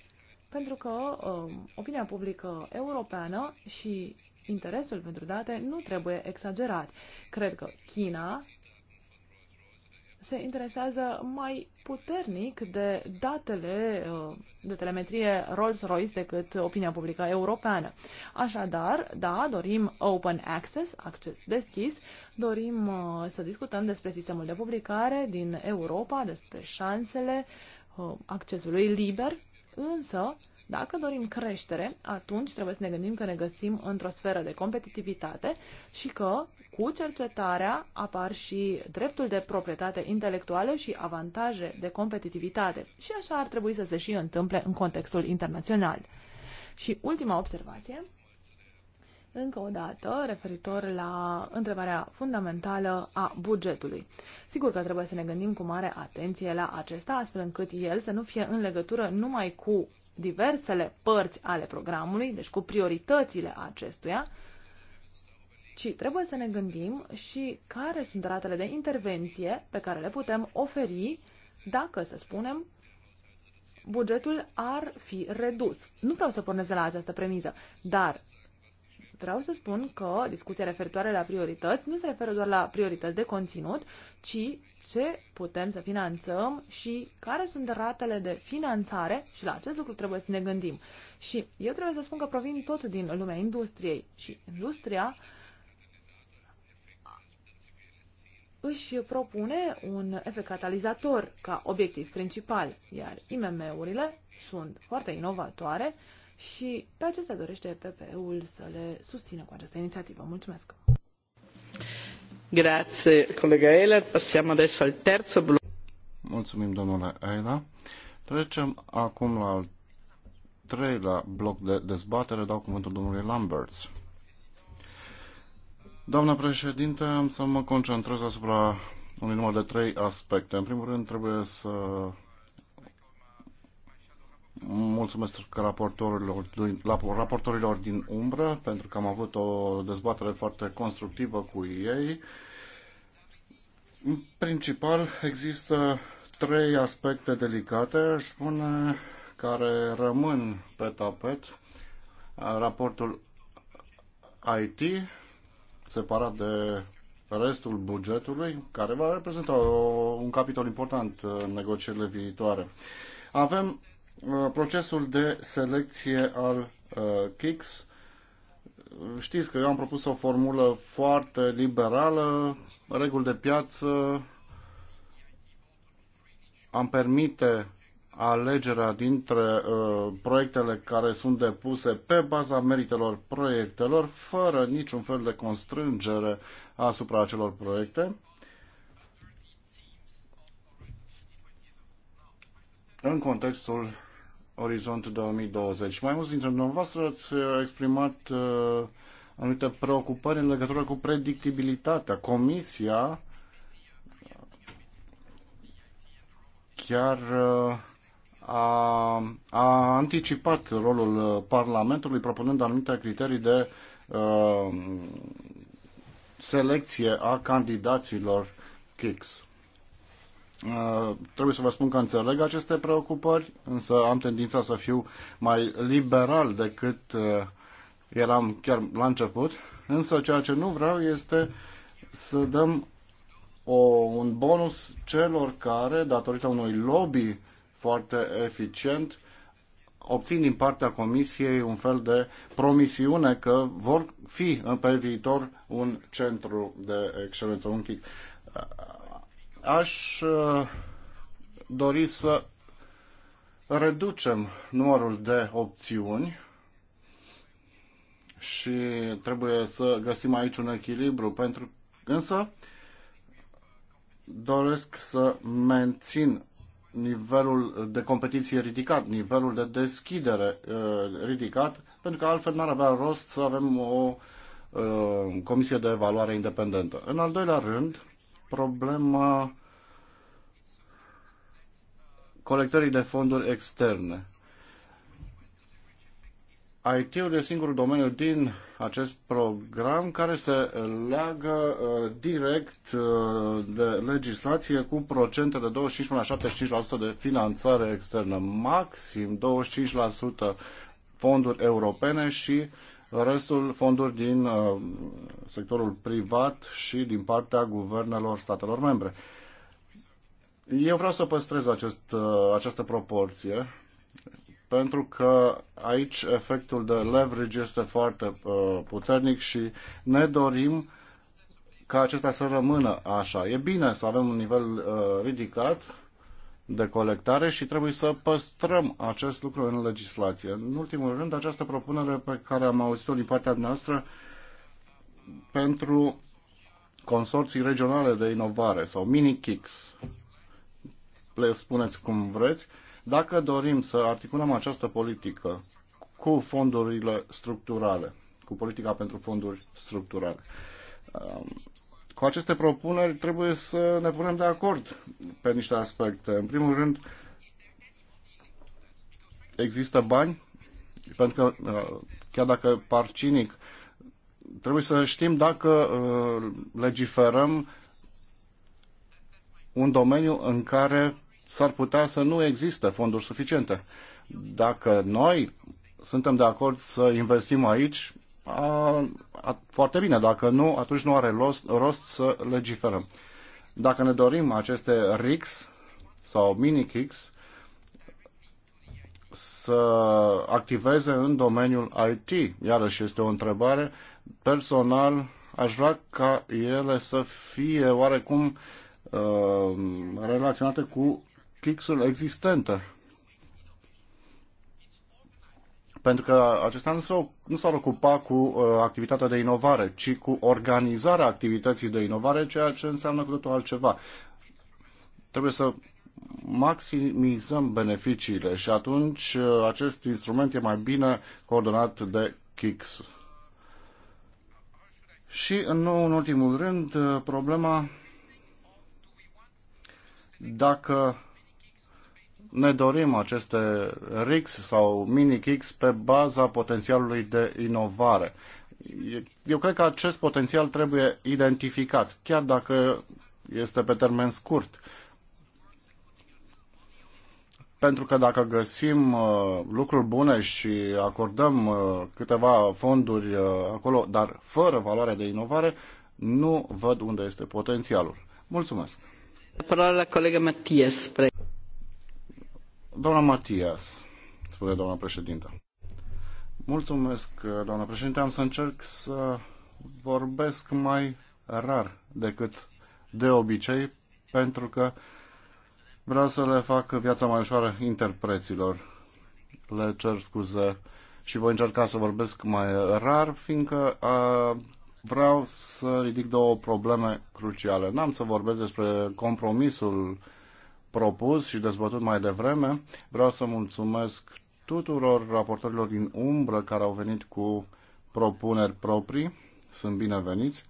pentru că um, opinia publică europeană și interesul pentru date nu trebuie exagerat. Cred că China se interesează mai puternic de datele uh, de telemetrie Rolls-Royce decât opinia publică europeană. Așadar, da, dorim open access, acces deschis, dorim uh, să discutăm despre sistemul de publicare din Europa, despre șansele uh, accesului liber, însă dacă dorim creștere, atunci trebuie să ne gândim că ne găsim într-o sferă de competitivitate și că cu cercetarea apar și dreptul de proprietate intelectuală și avantaje de competitivitate. Și așa ar trebui să se și întâmple în contextul internațional. Și ultima observație, încă o dată, referitor la întrebarea fundamentală a bugetului. Sigur că trebuie să ne gândim cu mare atenție la acesta, astfel încât el să nu fie în legătură numai cu diversele părți ale programului, deci cu prioritățile acestuia, ci trebuie să ne gândim și care sunt ratele de intervenție pe care le putem oferi dacă, să spunem, bugetul ar fi redus. Nu vreau să pornesc de la această premiză, dar Vreau să spun că discuția referitoare la priorități nu se referă doar la priorități de conținut, ci ce putem să finanțăm și care sunt ratele de finanțare și la acest lucru trebuie să ne gândim. Și eu trebuie să spun că provin tot din lumea industriei și industria își propune un efect catalizator ca obiectiv principal, iar IMM-urile sunt foarte inovatoare și pe acestea dorește PPE-ul să le susțină cu această inițiativă. Mulțumesc! Grazie, colega Eiler. Passiamo adesso al terzo blocco. Mulțumim, domnule Eiler. Trecem acum la al treilea bloc de dezbatere. Dau cuvântul domnului Lamberts. Doamna președinte, am să mă concentrez asupra unui număr de trei aspecte. În primul rând, trebuie să Mulțumesc raportorilor, raportorilor din umbră pentru că am avut o dezbatere foarte constructivă cu ei. În principal există trei aspecte delicate, aș spune, care rămân pe tapet. Raportul IT, separat de restul bugetului, care va reprezenta o, un capitol important în negocierile viitoare. Avem Uh, procesul de selecție al uh, kicks, Știți că eu am propus o formulă foarte liberală, reguli de piață, am permite alegerea dintre uh, proiectele care sunt depuse pe baza meritelor proiectelor, fără niciun fel de constrângere asupra acelor proiecte. În contextul Orizont 2020. Mai mulți dintre dumneavoastră ați uh, exprimat uh, anumite preocupări în legătură cu predictibilitatea. Comisia chiar uh, a, a anticipat rolul uh, Parlamentului propunând anumite criterii de uh, selecție a candidaților KICS. Uh, trebuie să vă spun că înțeleg aceste preocupări, însă am tendința să fiu mai liberal decât uh, eram chiar la început. Însă ceea ce nu vreau este să dăm o, un bonus celor care, datorită unui lobby foarte eficient, obțin din partea Comisiei un fel de promisiune că vor fi pe viitor un centru de excelență, un Aș uh, dori să reducem numărul de opțiuni și trebuie să găsim aici un echilibru pentru însă doresc să mențin nivelul de competiție ridicat, nivelul de deschidere uh, ridicat, pentru că altfel n-ar avea rost să avem o uh, comisie de evaluare independentă. În al doilea rând, problema colectării de fonduri externe. IT-ul e singurul domeniu din acest program care se leagă uh, direct uh, de legislație cu procente de 25 75% de finanțare externă, maxim 25% fonduri europene și restul fonduri din uh, sectorul privat și din partea guvernelor statelor membre. Eu vreau să păstrez acest, uh, această proporție pentru că aici efectul de leverage este foarte uh, puternic și ne dorim ca acesta să rămână așa. E bine să avem un nivel ridicat, de colectare și trebuie să păstrăm acest lucru în legislație. În ultimul rând, această propunere pe care am auzit-o din partea noastră pentru consorții regionale de inovare sau mini-kicks, le spuneți cum vreți, dacă dorim să articulăm această politică cu fondurile structurale, cu politica pentru fonduri structurale. Cu aceste propuneri trebuie să ne punem de acord pe niște aspecte. În primul rând, există bani, pentru că uh, chiar dacă par cinic, trebuie să știm dacă uh, legiferăm un domeniu în care s-ar putea să nu existe fonduri suficiente. Dacă noi suntem de acord să investim aici, a, a, foarte bine. Dacă nu, atunci nu are rost, rost să legiferăm. Dacă ne dorim aceste Rix sau mini RIX să activeze în domeniul IT, iarăși este o întrebare, personal aș vrea ca ele să fie oarecum uh, relaționate cu Kixul ul existente pentru că acestea nu s-au, nu s-au ocupat cu uh, activitatea de inovare, ci cu organizarea activității de inovare, ceea ce înseamnă cu totul altceva. Trebuie să maximizăm beneficiile și atunci uh, acest instrument e mai bine coordonat de KIX. Și, nou în ultimul rând, uh, problema dacă ne dorim aceste RICS sau mini-KICS pe baza potențialului de inovare. Eu cred că acest potențial trebuie identificat, chiar dacă este pe termen scurt. Pentru că dacă găsim uh, lucruri bune și acordăm uh, câteva fonduri uh, acolo, dar fără valoare de inovare, nu văd unde este potențialul. Mulțumesc. Parola colega Matias. Pre- Doamna Matias, spune doamna președintă. Mulțumesc, doamna președinte. Am să încerc să vorbesc mai rar decât de obicei, pentru că vreau să le fac viața mai ușoară interpreților. Le cer scuze și voi încerca să vorbesc mai rar, fiindcă a, vreau să ridic două probleme cruciale. N-am să vorbesc despre compromisul propus și dezbătut mai devreme. Vreau să mulțumesc tuturor raportorilor din umbră care au venit cu propuneri proprii. Sunt bineveniți.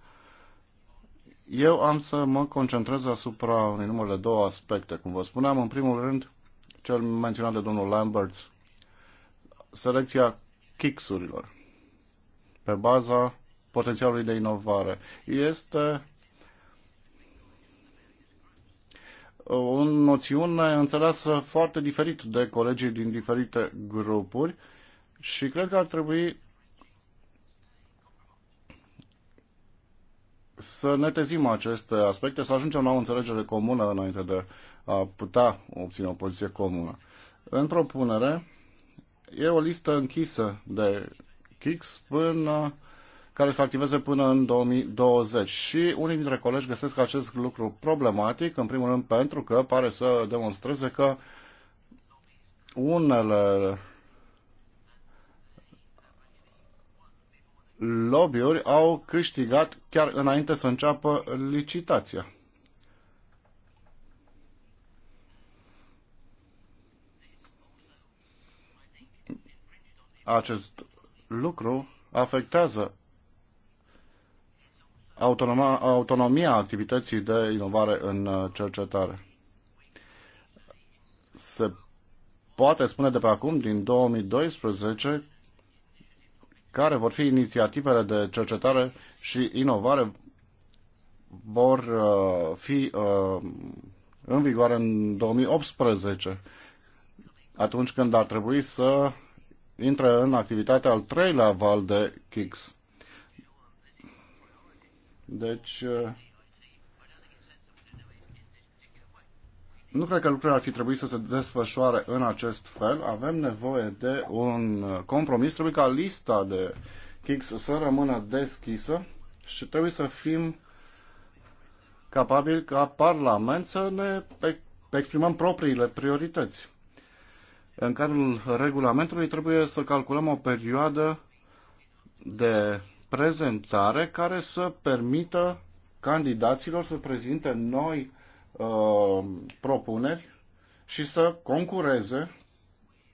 Eu am să mă concentrez asupra unui număr de două aspecte. Cum vă spuneam, în primul rând, cel menționat de domnul Lamberts, selecția kicks-urilor pe baza potențialului de inovare. Este o noțiune înțeleasă foarte diferit de colegii din diferite grupuri și cred că ar trebui să netezim aceste aspecte, să ajungem la o înțelegere comună înainte de a putea obține o poziție comună. În propunere, e o listă închisă de kicks până care să activeze până în 2020. Și unii dintre colegi găsesc acest lucru problematic, în primul rând pentru că pare să demonstreze că unele lobby-uri au câștigat chiar înainte să înceapă licitația. Acest lucru afectează autonoma, autonomia activității de inovare în uh, cercetare. Se poate spune de pe acum, din 2012, care vor fi inițiativele de cercetare și inovare vor uh, fi uh, în vigoare în 2018, atunci când ar trebui să intre în activitate al treilea val de KICS. Deci, uh, nu cred că lucrurile ar fi trebuit să se desfășoare în acest fel. Avem nevoie de un compromis. Trebuie ca lista de kicks să rămână deschisă și trebuie să fim capabili ca Parlament să ne exprimăm propriile priorități. În cadrul regulamentului trebuie să calculăm o perioadă de prezentare care să permită candidaților să prezinte noi uh, propuneri și să concureze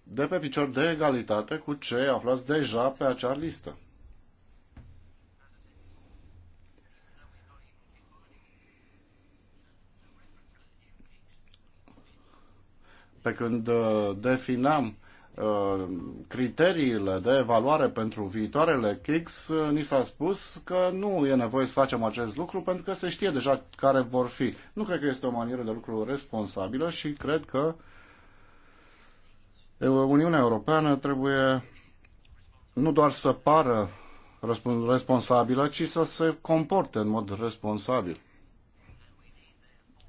de pe picior de egalitate cu cei aflați deja pe acea listă. Pe când uh, definam Uh, criteriile de evaluare pentru viitoarele kicks, uh, ni s-a spus că nu e nevoie să facem acest lucru pentru că se știe deja care vor fi. Nu cred că este o manieră de lucru responsabilă și cred că uh, Uniunea Europeană trebuie nu doar să pară responsabilă, ci să se comporte în mod responsabil.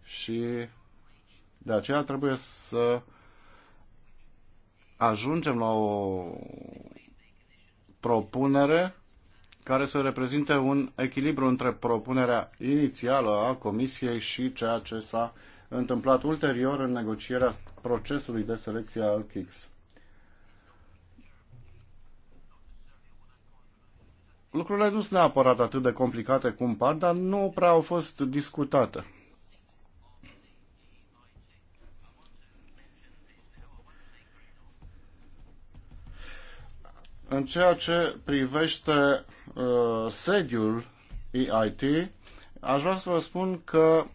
Și de aceea trebuie să ajungem la o propunere care să reprezinte un echilibru între propunerea inițială a Comisiei și ceea ce s-a întâmplat ulterior în negocierea procesului de selecție al KIX. Lucrurile nu sunt neapărat atât de complicate cum par, dar nu prea au fost discutate. În ceea ce privește uh, sediul EIT, aș vrea să vă spun că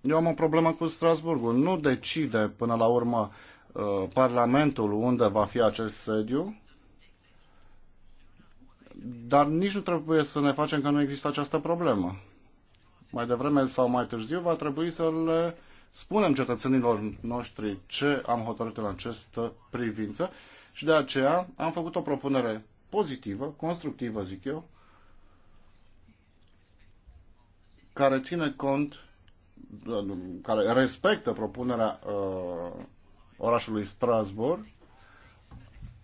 eu am o problemă cu Strasburgul. Nu decide până la urmă uh, Parlamentul unde va fi acest sediu, dar nici nu trebuie să ne facem că nu există această problemă. Mai devreme sau mai târziu va trebui să le spunem cetățenilor noștri ce am hotărât în această privință și de aceea am făcut o propunere pozitivă, constructivă, zic eu, care ține cont, care respectă propunerea uh, orașului Strasbourg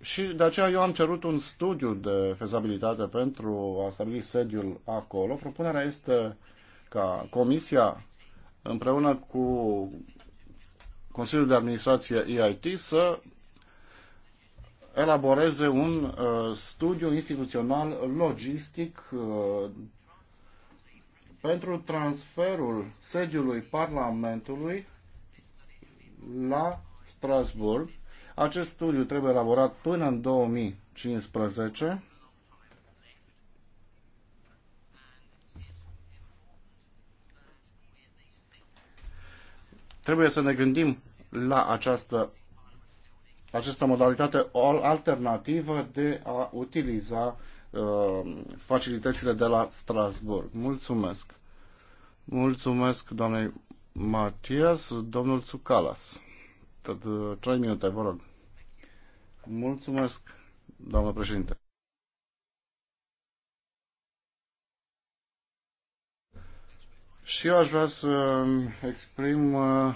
și de aceea eu am cerut un studiu de fezabilitate pentru a stabili sediul acolo. Propunerea este ca Comisia împreună cu Consiliul de Administrație EIT să elaboreze un uh, studiu instituțional logistic uh, pentru transferul sediului Parlamentului la Strasbourg. Acest studiu trebuie elaborat până în 2015. Trebuie să ne gândim la această această modalitate alternativă de a utiliza uh, facilitățile de la Strasburg. Mulțumesc! Mulțumesc doamnei Matias, domnul Tsukalas. Uh, trei minute, vă rog. Mulțumesc, doamnă președinte. Și eu aș vrea să exprim uh,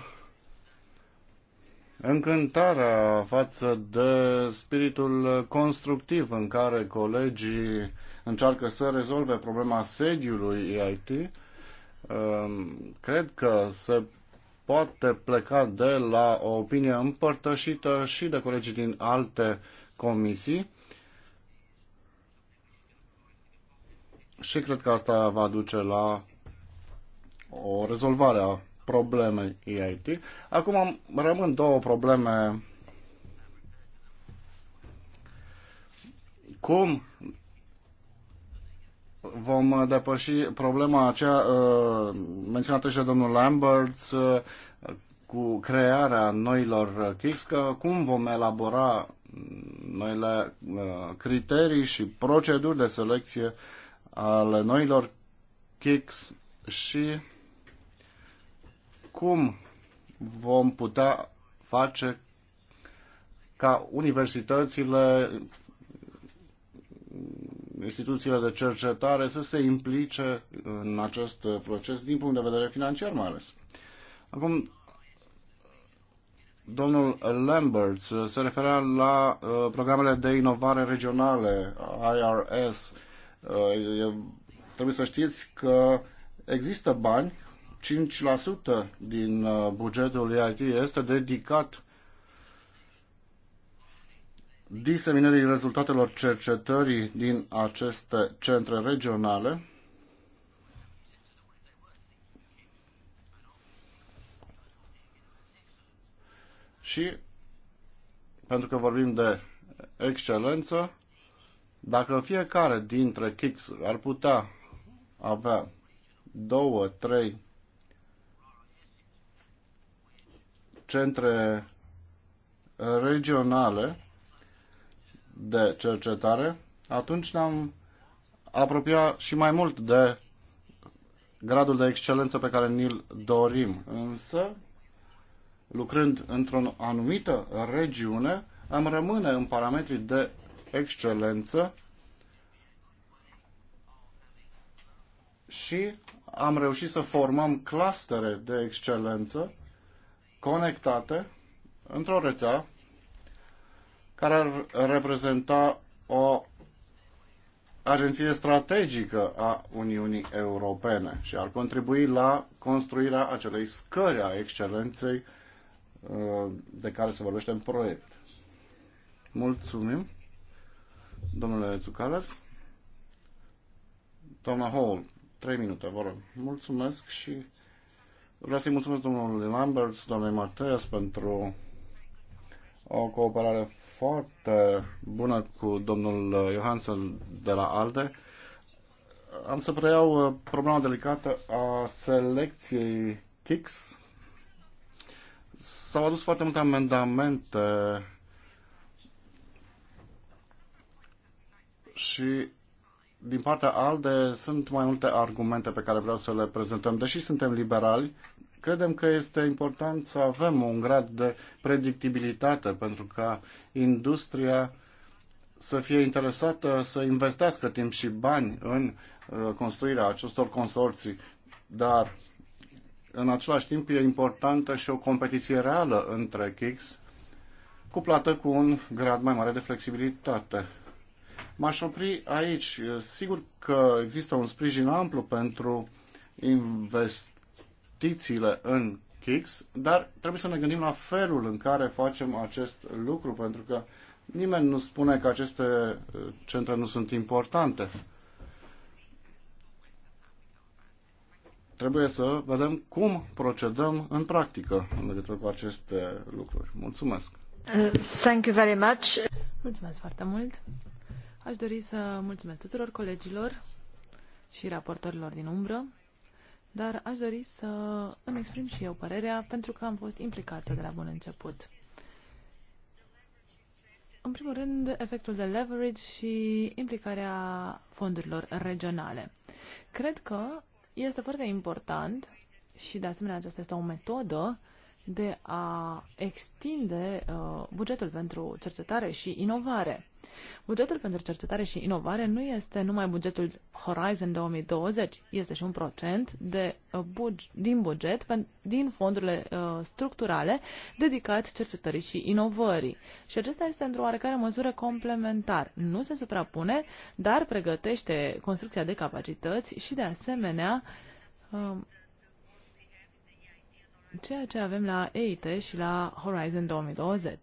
încântarea față de spiritul constructiv în care colegii încearcă să rezolve problema sediului EIT. Um, cred că se poate pleca de la o opinie împărtășită și de colegii din alte comisii. Și cred că asta va duce la o rezolvare a Probleme EIT. Acum rămân două probleme. Cum vom depăși problema aceea uh, menționată și de domnul Lamberts uh, cu crearea noilor kicks? că cum vom elabora noile uh, criterii și proceduri de selecție ale noilor kicks și cum vom putea face ca universitățile, instituțiile de cercetare să se implice în acest proces din punct de vedere financiar mai ales. Acum, domnul Lambert se referea la uh, programele de inovare regionale, IRS. Uh, trebuie să știți că există bani 5% din uh, bugetul IT este dedicat diseminării rezultatelor cercetării din aceste centre regionale. Și pentru că vorbim de excelență, dacă fiecare dintre kicks ar putea avea două, trei centre regionale de cercetare, atunci ne-am apropiat și mai mult de gradul de excelență pe care ni-l dorim. Însă, lucrând într-o anumită regiune, am rămâne în parametrii de excelență și am reușit să formăm clustere de excelență conectate într-o rețea care ar reprezenta o agenție strategică a Uniunii Europene și ar contribui la construirea acelei scări a excelenței uh, de care se vorbește în proiect. Mulțumim, domnule Tsukalas. Doamna Hall, trei minute, vă rog. Mulțumesc și Vreau să-i mulțumesc domnului Lamberts, doamnei Martes, pentru o cooperare foarte bună cu domnul Johansen de la ALDE. Am să preiau uh, problema delicată a selecției KIX. S-au adus foarte multe amendamente și din partea ALDE sunt mai multe argumente pe care vreau să le prezentăm. Deși suntem liberali, credem că este important să avem un grad de predictibilitate pentru ca industria să fie interesată să investească timp și bani în uh, construirea acestor consorții, dar în același timp e importantă și o competiție reală între KICS, cuplată cu un grad mai mare de flexibilitate. M-aș opri aici. Sigur că există un sprijin amplu pentru investițiile în Kix, dar trebuie să ne gândim la felul în care facem acest lucru, pentru că nimeni nu spune că aceste uh, centre nu sunt importante. Trebuie să vedem cum procedăm în practică în legătură cu aceste lucruri. Mulțumesc! Uh, thank you very much. Mulțumesc foarte mult! Aș dori să mulțumesc tuturor colegilor și raportorilor din umbră, dar aș dori să îmi exprim și eu părerea pentru că am fost implicată de la bun început. În primul rând, efectul de leverage și implicarea fondurilor regionale. Cred că este foarte important și, de asemenea, aceasta este o metodă de a extinde uh, bugetul pentru cercetare și inovare. Bugetul pentru cercetare și inovare nu este numai bugetul Horizon 2020, este și un procent de, uh, bug- din buget din fondurile uh, structurale dedicat cercetării și inovării. Și acesta este într-o oarecare măsură complementar. Nu se suprapune, dar pregătește construcția de capacități și de asemenea uh, ceea ce avem la EIT și la Horizon 2020.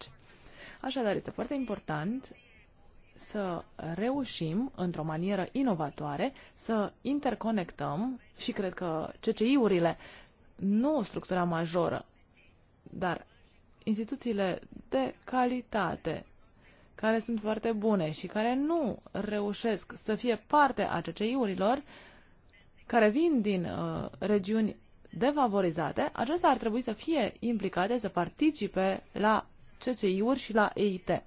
Așadar, este foarte important să reușim, într-o manieră inovatoare, să interconectăm și cred că CCI-urile, nu structura majoră, dar instituțiile de calitate care sunt foarte bune și care nu reușesc să fie parte a CCI-urilor, care vin din uh, regiuni defavorizate, acestea ar trebui să fie implicate, să participe la CCI-uri și la EIT.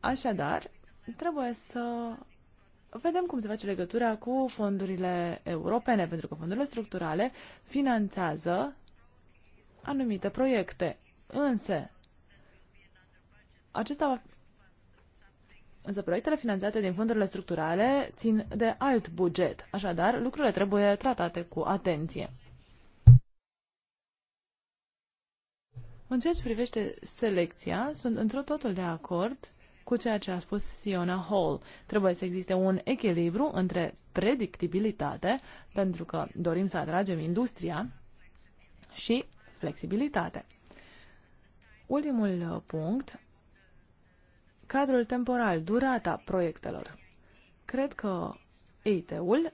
Așadar, trebuie să vedem cum se face legătura cu fondurile europene, pentru că fondurile structurale finanțează anumite proiecte. Însă, acesta va Însă proiectele finanțate din fondurile structurale țin de alt buget, așadar lucrurile trebuie tratate cu atenție. În ceea ce privește selecția, sunt într totul de acord cu ceea ce a spus Siona Hall. Trebuie să existe un echilibru între predictibilitate, pentru că dorim să atragem industria, și flexibilitate. Ultimul uh, punct, cadrul temporal, durata proiectelor. Cred că EIT-ul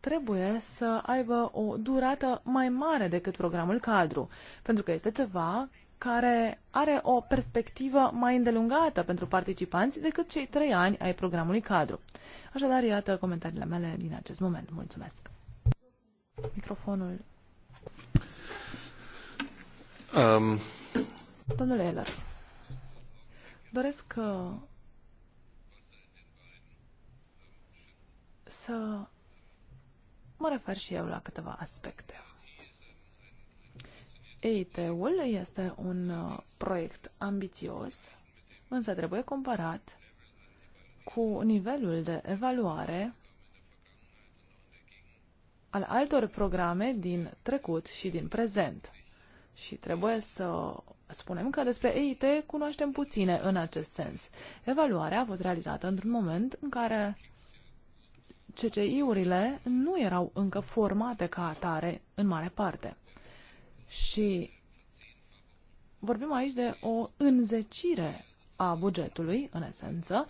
trebuie să aibă o durată mai mare decât programul cadru, pentru că este ceva care are o perspectivă mai îndelungată pentru participanți decât cei trei ani ai programului cadru. Așadar, iată comentariile mele din acest moment. Mulțumesc. Microfonul. Um. Domnule Eller, doresc uh, să mă refer și eu la câteva aspecte. EIT-ul este un uh, proiect ambițios, însă trebuie comparat cu nivelul de evaluare al altor programe din trecut și din prezent. Și trebuie să spunem că despre EIT cunoaștem puține în acest sens. Evaluarea a fost realizată într-un moment în care CCI-urile nu erau încă formate ca atare în mare parte. Și vorbim aici de o înzecire a bugetului, în esență,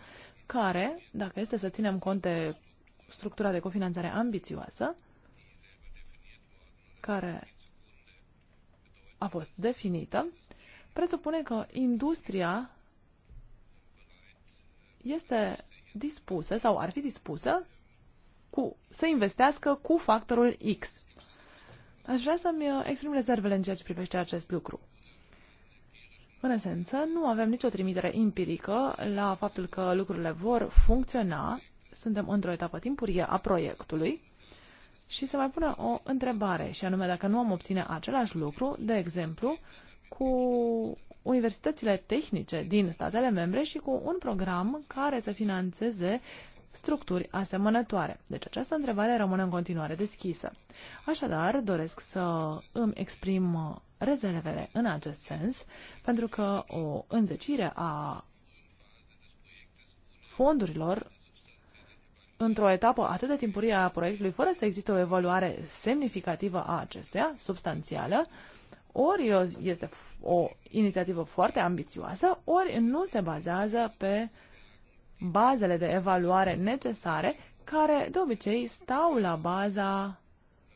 care, dacă este să ținem cont de structura de cofinanțare ambițioasă, care a fost definită, presupune că industria este dispusă sau ar fi dispusă cu, să investească cu factorul X. Aș vrea să-mi uh, exprim rezervele în ceea ce privește acest lucru. În esență, nu avem nicio trimitere empirică la faptul că lucrurile vor funcționa, suntem într-o etapă timpurie a proiectului și se mai pune o întrebare, și anume dacă nu am obține același lucru, de exemplu, cu universitățile tehnice din statele membre și cu un program care să financeze structuri asemănătoare. Deci această întrebare rămâne în continuare deschisă. Așadar, doresc să îmi exprim rezervele în acest sens, pentru că o înzecire a fondurilor într-o etapă atât de timpurie a proiectului, fără să existe o evaluare semnificativă a acestuia, substanțială, ori este o inițiativă foarte ambițioasă, ori nu se bazează pe bazele de evaluare necesare, care de obicei stau la baza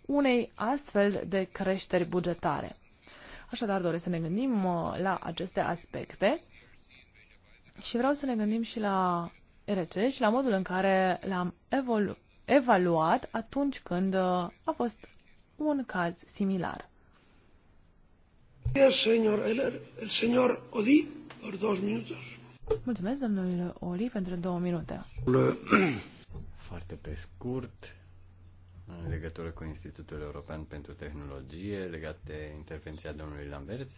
unei astfel de creșteri bugetare. Așadar, doresc să ne gândim uh, la aceste aspecte și vreau să ne gândim și la RC și la modul în care l-am evaluat atunci când uh, a fost un caz similar. Señor Eller, el señor Odi, por dos minutos. Mulțumesc, domnul Oli, pentru două minute. Foarte pe scurt, în legătură cu Institutul European pentru Tehnologie, legat de intervenția domnului Lamberts,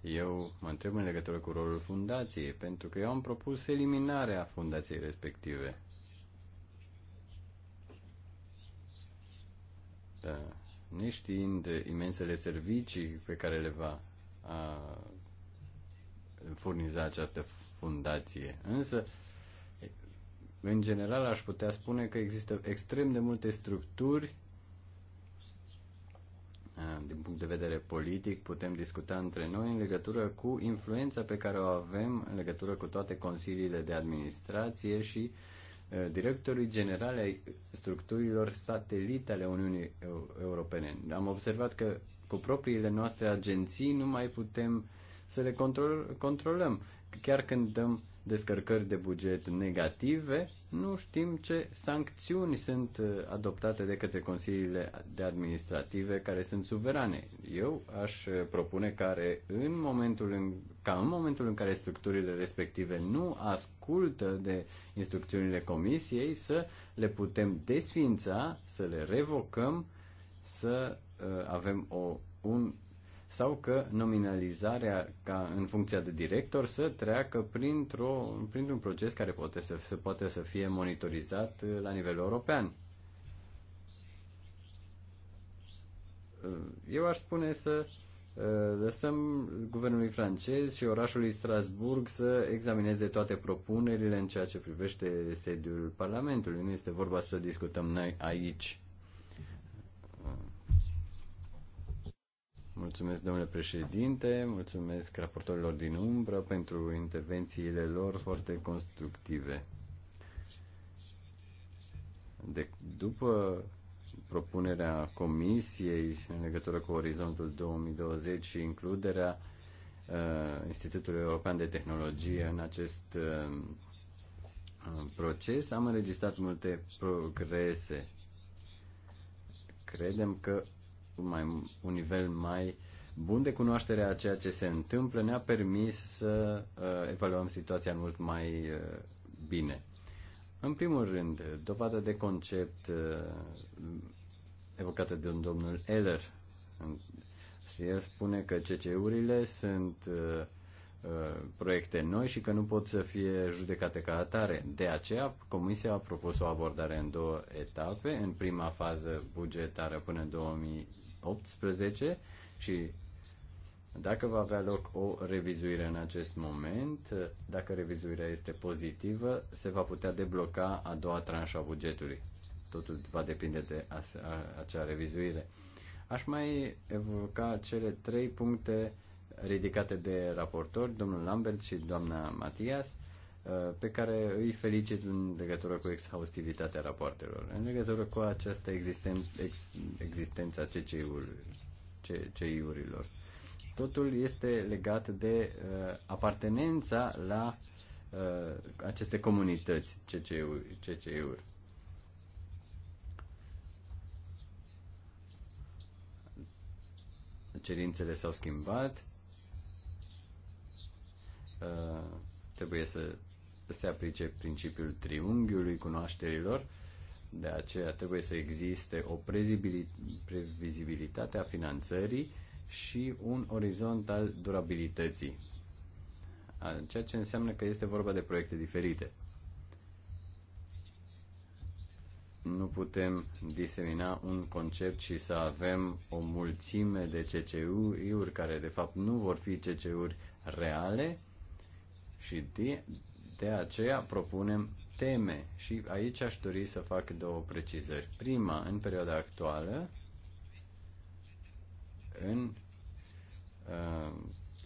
eu mă întreb în legătură cu rolul fundației, pentru că eu am propus eliminarea fundației respective. Da. Neștiind imensele servicii pe care le va a, furniza această fundație. Însă, în general, aș putea spune că există extrem de multe structuri din punct de vedere politic, putem discuta între noi în legătură cu influența pe care o avem în legătură cu toate consiliile de administrație și directorii generale ai structurilor satelite ale Uniunii Europene. Am observat că cu propriile noastre agenții nu mai putem să le control, controlăm chiar când dăm descărcări de buget negative, nu știm ce sancțiuni sunt uh, adoptate de către consiliile de administrative care sunt suverane. Eu aș uh, propune care în momentul în, ca în momentul în care structurile respective nu ascultă de instrucțiunile comisiei să le putem desfința, să le revocăm, să uh, avem o, un sau că nominalizarea ca în funcția de director să treacă printr-o, printr-un proces care poate să, să poate să fie monitorizat uh, la nivel european. Uh, eu aș spune să uh, lăsăm guvernului francez și orașului Strasburg să examineze toate propunerile în ceea ce privește sediul Parlamentului. Nu este vorba să discutăm noi aici Mulțumesc, domnule președinte, mulțumesc raportorilor din umbră pentru intervențiile lor foarte constructive. De, după propunerea Comisiei în legătură cu orizontul 2020 și includerea uh, Institutului European de Tehnologie în acest uh, uh proces, am înregistrat multe progrese. Credem că mai, un nivel mai bun de cunoaștere a ceea ce se întâmplă ne-a permis să uh, evaluăm situația mult mai uh, bine. În primul rând, dovadă de concept uh, evocată de un domnul Eller. El spune că CC-urile sunt uh, Uh, proiecte noi și că nu pot să fie judecate ca atare. De aceea, Comisia a propus o abordare în două etape. În prima fază bugetară până în 2018 și dacă va avea loc o revizuire în acest moment, dacă revizuirea este pozitivă, se va putea debloca a doua tranșă a bugetului. Totul va depinde de acea revizuire. Aș mai evoca cele trei puncte uh, ridicate de raportori, domnul Lambert și doamna Matias, uh, pe care îi felicit în legătură cu exhaustivitatea rapoartelor, în legătură cu această existen, ex, existența CCI-urilor. Totul este legat de uh, apartenența la uh, aceste comunități CCI-uri. Cerințele s-au schimbat, Uh, trebuie să se aplice principiul triunghiului cunoașterilor, de aceea trebuie să existe o previzibilitate a finanțării și un orizont al durabilității, ceea ce înseamnă că este vorba de proiecte diferite. Nu putem disemina un concept și să avem o mulțime de CCU-uri care de fapt nu vor fi CCU-uri reale, și de, de aceea propunem teme și aici aș dori să fac două precizări. Prima, în perioada actuală, în uh,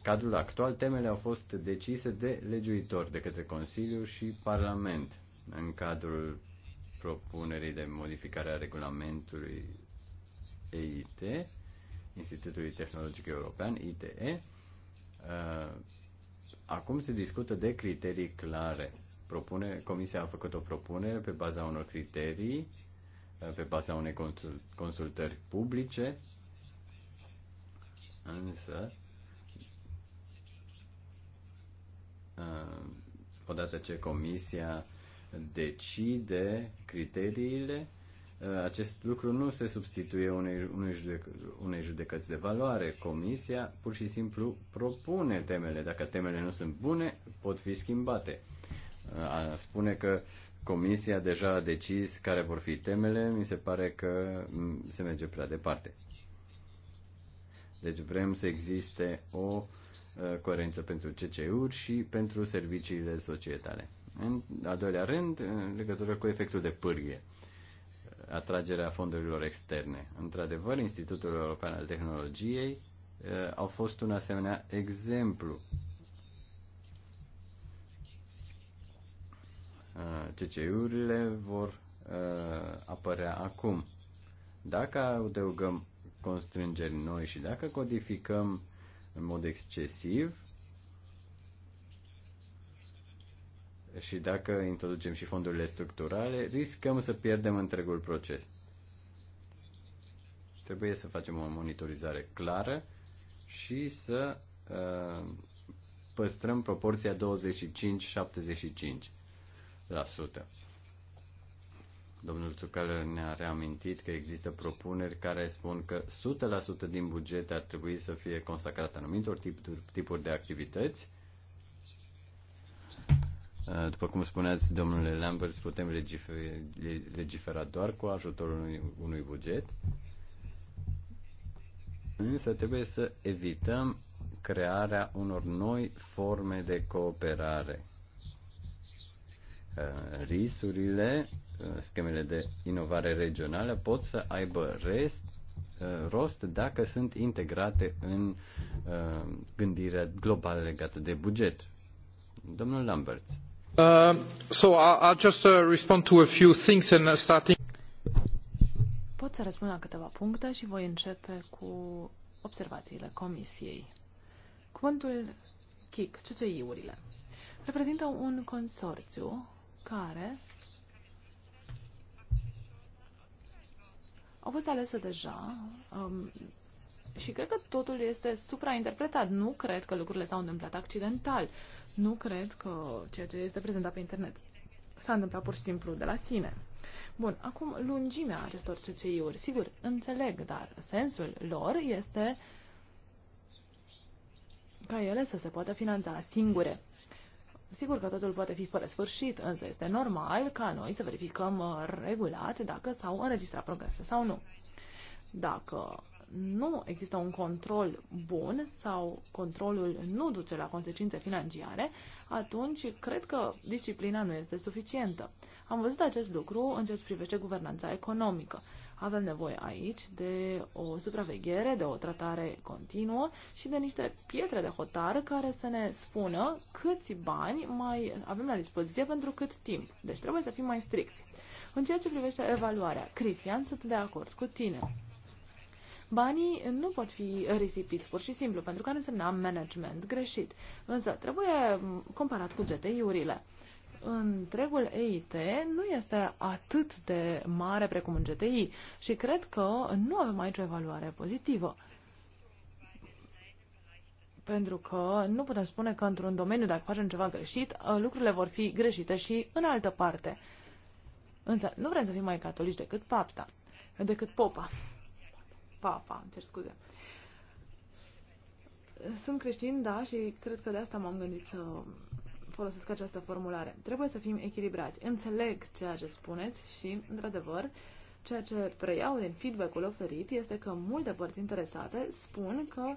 cadrul actual, temele au fost decise de legiuitor, de către Consiliu și Parlament, în cadrul propunerii de modificare a regulamentului EIT, Institutului Tehnologic European, ITE, uh, Acum se discută de criterii clare. Propune, comisia a făcut o propunere pe baza unor criterii, pe baza unei consultări publice, însă uh, odată ce comisia decide criteriile, acest lucru nu se substituie unei, unei, judec- unei judecăți de valoare. Comisia pur și simplu propune temele. Dacă temele nu sunt bune, pot fi schimbate. A spune că Comisia deja a decis care vor fi temele, mi se pare că se merge prea departe. Deci vrem să existe o coerență pentru CCU-uri și pentru serviciile societale. În al doilea rând, în legătură cu efectul de pârghie atragerea fondurilor externe. Într-adevăr, Institutul European al Tehnologiei uh, au fost un asemenea exemplu. Uh, CCI-urile vor uh, apărea acum. Dacă adăugăm constrângeri noi și dacă codificăm în mod excesiv, și dacă introducem și fondurile structurale, riscăm să pierdem întregul proces. Trebuie să facem o monitorizare clară și să uh, păstrăm proporția 25-75%. Domnul Țucală ne-a reamintit că există propuneri care spun că 100% din buget ar trebui să fie consacrat anumitor tipuri de activități Eh, după cum spuneați, domnule Lambert, putem legifera doar cu ajutorul unui, unui buget, însă trebuie să evităm crearea unor noi forme de cooperare. Eh, risurile, eh, schemele de inovare regională pot să aibă rest, rost dacă sunt integrate în gândirea globală legată de buget. Domnul Lamberts. Pot să răspund la câteva puncte și voi începe cu observațiile comisiei. Cuvântul CIC, CCI-urile, reprezintă un consorțiu care au fost alese deja um, și cred că totul este suprainterpretat. Nu cred că lucrurile s-au întâmplat accidental. Nu cred că ceea ce este prezentat pe internet s-a întâmplat pur și simplu de la sine. Bun, acum lungimea acestor CCI-uri. Sigur, înțeleg, dar sensul lor este ca ele să se poată finanța singure. Sigur că totul poate fi fără sfârșit, însă este normal ca noi să verificăm uh, regulat dacă s-au înregistrat progrese sau nu. Dacă nu există un control bun sau controlul nu duce la consecințe financiare, atunci cred că disciplina nu este suficientă. Am văzut acest lucru în ce privește guvernanța economică. Avem nevoie aici de o supraveghere, de o tratare continuă și de niște pietre de hotar care să ne spună câți bani mai avem la dispoziție pentru cât timp. Deci trebuie să fim mai stricți. În ceea ce privește evaluarea, Cristian, sunt de acord cu tine Banii nu pot fi risipiți pur și simplu, pentru că ar însemna management greșit. Însă trebuie comparat cu GTI-urile. Întregul EIT nu este atât de mare precum în GTI și cred că nu avem aici o evaluare pozitivă pentru că nu putem spune că într-un domeniu, dacă facem ceva greșit, lucrurile vor fi greșite și în altă parte. Însă, nu vrem să fim mai catolici decât papsta, decât popa. Papa, îmi cer scuze. Sunt creștin, da, și cred că de asta m-am gândit să folosesc această formulare. Trebuie să fim echilibrați. Înțeleg ceea ce spuneți și, într-adevăr, ceea ce preiau din feedback-ul oferit este că multe părți interesate spun că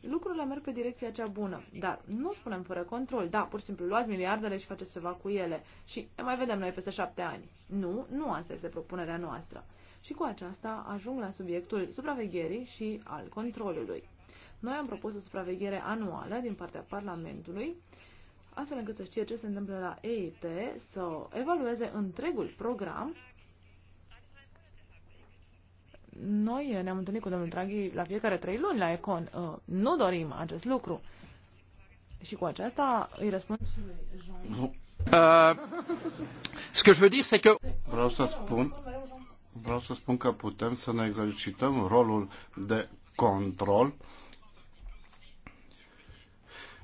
lucrurile merg pe direcția cea bună, dar nu spunem fără control. Da, pur și simplu luați miliardele și faceți ceva cu ele și mai vedem noi peste șapte ani. Nu, nu asta este propunerea noastră și cu aceasta ajung la subiectul supravegherii și al controlului. Noi am propus o supraveghere anuală din partea Parlamentului, astfel încât să știe ce se întâmplă la EIT, să evalueze întregul program. Noi ne-am întâlnit cu domnul Draghi la fiecare trei luni la Econ. Uh, nu dorim acest lucru. Și cu aceasta îi răspund și lui Jean. Uh, ce je veux dire, c'est que... Vreau să spun vreau să spun că putem să ne exercităm rolul de control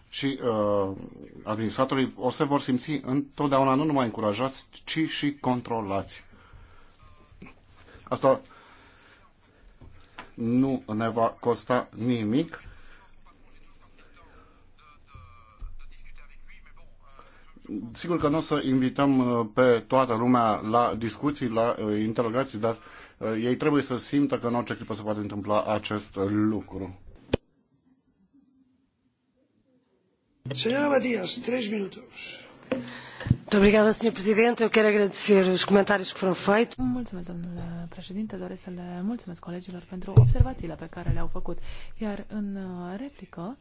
și uh, administratorii o să vor simți întotdeauna nu numai încurajați, ci și controlați. Asta nu ne va costa nimic Sigur că nu o să invităm uh, pe toată lumea la discuții, la uh, interogații, dar uh, ei trebuie să simtă că în orice clipă se poate întâmpla acest lucru. Senhora Matias, três minutos. Muito obrigada, Sr. Presidente. Eu quero agradecer os comentários que foram feitos. Mulțumesc, domnule președinte. Doresc să le mulțumesc colegilor pentru observațiile pe care le-au făcut. Iar în replică,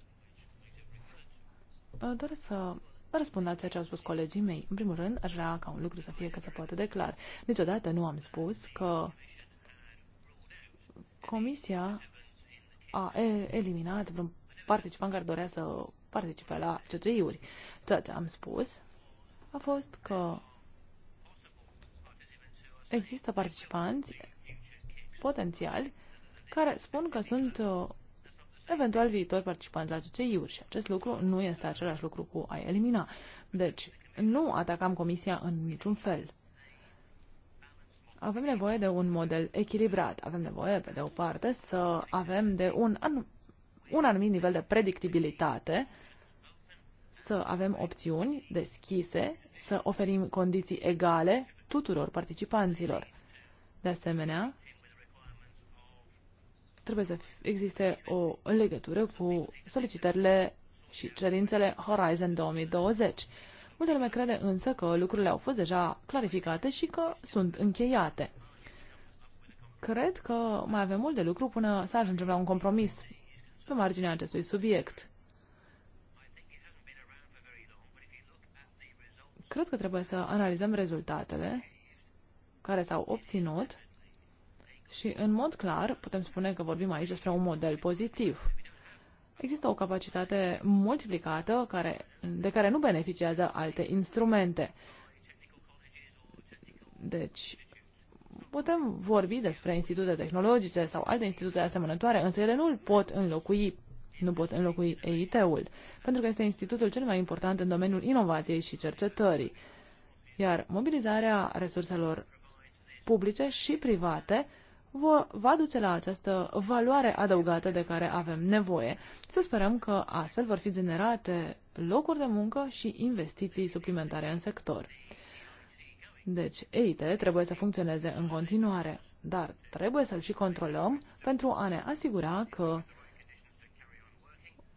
doresc să răspund la ceea ce au spus colegii mei. În primul rând, aș vrea ca un lucru să fie cât se poate de clar. Niciodată nu am spus că Comisia a eliminat vreun participant care dorea să participe la CCI-uri. Ceea ce am spus a fost că există participanți potențiali care spun că sunt uh, eventual viitor participanți la cci iuri și acest lucru nu este același lucru cu a elimina. Deci, nu atacam Comisia în niciun fel. Avem nevoie de un model echilibrat. Avem nevoie, pe de o parte, să avem de un, un anumit nivel de predictibilitate, să avem opțiuni deschise, să oferim condiții egale tuturor participanților. De asemenea, trebuie să existe o legătură cu solicitările și cerințele Horizon 2020. Multe lume crede însă că lucrurile au fost deja clarificate și că sunt încheiate. Cred că mai avem mult de lucru până să ajungem la un compromis pe marginea acestui subiect. Cred că trebuie să analizăm rezultatele care s-au obținut și, în mod clar, putem spune că vorbim aici despre un model pozitiv. Există o capacitate multiplicată care, de care nu beneficiază alte instrumente. Deci, putem vorbi despre institute tehnologice sau alte institute asemănătoare, însă ele nu îl pot înlocui nu pot înlocui EIT-ul, pentru că este institutul cel mai important în domeniul inovației și cercetării. Iar mobilizarea resurselor publice și private vă va duce la această valoare adăugată de care avem nevoie. Să sperăm că astfel vor fi generate locuri de muncă și investiții suplimentare în sector. Deci, EIT trebuie să funcționeze în continuare, dar trebuie să-l și controlăm pentru a ne asigura că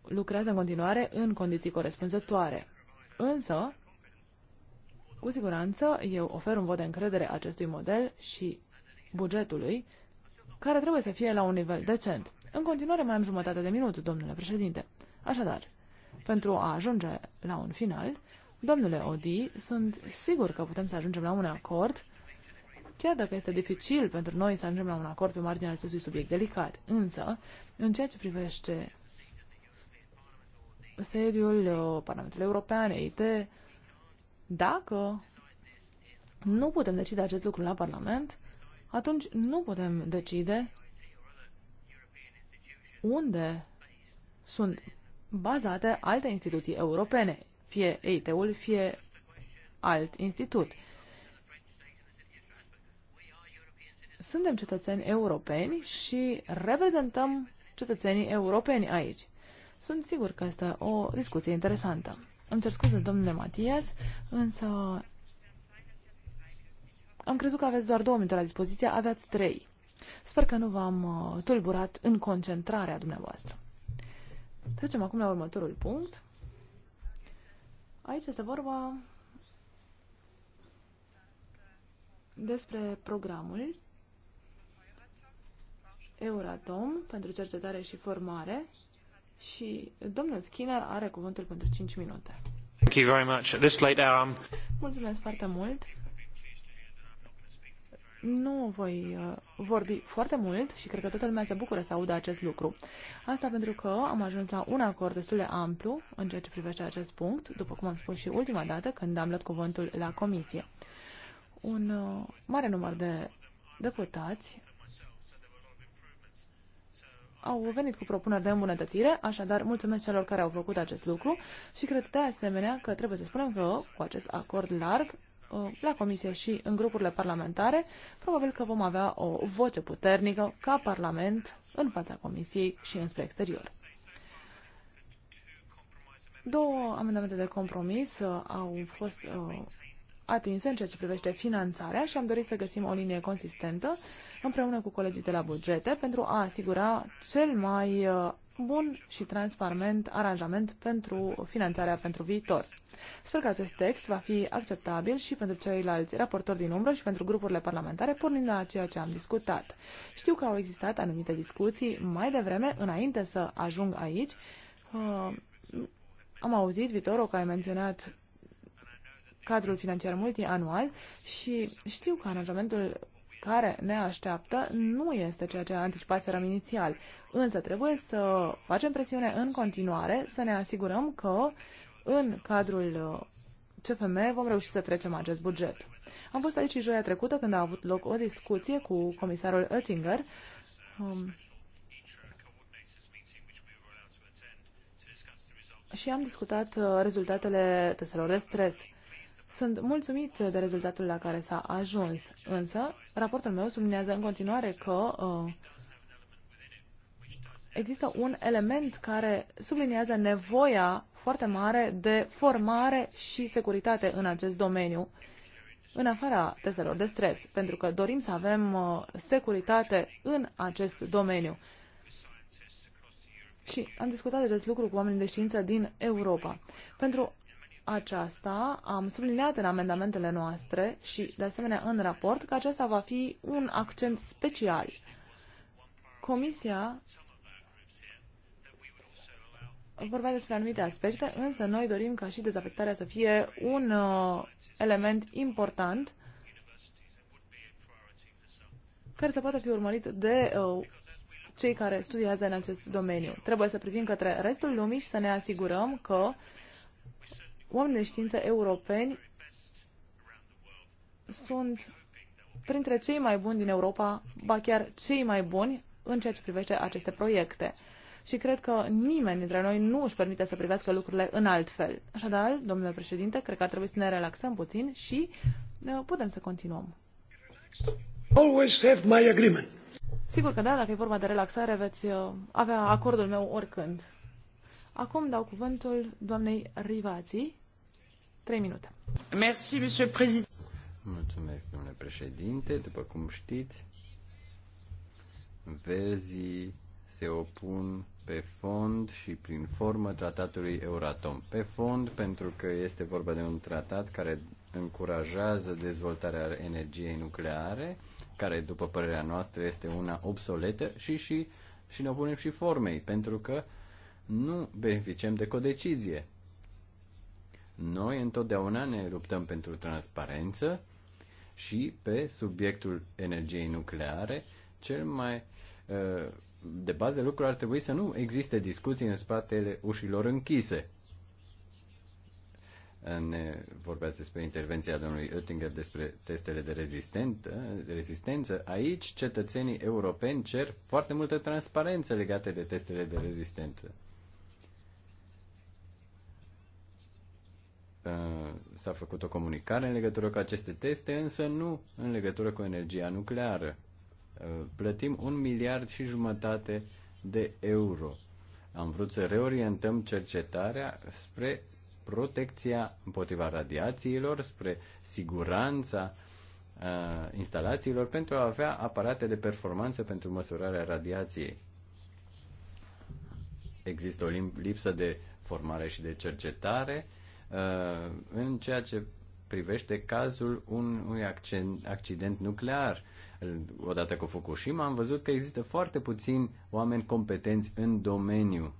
lucrează în continuare în condiții corespunzătoare. Însă, cu siguranță, eu ofer un vot de încredere acestui model și bugetului care trebuie să fie la un nivel decent. În continuare mai am jumătate de minut, domnule președinte. Așadar, pentru a ajunge la un final, domnule Odi, sunt sigur că putem să ajungem la un acord, chiar dacă este dificil pentru noi să ajungem la un acord pe marginea acestui subiect delicat. Însă, în ceea ce privește sediul uh, Parlamentului European, EIT, dacă nu putem decide acest lucru la Parlament, atunci nu putem decide unde sunt bazate alte instituții europene, fie EIT-ul, fie alt institut. Suntem cetățeni europeni și reprezentăm cetățenii europeni aici. Sunt sigur că este o discuție interesantă. Îmi cer scuze, domnule Matias, însă am crezut că aveți doar două minute la dispoziție, aveați trei. Sper că nu v-am uh, tulburat în concentrarea dumneavoastră. Trecem acum la următorul punct. Aici este vorba despre programul Euratom pentru cercetare și formare și domnul Skinner are cuvântul pentru 5 minute. Thank you very much. At this late hour, I'm... Mulțumesc foarte mult nu voi uh, vorbi foarte mult și cred că toată lumea se bucură să audă acest lucru. Asta pentru că am ajuns la un acord destul de amplu în ceea ce privește acest punct, după cum am spus și ultima dată când am luat cuvântul la comisie. Un uh, mare număr de deputați au venit cu propuneri de îmbunătățire, așadar mulțumesc celor care au făcut acest lucru și cred de asemenea că trebuie să spunem că cu acest acord larg Uh, la Comisie și în grupurile parlamentare, probabil că vom avea o voce puternică ca Parlament în fața Comisiei și înspre exterior. Două amendamente de compromis uh, au fost uh, atinse în ceea ce privește finanțarea și am dorit să găsim o linie consistentă împreună cu colegii de la bugete pentru a asigura cel mai bun și transparent aranjament pentru finanțarea pentru viitor. Sper că acest text va fi acceptabil și pentru ceilalți raportori din umbră și pentru grupurile parlamentare, pornind la ceea ce am discutat. Știu că au existat anumite discuții mai devreme, înainte să ajung aici. Uh, am auzit, Vitoro, că ai menționat cadrul financiar multianual și știu că aranjamentul care ne așteaptă nu este ceea ce anticipaserăm inițial. Însă trebuie să facem presiune în continuare, să ne asigurăm că în cadrul uh, CFM vom reuși să trecem acest buget. Am fost aici joia trecută când a avut loc o discuție cu comisarul Oettinger um, și am discutat uh, rezultatele testelor de stres. Sunt mulțumit de rezultatul la care s-a ajuns, însă raportul meu subliniază în continuare că uh, există un element care subliniază nevoia foarte mare de formare și securitate în acest domeniu, în afara testelor de stres, pentru că dorim să avem uh, securitate în acest domeniu. Și am discutat acest lucru cu oamenii de știință din Europa. Pentru aceasta am subliniat în amendamentele noastre și, de asemenea, în raport că acesta va fi un accent special. Comisia vorbea despre anumite aspecte, însă noi dorim ca și dezafectarea să fie un uh, element important care să poată fi urmărit de uh, cei care studiază în acest domeniu. Trebuie să privim către restul lumii și să ne asigurăm că oameni de știință europeni sunt printre cei mai buni din Europa, ba chiar cei mai buni în ceea ce privește aceste proiecte. Și cred că nimeni dintre noi nu își permite să privească lucrurile în alt fel. Așadar, domnule președinte, cred că ar trebui să ne relaxăm puțin și uh, putem să continuăm. have my agreement. Sigur că da, dacă e vorba de relaxare, veți uh, avea acordul meu oricând. Acum dau cuvântul doamnei Rivații 3 minute. Merci, monsieur président. Mulțumesc, domnule președinte. După cum știți, verzii se opun pe fond și prin formă tratatului Euratom. Pe fond pentru că este vorba de un tratat care încurajează dezvoltarea energiei nucleare, care după părerea noastră este una obsoletă și, și, și ne opunem și formei, pentru că nu beneficiem de codecizie. Noi întotdeauna ne luptăm pentru transparență și pe subiectul energiei nucleare, cel mai uh, de bază lucru ar trebui să nu existe discuții în spatele ușilor închise. Ne vorbeați despre intervenția domnului Oettinger despre testele de rezistență. Aici cetățenii europeni cer foarte multă transparență legate de testele de rezistență Uh, s-a făcut o comunicare în legătură cu aceste teste, însă nu în legătură cu energia nucleară. Uh, plătim un miliard și jumătate de euro. Am vrut să reorientăm cercetarea spre protecția împotriva radiațiilor, spre siguranța uh, instalațiilor pentru a avea aparate de performanță pentru măsurarea radiației. Există o lipsă de formare și de cercetare Uh, în ceea ce privește cazul unui accident nuclear. Odată cu Fukushima am văzut că există foarte puțini oameni competenți în domeniu.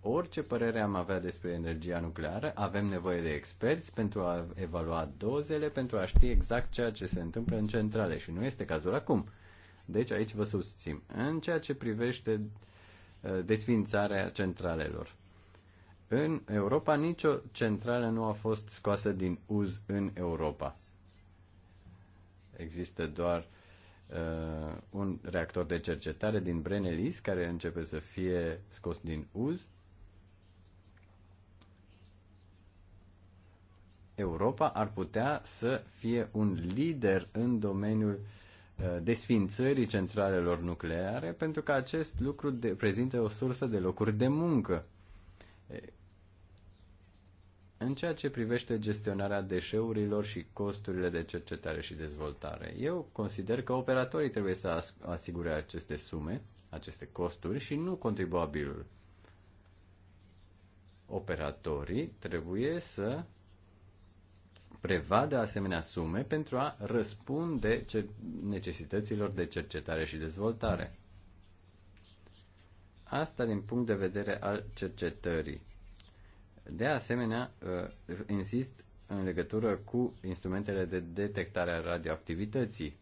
Orice părere am avea despre energia nucleară, avem nevoie de experți pentru a evalua dozele, pentru a ști exact ceea ce se întâmplă în centrale și nu este cazul acum. Deci aici vă susțin. În ceea ce privește uh, desfințarea centralelor. În Europa nicio centrală nu a fost scoasă din uz în Europa. Există doar uh, un reactor de cercetare din Brenelis care începe să fie scos din uz. Europa ar putea să fie un lider în domeniul uh, desfințării centralelor nucleare pentru că acest lucru prezintă o sursă de locuri de muncă în ceea ce privește gestionarea deșeurilor și costurile de cercetare și dezvoltare, eu consider că operatorii trebuie să asigure aceste sume, aceste costuri și nu contribuabilul. Operatorii trebuie să prevadă asemenea sume pentru a răspunde necesităților de cercetare și dezvoltare. Asta din punct de vedere al cercetării de asemenea, uh, insist în legătură cu instrumentele de detectare a radioactivității.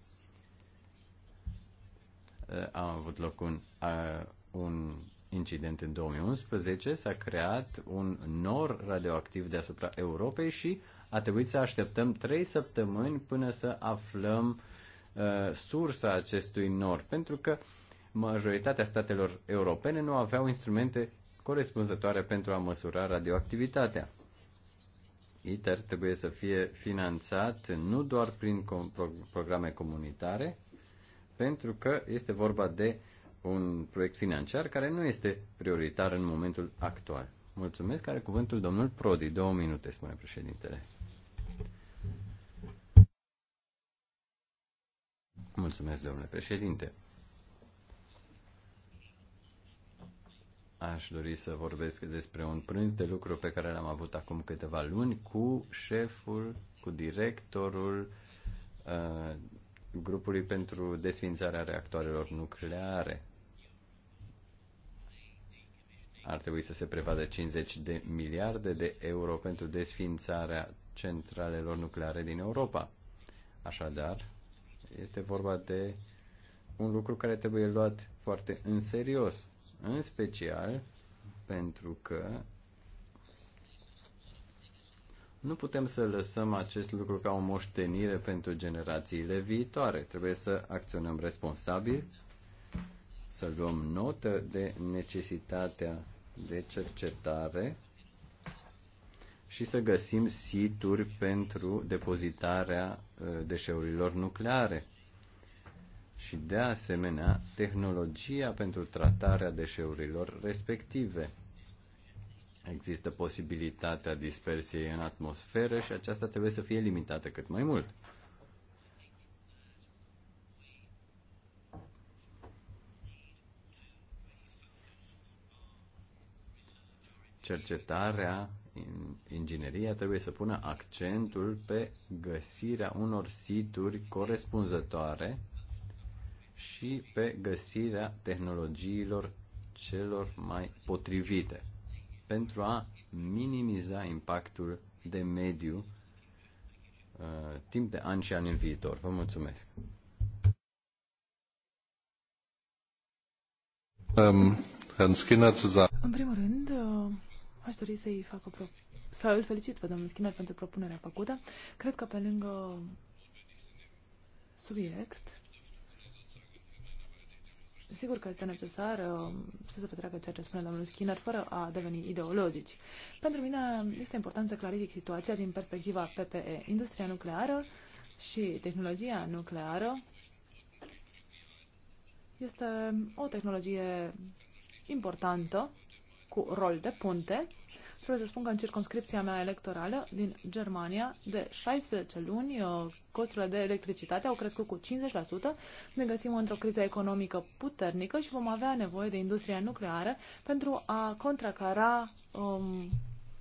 Uh, a avut loc un, uh, un incident în 2011, s-a creat un nor radioactiv deasupra Europei și a trebuit să așteptăm 3 săptămâni până să aflăm uh, sursa acestui nor, pentru că majoritatea statelor europene nu aveau instrumente corespunzătoare pentru a măsura radioactivitatea. ITER trebuie să fie finanțat nu doar prin programe comunitare, pentru că este vorba de un proiect financiar care nu este prioritar în momentul actual. Mulțumesc, are cuvântul domnul Prodi. Două minute, spune președintele. Mulțumesc, domnule președinte. aș dori să vorbesc despre un prânz de lucru pe care l-am avut acum câteva luni cu șeful, cu directorul uh, grupului pentru desfințarea reactoarelor nucleare. Ar trebui să se prevadă 50 de miliarde de euro pentru desfințarea centralelor nucleare din Europa. Așadar, este vorba de un lucru care trebuie luat foarte în serios în special pentru că nu putem să lăsăm acest lucru ca o moștenire pentru generațiile viitoare. Trebuie să acționăm responsabil, să luăm notă de necesitatea de cercetare și să găsim situri pentru depozitarea uh, deșeurilor nucleare și de asemenea tehnologia pentru tratarea deșeurilor respective. Există posibilitatea dispersiei în atmosferă și aceasta trebuie să fie limitată cât mai mult. cercetarea, ingineria trebuie să pună accentul pe găsirea unor situri corespunzătoare și pe găsirea tehnologiilor celor mai potrivite pentru a minimiza impactul de mediu uh, timp de ani și ani în viitor. Vă mulțumesc! Um, în primul rând, uh, aș dori să-i fac o propunere să îl felicit pe domnul Schinner pentru propunerea făcută. Cred că pe lângă subiect, Sigur că este necesar uh, um, să se petreacă ceea ce spune domnul Skinner fără a deveni ideologici. Pentru mine este important să clarific situația din perspectiva PPE. Industria nucleară și tehnologia nucleară este o tehnologie importantă cu rol de punte Trebuie să spun că în circumscripția mea electorală din Germania, de 16 luni, uh, costurile de electricitate au crescut cu 50%. Ne găsim într-o criză economică puternică și vom avea nevoie de industria nucleară pentru a contracara um,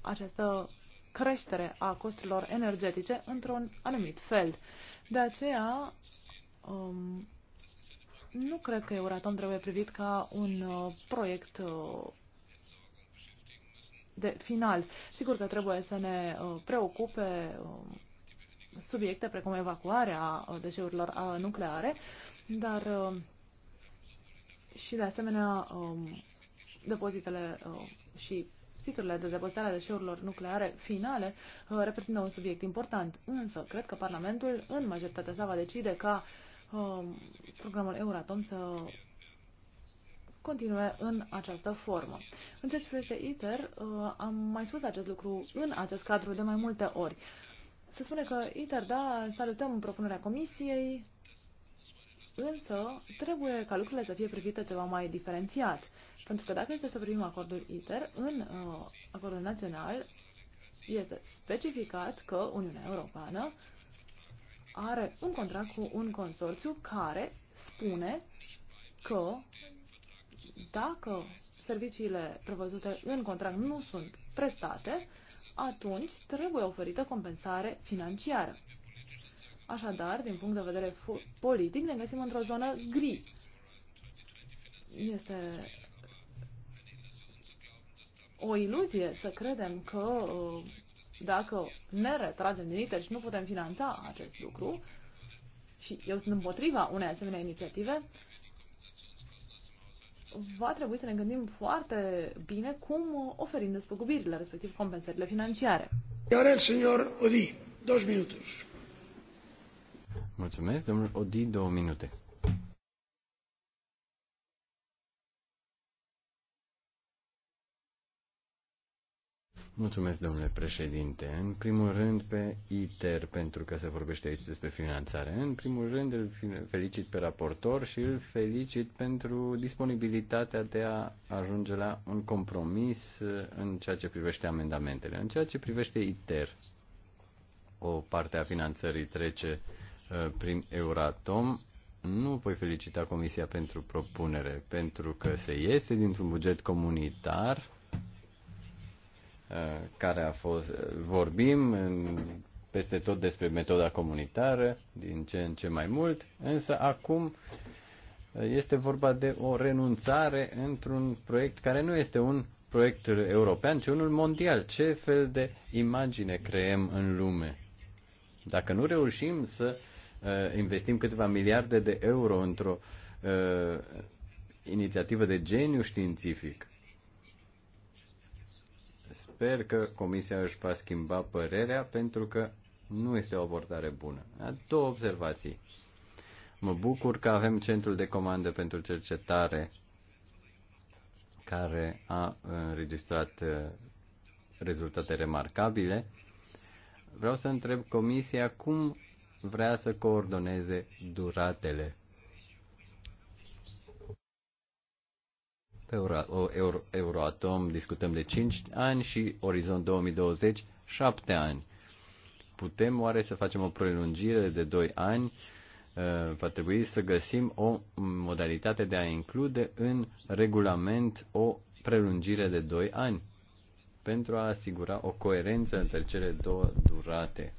această creștere a costurilor energetice într-un anumit fel. De aceea, um, nu cred că Euratom trebuie privit ca un uh, proiect uh, de final. Sigur că trebuie să ne uh, preocupe uh, subiecte precum evacuarea uh, deșeurilor nucleare, dar și de asemenea um, depozitele și siturile de depozitare a deșeurilor nucleare finale reprezintă un subiect important, însă cred că Parlamentul în majoritatea sa va decide ca um, programul Euratom să continue în această formă. În ceea ce privește ITER, uh, am mai spus acest lucru în acest cadru de mai multe ori. Se spune că ITER, da, salutăm propunerea Comisiei, însă trebuie ca lucrurile să fie privite ceva mai diferențiat. Pentru că dacă este să privim acordul ITER, în uh, acordul național este specificat că Uniunea Europeană are un contract cu un consorțiu care spune că dacă serviciile prevăzute în contract nu sunt prestate, atunci trebuie oferită compensare financiară. Așadar, din punct de vedere politic, ne găsim într-o zonă gri. Este o iluzie să credem că uh, dacă ne retragem din ITER și nu putem finanța acest lucru, și eu sunt împotriva unei asemenea inițiative, va trebui să ne gândim foarte bine cum uh, oferim despăgubirile, respectiv compensările financiare. Iar el, senior Odi, două minute. Mulțumesc, domnul Odi, două minute. Mulțumesc, domnule președinte. În primul rând pe ITER, pentru că se vorbește aici despre finanțare. În primul rând îl felicit pe raportor și îl felicit pentru disponibilitatea de a ajunge la un compromis uh, în ceea ce privește amendamentele. În ceea ce privește ITER, o parte a finanțării trece uh, prin Euratom. Nu voi felicita Comisia pentru propunere, pentru că se iese dintr-un buget comunitar care a fost, vorbim în, peste tot despre metoda comunitară, din ce în ce mai mult, însă acum este vorba de o renunțare într-un proiect care nu este un proiect european, ci unul mondial. Ce fel de imagine creăm în lume? Dacă nu reușim să uh, investim câteva miliarde de euro într-o uh, inițiativă de geniu științific, Sper că Comisia își va schimba părerea pentru că nu este o abordare bună. Două observații. Mă bucur că avem centrul de comandă pentru cercetare care a înregistrat uh, rezultate remarcabile. Vreau să întreb Comisia cum vrea să coordoneze duratele Pe Euro, Euro, Euroatom discutăm de 5 ani și Orizont 2020 7 ani. Putem oare să facem o prelungire de 2 ani? Uh, va trebui să găsim o modalitate de a include în regulament o prelungire de 2 ani pentru a asigura o coerență între cele două durate.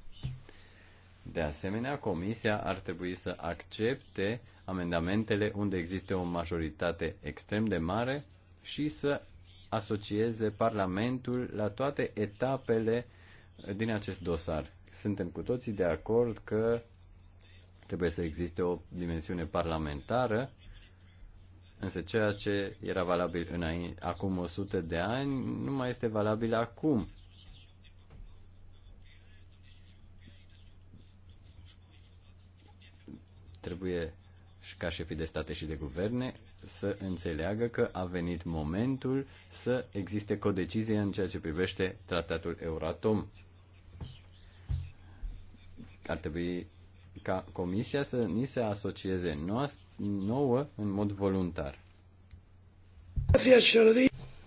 De asemenea, Comisia ar trebui să accepte amendamentele unde există o majoritate extrem de mare și să asocieze Parlamentul la toate etapele din acest dosar. Suntem cu toții de acord că trebuie să existe o dimensiune parlamentară, însă ceea ce era valabil înainte, acum 100 de ani nu mai este valabil acum. Trebuie și ca șefii de state și de guverne să înțeleagă că a venit momentul să existe codecizie în ceea ce privește tratatul Euratom. Ar trebui ca Comisia să ni se asocieze nouă în mod voluntar.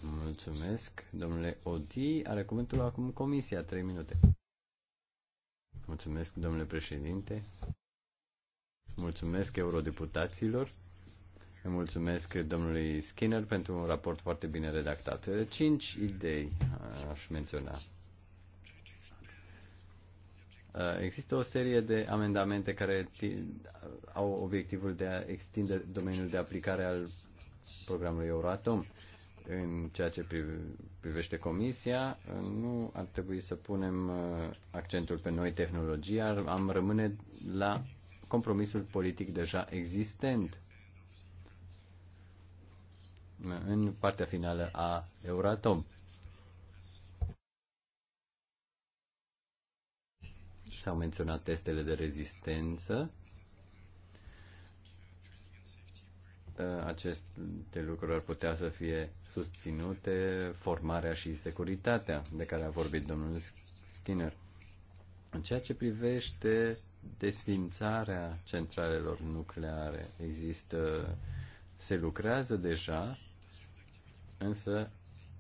Mulțumesc, domnule Odi. Are cuvântul acum Comisia, trei minute. Mulțumesc, domnule președinte. Mulțumesc eurodeputaților. Mulțumesc domnului Skinner pentru un raport foarte bine redactat. Cinci idei uh, aș menționa. Uh, există o serie de amendamente care au obiectivul de a extinde domeniul de aplicare al programului Euratom. În ceea ce privește comisia, nu ar trebui să punem uh, accentul pe noi tehnologii, am rămâne la compromisul politic deja existent în partea finală a Euratom. S-au menționat testele de rezistență. Aceste lucruri ar putea să fie susținute, formarea și securitatea de care a vorbit domnul Skinner. În ceea ce privește desfințarea centralelor nucleare. Există, se lucrează deja, însă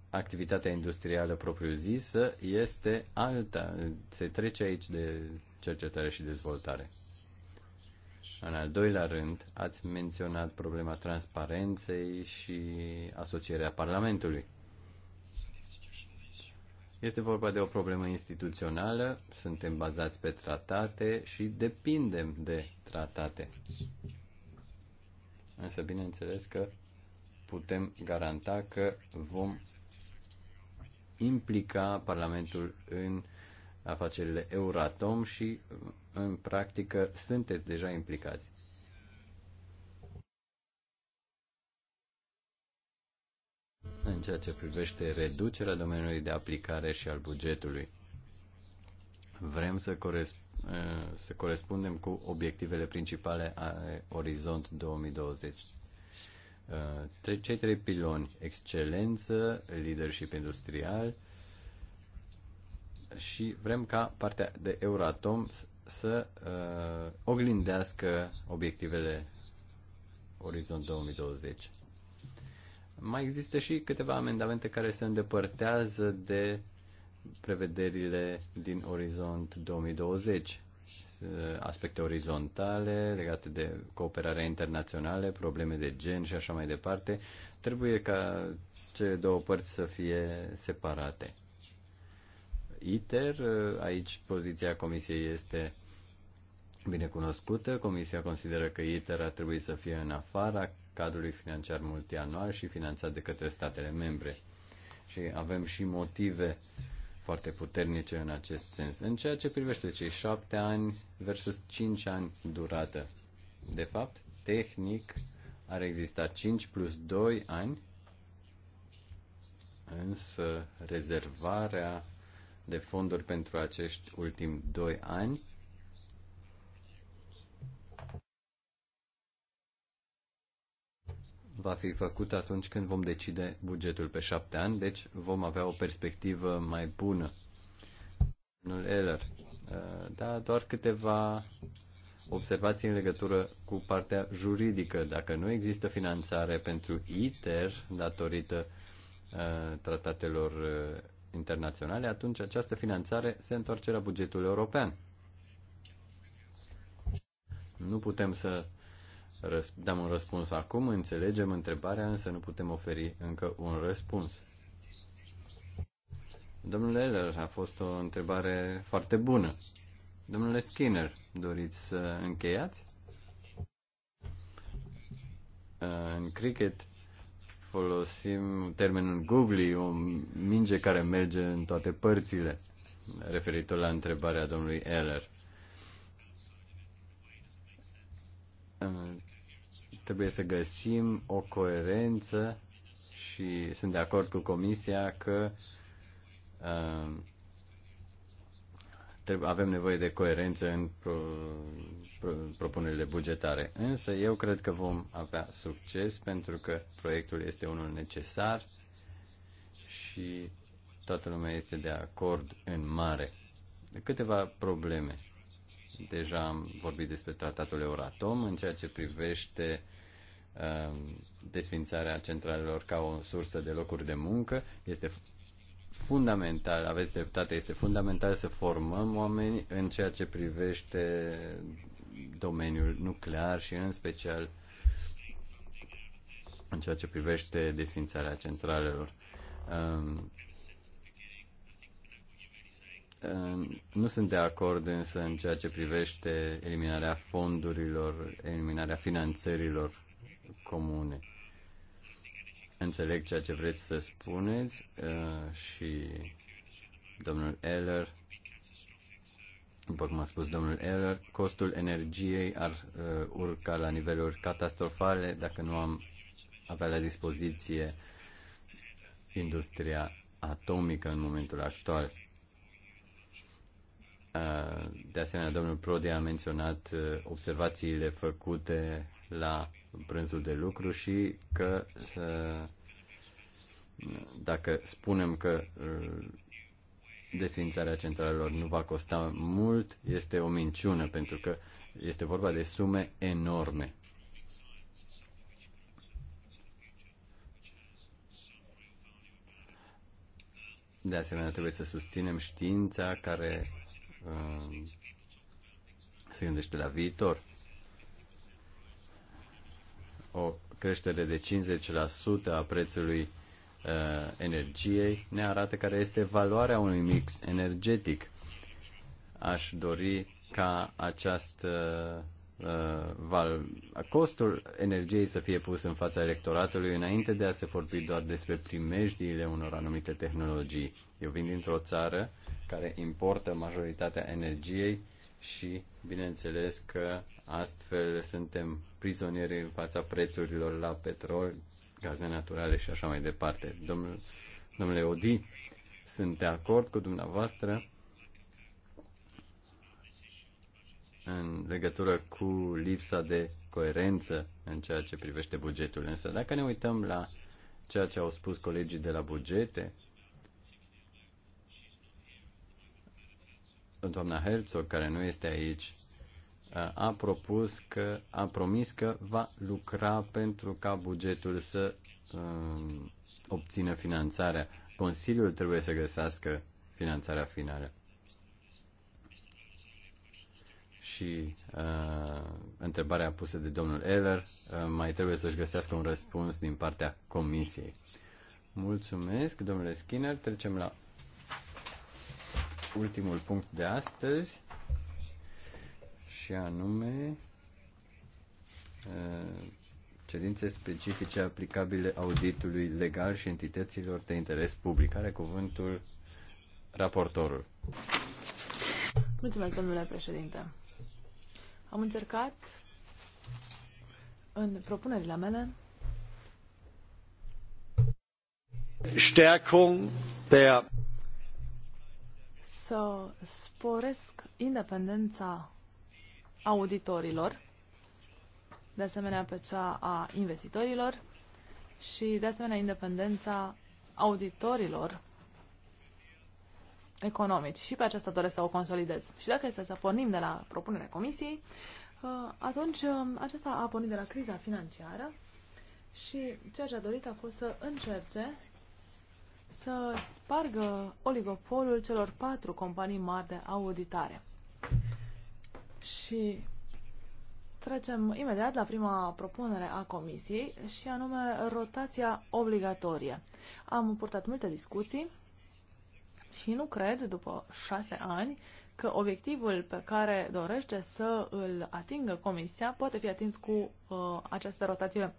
activitatea industrială propriu-zisă este alta. Se trece aici de cercetare și dezvoltare. În al doilea rând, ați menționat problema transparenței și asocierea Parlamentului. Este vorba de o problemă instituțională, suntem bazați pe tratate și depindem de tratate. Însă, bineînțeles că putem garanta că vom implica Parlamentul în afacerile Euratom și, în practică, sunteți deja implicați. în ceea ce privește reducerea domeniului de aplicare și al bugetului. Vrem să, coresp- uh, să corespundem cu obiectivele principale ale Orizont 2020. Uh, cei trei piloni, excelență, leadership industrial și vrem ca partea de Euratom să uh, oglindească obiectivele Orizont 2020. Mai există și câteva amendamente care se îndepărtează de prevederile din Orizont 2020 aspecte orizontale legate de cooperarea internațională, probleme de gen și așa mai departe, trebuie ca cele două părți să fie separate. ITER, aici poziția Comisiei este bine cunoscută. Comisia consideră că ITER ar trebui să fie în afara cadrului financiar multianual și finanțat de către statele membre. Și avem și motive foarte puternice în acest sens. În ceea ce privește cei șapte ani versus cinci ani durată. De fapt, tehnic ar exista 5 plus 2 ani, însă rezervarea de fonduri pentru acești ultimi 2 ani va fi făcut atunci când vom decide bugetul pe șapte ani, deci vom avea o perspectivă mai bună. Domnul Eller, uh, da, doar câteva observații în legătură cu partea juridică. Dacă nu există finanțare pentru ITER datorită uh, tratatelor uh, internaționale, atunci această finanțare se întoarce la bugetul european. Nu putem să dăm un răspuns acum, înțelegem întrebarea, însă nu putem oferi încă un răspuns. Domnule Eller, a fost o întrebare foarte bună. Domnule Skinner, doriți să încheiați? În cricket folosim termenul googly, o minge care merge în toate părțile, referitor la întrebarea domnului Eller. trebuie să găsim o coerență și sunt de acord cu Comisia că avem nevoie de coerență în pro, pro, propunerile bugetare. Însă eu cred că vom avea succes pentru că proiectul este unul necesar și toată lumea este de acord în mare. Câteva probleme. Deja am vorbit despre tratatul Euratom în ceea ce privește um, desfințarea centralelor ca o sursă de locuri de muncă. Este fundamental, aveți dreptate, este fundamental să formăm oameni în ceea ce privește domeniul nuclear și în special în ceea ce privește desfințarea centralelor. Um, Ehm, nu sunt de acord însă în ceea ce privește eliminarea fondurilor, eliminarea finanțărilor comune. Înțeleg ceea ce vreți să spuneți eh, și domnul Eller, după cum a spus domnul Eller, costul energiei ar eh, urca la niveluri catastrofale dacă nu am avea la dispoziție industria atomică în momentul actual de asemenea, domnul Prodi a menționat uh, observațiile făcute la prânzul de lucru și că dacă spunem că uh, desfințarea centralelor nu va costa mult, este o minciună, pentru că este vorba de sume enorme. De asemenea, trebuie să susținem știința care Um, se gândește la viitor. O creștere de 50% a prețului uh, energiei ne arată care este valoarea unui mix energetic. Aș dori ca această Uh, costul energiei să fie pus în fața electoratului înainte de a se vorbi doar despre primejdiile unor anumite tehnologii. Eu vin dintr-o țară care importă majoritatea energiei și, bineînțeles, că astfel suntem prizonieri în fața prețurilor la petrol, gaze naturale și așa mai departe. Domnul, domnule Odi, sunt de acord cu dumneavoastră în legătură cu lipsa de coerență în ceea ce privește bugetul. Însă, dacă ne uităm la ceea ce au spus colegii de la bugete, doamna Herzog, care nu este aici, a propus că, a promis că va lucra pentru ca bugetul să um, obțină finanțarea. Consiliul trebuie să găsească finanțarea finală și uh, întrebarea pusă de domnul Eller uh, mai trebuie să-și găsească un răspuns din partea comisiei. Mulțumesc, domnule Skinner. Trecem la ultimul punct de astăzi și anume uh, cerințe specifice aplicabile auditului legal și entităților de interes public. Are cuvântul raportorul. Mulțumesc, domnule președinte. Am încercat în propunerile mele Stärkung der să sporesc independența auditorilor, de asemenea pe cea a investitorilor și de asemenea independența auditorilor economici și pe aceasta doresc să o consolidez. Și dacă este să pornim de la propunerea Comisiei, uh, atunci uh, aceasta a pornit de la criza financiară și ceea ce a dorit a fost să încerce să spargă oligopolul celor patru companii mari de auditare. Și trecem imediat la prima propunere a Comisiei și anume rotația obligatorie. Am purtat multe discuții și nu cred, după șase ani, că obiectivul pe care dorește să îl atingă Comisia poate fi atins cu uh, această rotație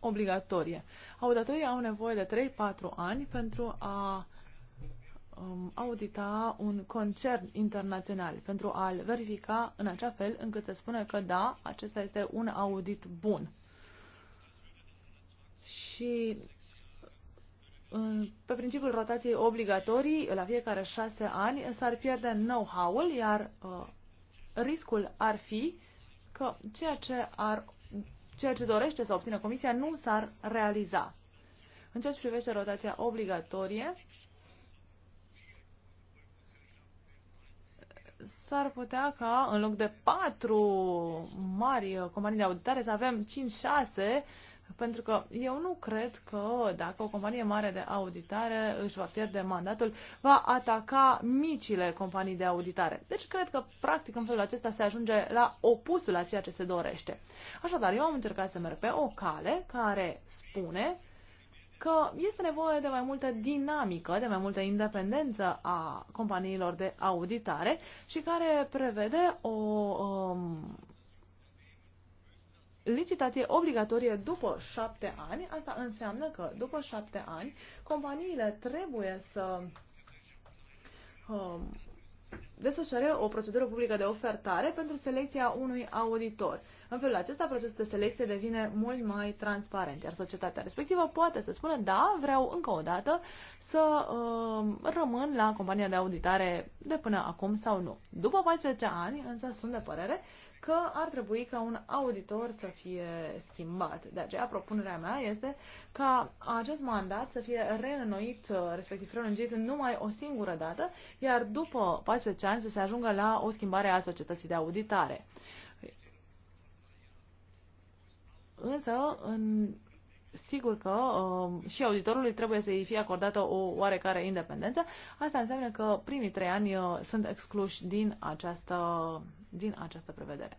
obligatorie. Auditorii au nevoie de 3-4 ani pentru a um, audita un concern internațional, pentru a-l verifica în acea fel încât se spune că da, acesta este un audit bun. Și pe principiul rotației obligatorii, la fiecare șase ani, s-ar pierde know-how-ul, iar uh, riscul ar fi că ceea ce, ar, ceea ce dorește să obțină Comisia nu s-ar realiza. În ceea ce privește rotația obligatorie, s-ar putea ca în loc de patru mari uh, companii de auditare să avem 5-6 pentru că eu nu cred că dacă o companie mare de auditare își va pierde mandatul, va ataca micile companii de auditare. Deci cred că, practic, în felul acesta se ajunge la opusul a ceea ce se dorește. Așadar, eu am încercat să merg pe o cale care spune că este nevoie de mai multă dinamică, de mai multă independență a companiilor de auditare și care prevede o um, licitație obligatorie după șapte ani. Asta înseamnă că după șapte ani companiile trebuie să um, desfășoare o procedură publică de ofertare pentru selecția unui auditor. În felul acesta, procesul de selecție devine mult mai transparent, iar societatea respectivă poate să spună, da, vreau încă o dată să uh, rămân la compania de auditare de până acum sau nu. După 14 ani, însă sunt de părere că ar trebui ca un auditor să fie schimbat. De aceea, propunerea mea este ca acest mandat să fie reînnoit, respectiv prelungit, numai o singură dată, iar după 14 ani să se ajungă la o schimbare a societății de auditare. Însă, în sigur că uh, și auditorului trebuie să-i fie acordată o oarecare independență. Asta înseamnă că primii trei ani uh, sunt excluși din această din această prevedere.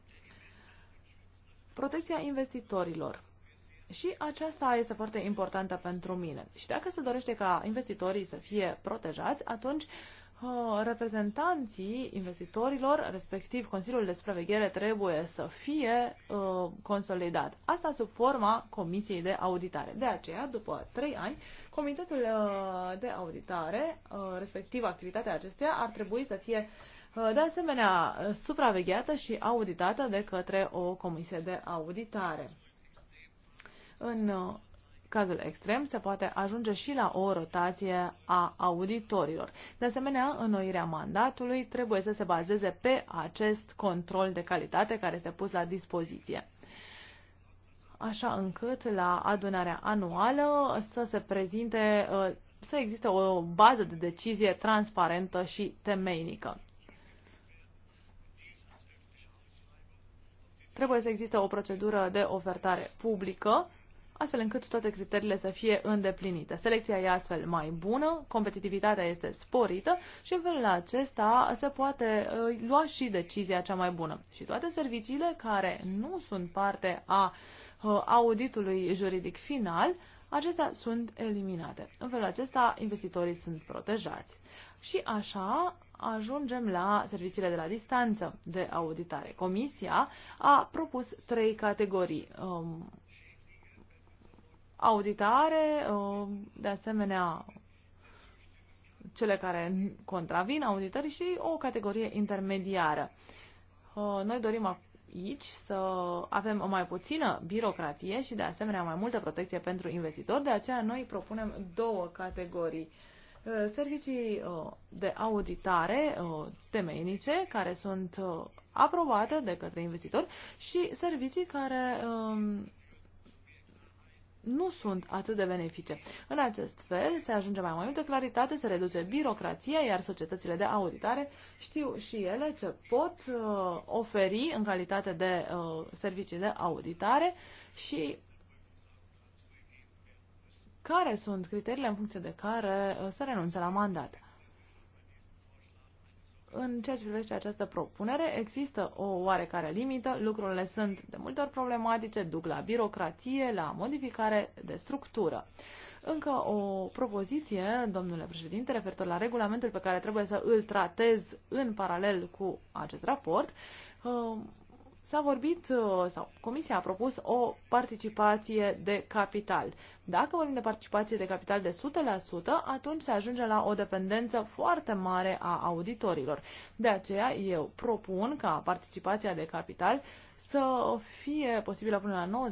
Protecția investitorilor. Și aceasta este foarte importantă pentru mine. Și dacă se dorește ca investitorii să fie protejați, atunci uh, reprezentanții investitorilor, respectiv Consiliul de Supraveghere, trebuie să fie uh, consolidat. Asta sub forma Comisiei de Auditare. De aceea, după trei ani, Comitetul uh, de Auditare, uh, respectiv activitatea acestuia, ar trebui să fie Uh, de asemenea uh, supravegheată și auditată de către o comisie de auditare. În uh, cazul extrem, se poate ajunge și la o rotație a auditorilor. De asemenea, înnoirea mandatului trebuie să se bazeze pe acest control de calitate care este pus la dispoziție așa încât la adunarea anuală să se prezinte, să existe o bază de decizie transparentă și temeinică. Trebuie să existe o procedură de ofertare publică, astfel încât toate criteriile să fie îndeplinite. Selecția e astfel mai bună, competitivitatea este sporită și în felul acesta se poate uh, lua și decizia cea mai bună. Și toate serviciile care nu sunt parte a uh, auditului juridic final, acestea sunt eliminate. În felul acesta, investitorii sunt protejați. Și așa, ajungem la serviciile de la distanță de auditare. Comisia a propus trei categorii. Um, auditare, um, de asemenea cele care contravin auditării și o categorie intermediară. Uh, noi dorim aici să avem o mai puțină birocratie și de asemenea mai multă protecție pentru investitori, de aceea noi propunem două categorii. Uh, Uh, servicii uh, de auditare uh, temeinice care sunt aprobate de către investitori și servicii care um, nu sunt atât de benefice. În acest fel se ajunge mai multă claritate, se reduce birocrația, iar societățile de auditare știu și ele ce pot uh, oferi în calitate de uh, servicii de auditare și care sunt criteriile în funcție de care uh, se renunță la mandat. În ceea ce privește această propunere, există o oarecare limită, lucrurile sunt de multe ori problematice, duc la birocrație, la modificare de structură. Încă o propoziție, domnule președinte, referitor la regulamentul pe care trebuie să îl tratez în paralel cu acest raport, uh, S-a vorbit, uh, sau Comisia a propus o participație de capital. Dacă vorbim de participație de capital de 100%, atunci se ajunge la o dependență foarte mare a auditorilor. De aceea eu propun ca participația de capital să fie posibilă până la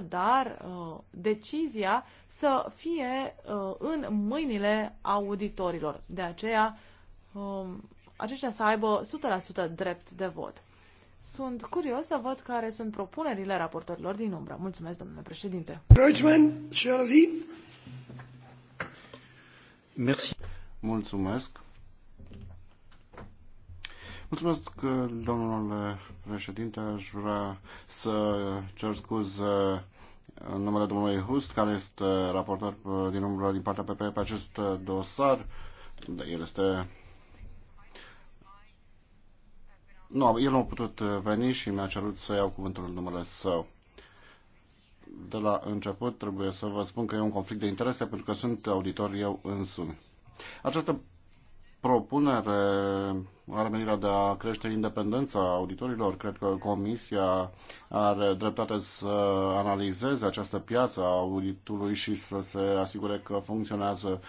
94%, dar uh, decizia să fie uh, în mâinile auditorilor. De aceea uh, aceștia să aibă 100% drept de vot. Sunt curios să văd care sunt propunerile raportorilor din umbră. Mulțumesc, domnule președinte. Kreutzmann, Merci. Mulțumesc. Mulțumesc, domnule președinte. Aș vrea să cer scuze în numele domnului Hust, care este raportor din umbră din partea PP pe acest dosar. El este nu, el nu a putut uh, veni și mi-a cerut să iau cuvântul în numele său. De la început trebuie să vă spun că e un conflict de interese pentru că sunt auditor eu însumi. Această propunere are menirea de a crește independența auditorilor. Cred că Comisia are dreptate să analizeze această piață a auditului și să se asigure că funcționează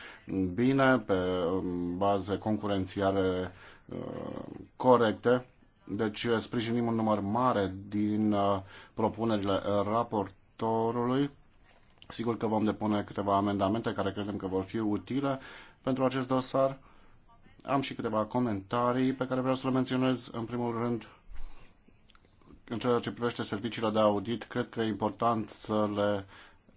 bine pe um, baze concurențiale uh, corecte deci uh, sprijinim un număr mare din uh, propunerile uh, raportorului. Sigur că vom depune câteva amendamente care credem că vor fi utile pentru acest dosar. Am și câteva comentarii pe care vreau să le menționez. În primul rând, în ceea ce privește serviciile de audit, cred că e important să le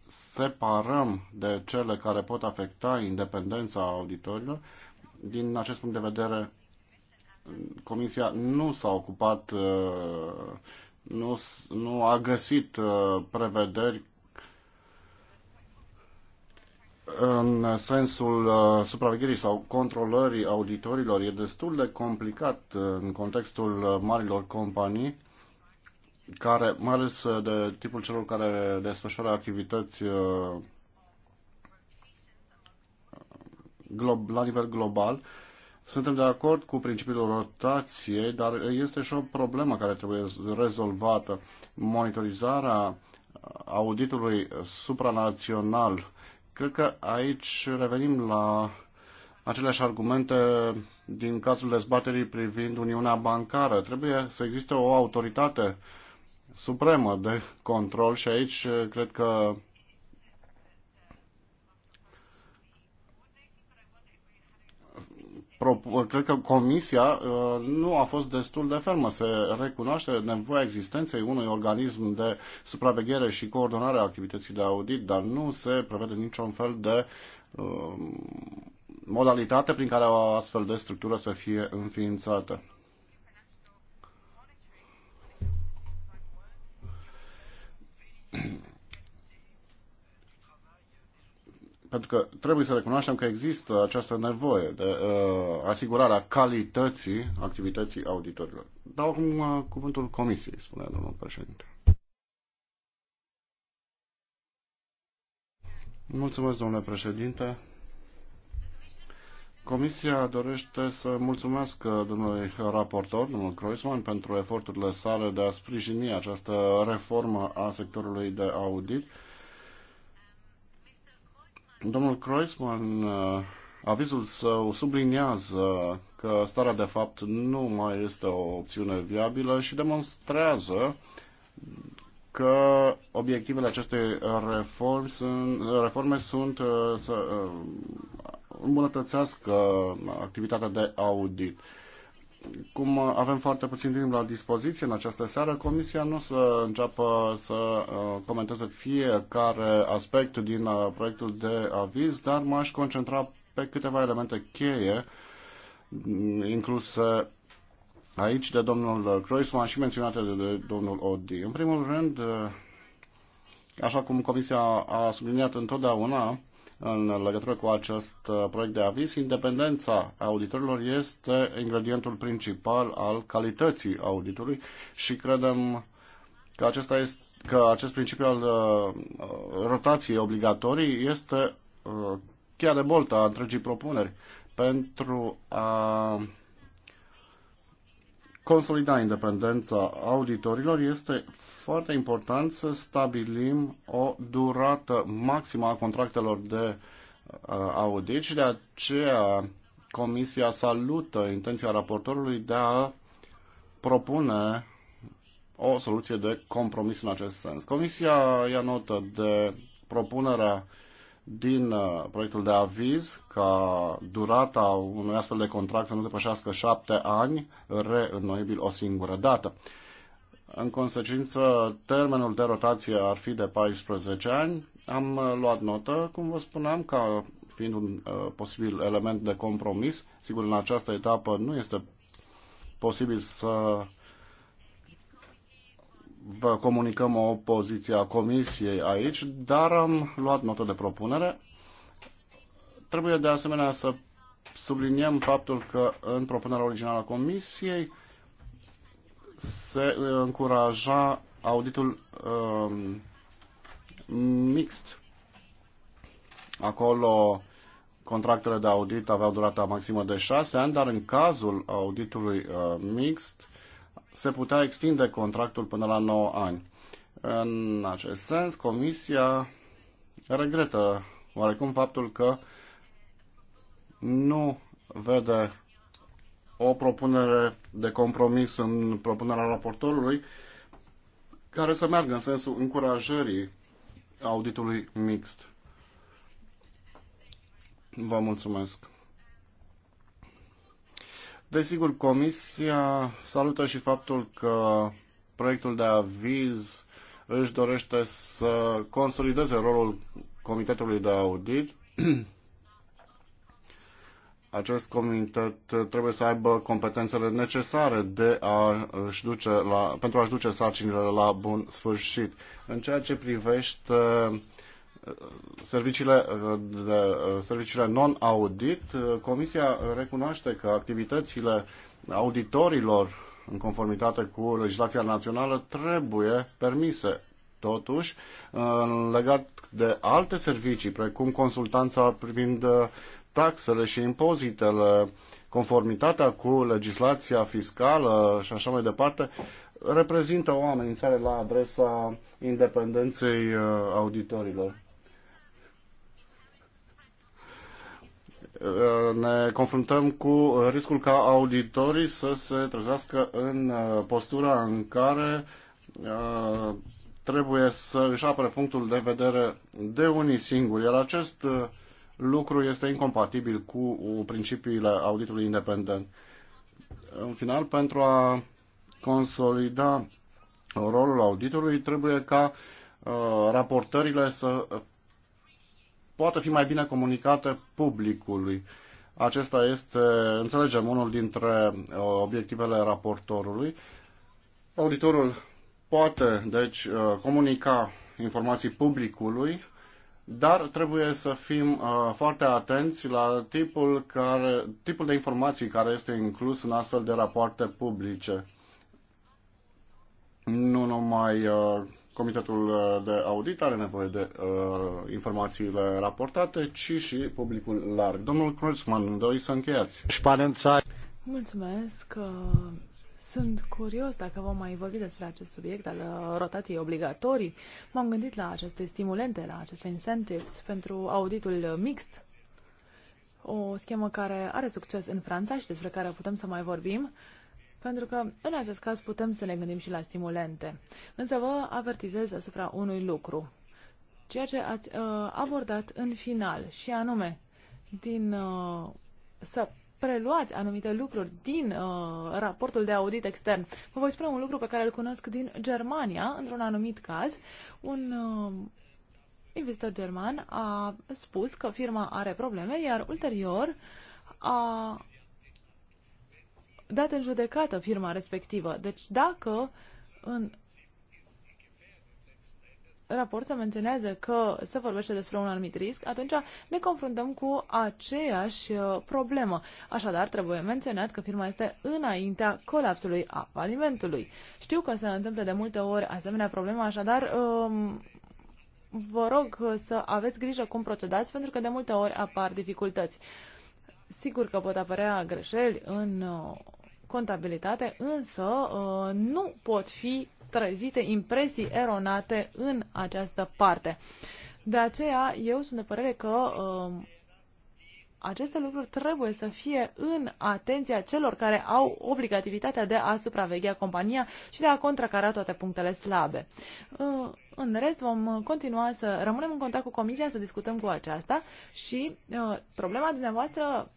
separăm de cele care pot afecta independența auditorilor. Din acest punct de vedere, Comisia nu s-a ocupat, uh, nu, nu a găsit uh, prevederi în sensul uh, supravegherii sau controlării auditorilor. E destul de complicat în contextul marilor companii care, mai ales de tipul celor care desfășoară activități glob, la nivel global, suntem de acord cu principiul rotației, dar este și o problemă care trebuie rezolvată. Monitorizarea auditului supranațional. Cred că aici revenim la aceleași argumente din cazul dezbaterii privind Uniunea Bancară. Trebuie să existe o autoritate supremă de control și aici cred că cred că Comisia uh, nu a fost destul de fermă. Se recunoaște nevoia existenței unui organism de supraveghere și coordonare a activității de audit, dar nu se prevede niciun fel de uh, modalitate prin care o astfel de structură să fie înființată. pentru că trebuie să recunoaștem că există această nevoie de uh, asigurarea calității activității auditorilor. Dau acum uh, cuvântul Comisiei, spune domnul președinte. Mulțumesc, domnule președinte. Comisia dorește să mulțumesc uh, domnului raportor, domnul Kreuzmann, pentru eforturile sale de a sprijini această reformă a sectorului de audit Domnul Kreuzmann, uh, avizul său subliniază că starea de fapt nu mai este o opțiune viabilă și demonstrează că obiectivele acestei reforme sunt, reforme sunt uh, să uh, îmbunătățească activitatea de audit cum avem foarte puțin timp la dispoziție în această seară, Comisia nu să înceapă să uh, comenteze fiecare aspect din uh, proiectul de aviz, dar m-aș concentra pe câteva elemente cheie mm, incluse aici de domnul Croisman și menționate de domnul Odi. În primul rând, uh, așa cum Comisia a subliniat întotdeauna, în legătură cu acest uh, proiect de aviz, independența auditorilor este ingredientul principal al calității auditului și credem că acesta este că acest principiu al uh, rotației obligatorii este chiar uh, cheia de boltă a întregii propuneri pentru a consolida independența auditorilor, este foarte important să stabilim o durată maximă a contractelor de uh, audit și de aceea Comisia salută intenția raportorului de a propune o soluție de compromis în acest sens. Comisia ia notă de propunerea din uh, proiectul de aviz ca durata unui astfel de contract să nu depășească șapte ani, reînnoibil o singură dată. În consecință, termenul de rotație ar fi de 14 ani. Am uh, luat notă, cum vă spuneam, ca fiind un uh, posibil element de compromis. Sigur, în această etapă nu este posibil să vă comunicăm o poziție a Comisiei aici, dar am luat notă de propunere. Trebuie de asemenea să subliniem faptul că în propunerea originală a Comisiei se uh, încuraja auditul um, mixt. Acolo contractele de audit aveau durata maximă de șase ani, dar în cazul auditului uh, mixt se putea extinde contractul până la 9 ani. În acest sens, Comisia regretă oarecum faptul că nu vede o propunere de compromis în propunerea raportorului care să meargă în sensul încurajării auditului mixt. Vă mulțumesc. Desigur, Comisia salută și faptul că proiectul de aviz își dorește să consolideze rolul Comitetului de Audit. Acest comitet trebuie să aibă competențele necesare de a -și duce la, pentru a-și duce sarcinile la bun sfârșit. În ceea ce privește serviciile, de, serviciile non-audit, Comisia recunoaște că activitățile auditorilor în conformitate cu legislația națională trebuie permise. Totuși, legat de alte servicii, precum consultanța privind uh, taxele și impozitele, conformitatea cu legislația fiscală și așa mai departe, reprezintă o amenințare la adresa independenței uh, auditorilor. Uh, ne confruntăm cu riscul ca auditorii să se trezească în uh, postura în care uh, trebuie să își apere punctul de vedere de unii singuri, iar acest lucru este incompatibil cu principiile auditului independent. În final, pentru a consolida rolul auditorului trebuie ca raportările să poată fi mai bine comunicată publicului. Acesta este, înțelegem, unul dintre uh, obiectivele raportorului. Auditorul poate, deci, uh, comunica informații publicului, dar trebuie să fim uh, foarte atenți la tipul, care, tipul de informații care este inclus în astfel de rapoarte publice. Nu numai Comitetul uh, de audit are nevoie de uh, informațiile raportate, ci și publicul larg. Domnul Kreutzmann, doi să încheiați. Mulțumesc. Uh, sunt curios dacă vom mai vorbi despre acest subiect al uh, rotației obligatorii. M-am gândit la aceste stimulente, la aceste incentives pentru auditul mixt, o schemă care are succes în Franța și despre care putem să mai vorbim. Uh, pentru că, în acest caz, putem să ne gândim și la stimulente. Însă vă avertizez asupra unui lucru, ceea ce ați uh, abordat în final, și anume, din uh, să preluați anumite lucruri din uh, raportul de audit extern. Vă voi spune un lucru pe care îl cunosc din Germania, într-un anumit caz. Un uh, investitor german a spus că firma are probleme, iar ulterior a dat în judecată firma respectivă. Deci dacă în raport se menționează că se vorbește despre un anumit risc, atunci ne confruntăm cu aceeași uh, problemă. Așadar, trebuie menționat că firma este înaintea colapsului a falimentului. Știu că se întâmplă de multe ori asemenea problemă, așadar um, vă rog să aveți grijă cum procedați, pentru că de multe ori apar dificultăți. Sigur că pot apărea greșeli în uh, contabilitate, însă uh, nu pot fi trezite impresii eronate în această parte. De aceea, eu sunt de părere că uh, aceste lucruri trebuie să fie în atenția celor care au obligativitatea de a supraveghea compania și de a contracara toate punctele slabe. Uh, în rest, vom continua să rămânem în contact cu Comisia, să discutăm cu aceasta și problema dumneavoastră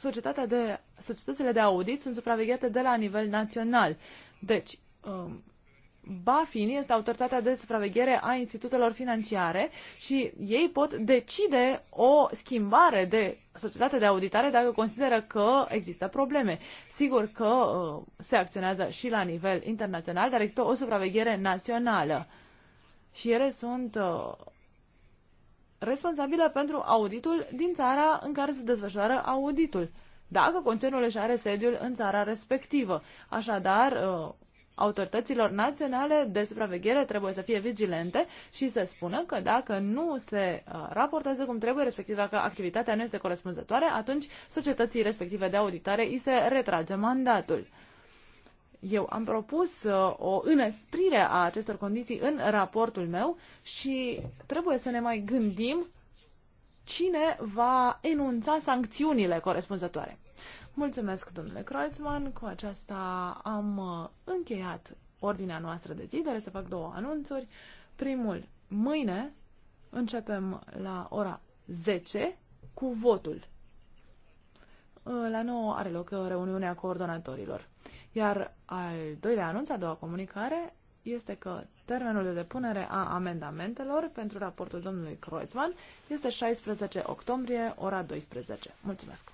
societatea de, societățile de audit sunt supravegheate de la nivel național. Deci, um, BaFin este autoritatea de supraveghere a institutelor financiare și ei pot decide o schimbare de societate de auditare dacă consideră că există probleme. Sigur că uh, se acționează și la nivel internațional, dar există o supraveghere națională. Și ele sunt uh, responsabilă pentru auditul din țara în care se desfășoară auditul, dacă concernul își are sediul în țara respectivă. Așadar, uh, autorităților naționale de supraveghere trebuie să fie vigilente și să spună că dacă nu se uh, raportează cum trebuie, respectiv dacă activitatea nu este corespunzătoare, atunci societății respective de auditare îi se retrage mandatul. Eu am propus uh, o înăsprire a acestor condiții în raportul meu și trebuie să ne mai gândim cine va enunța sancțiunile corespunzătoare. Mulțumesc, domnule Kreuzmann. Cu aceasta am uh, încheiat ordinea noastră de zi. Dar să fac două anunțuri. Primul, mâine începem la ora 10 cu votul. Uh, la 9 are loc reuniunea coordonatorilor. Iar al doilea anunț, a doua comunicare, este că termenul de depunere a amendamentelor pentru raportul domnului Kreuzmann este 16 octombrie, ora 12. Mulțumesc!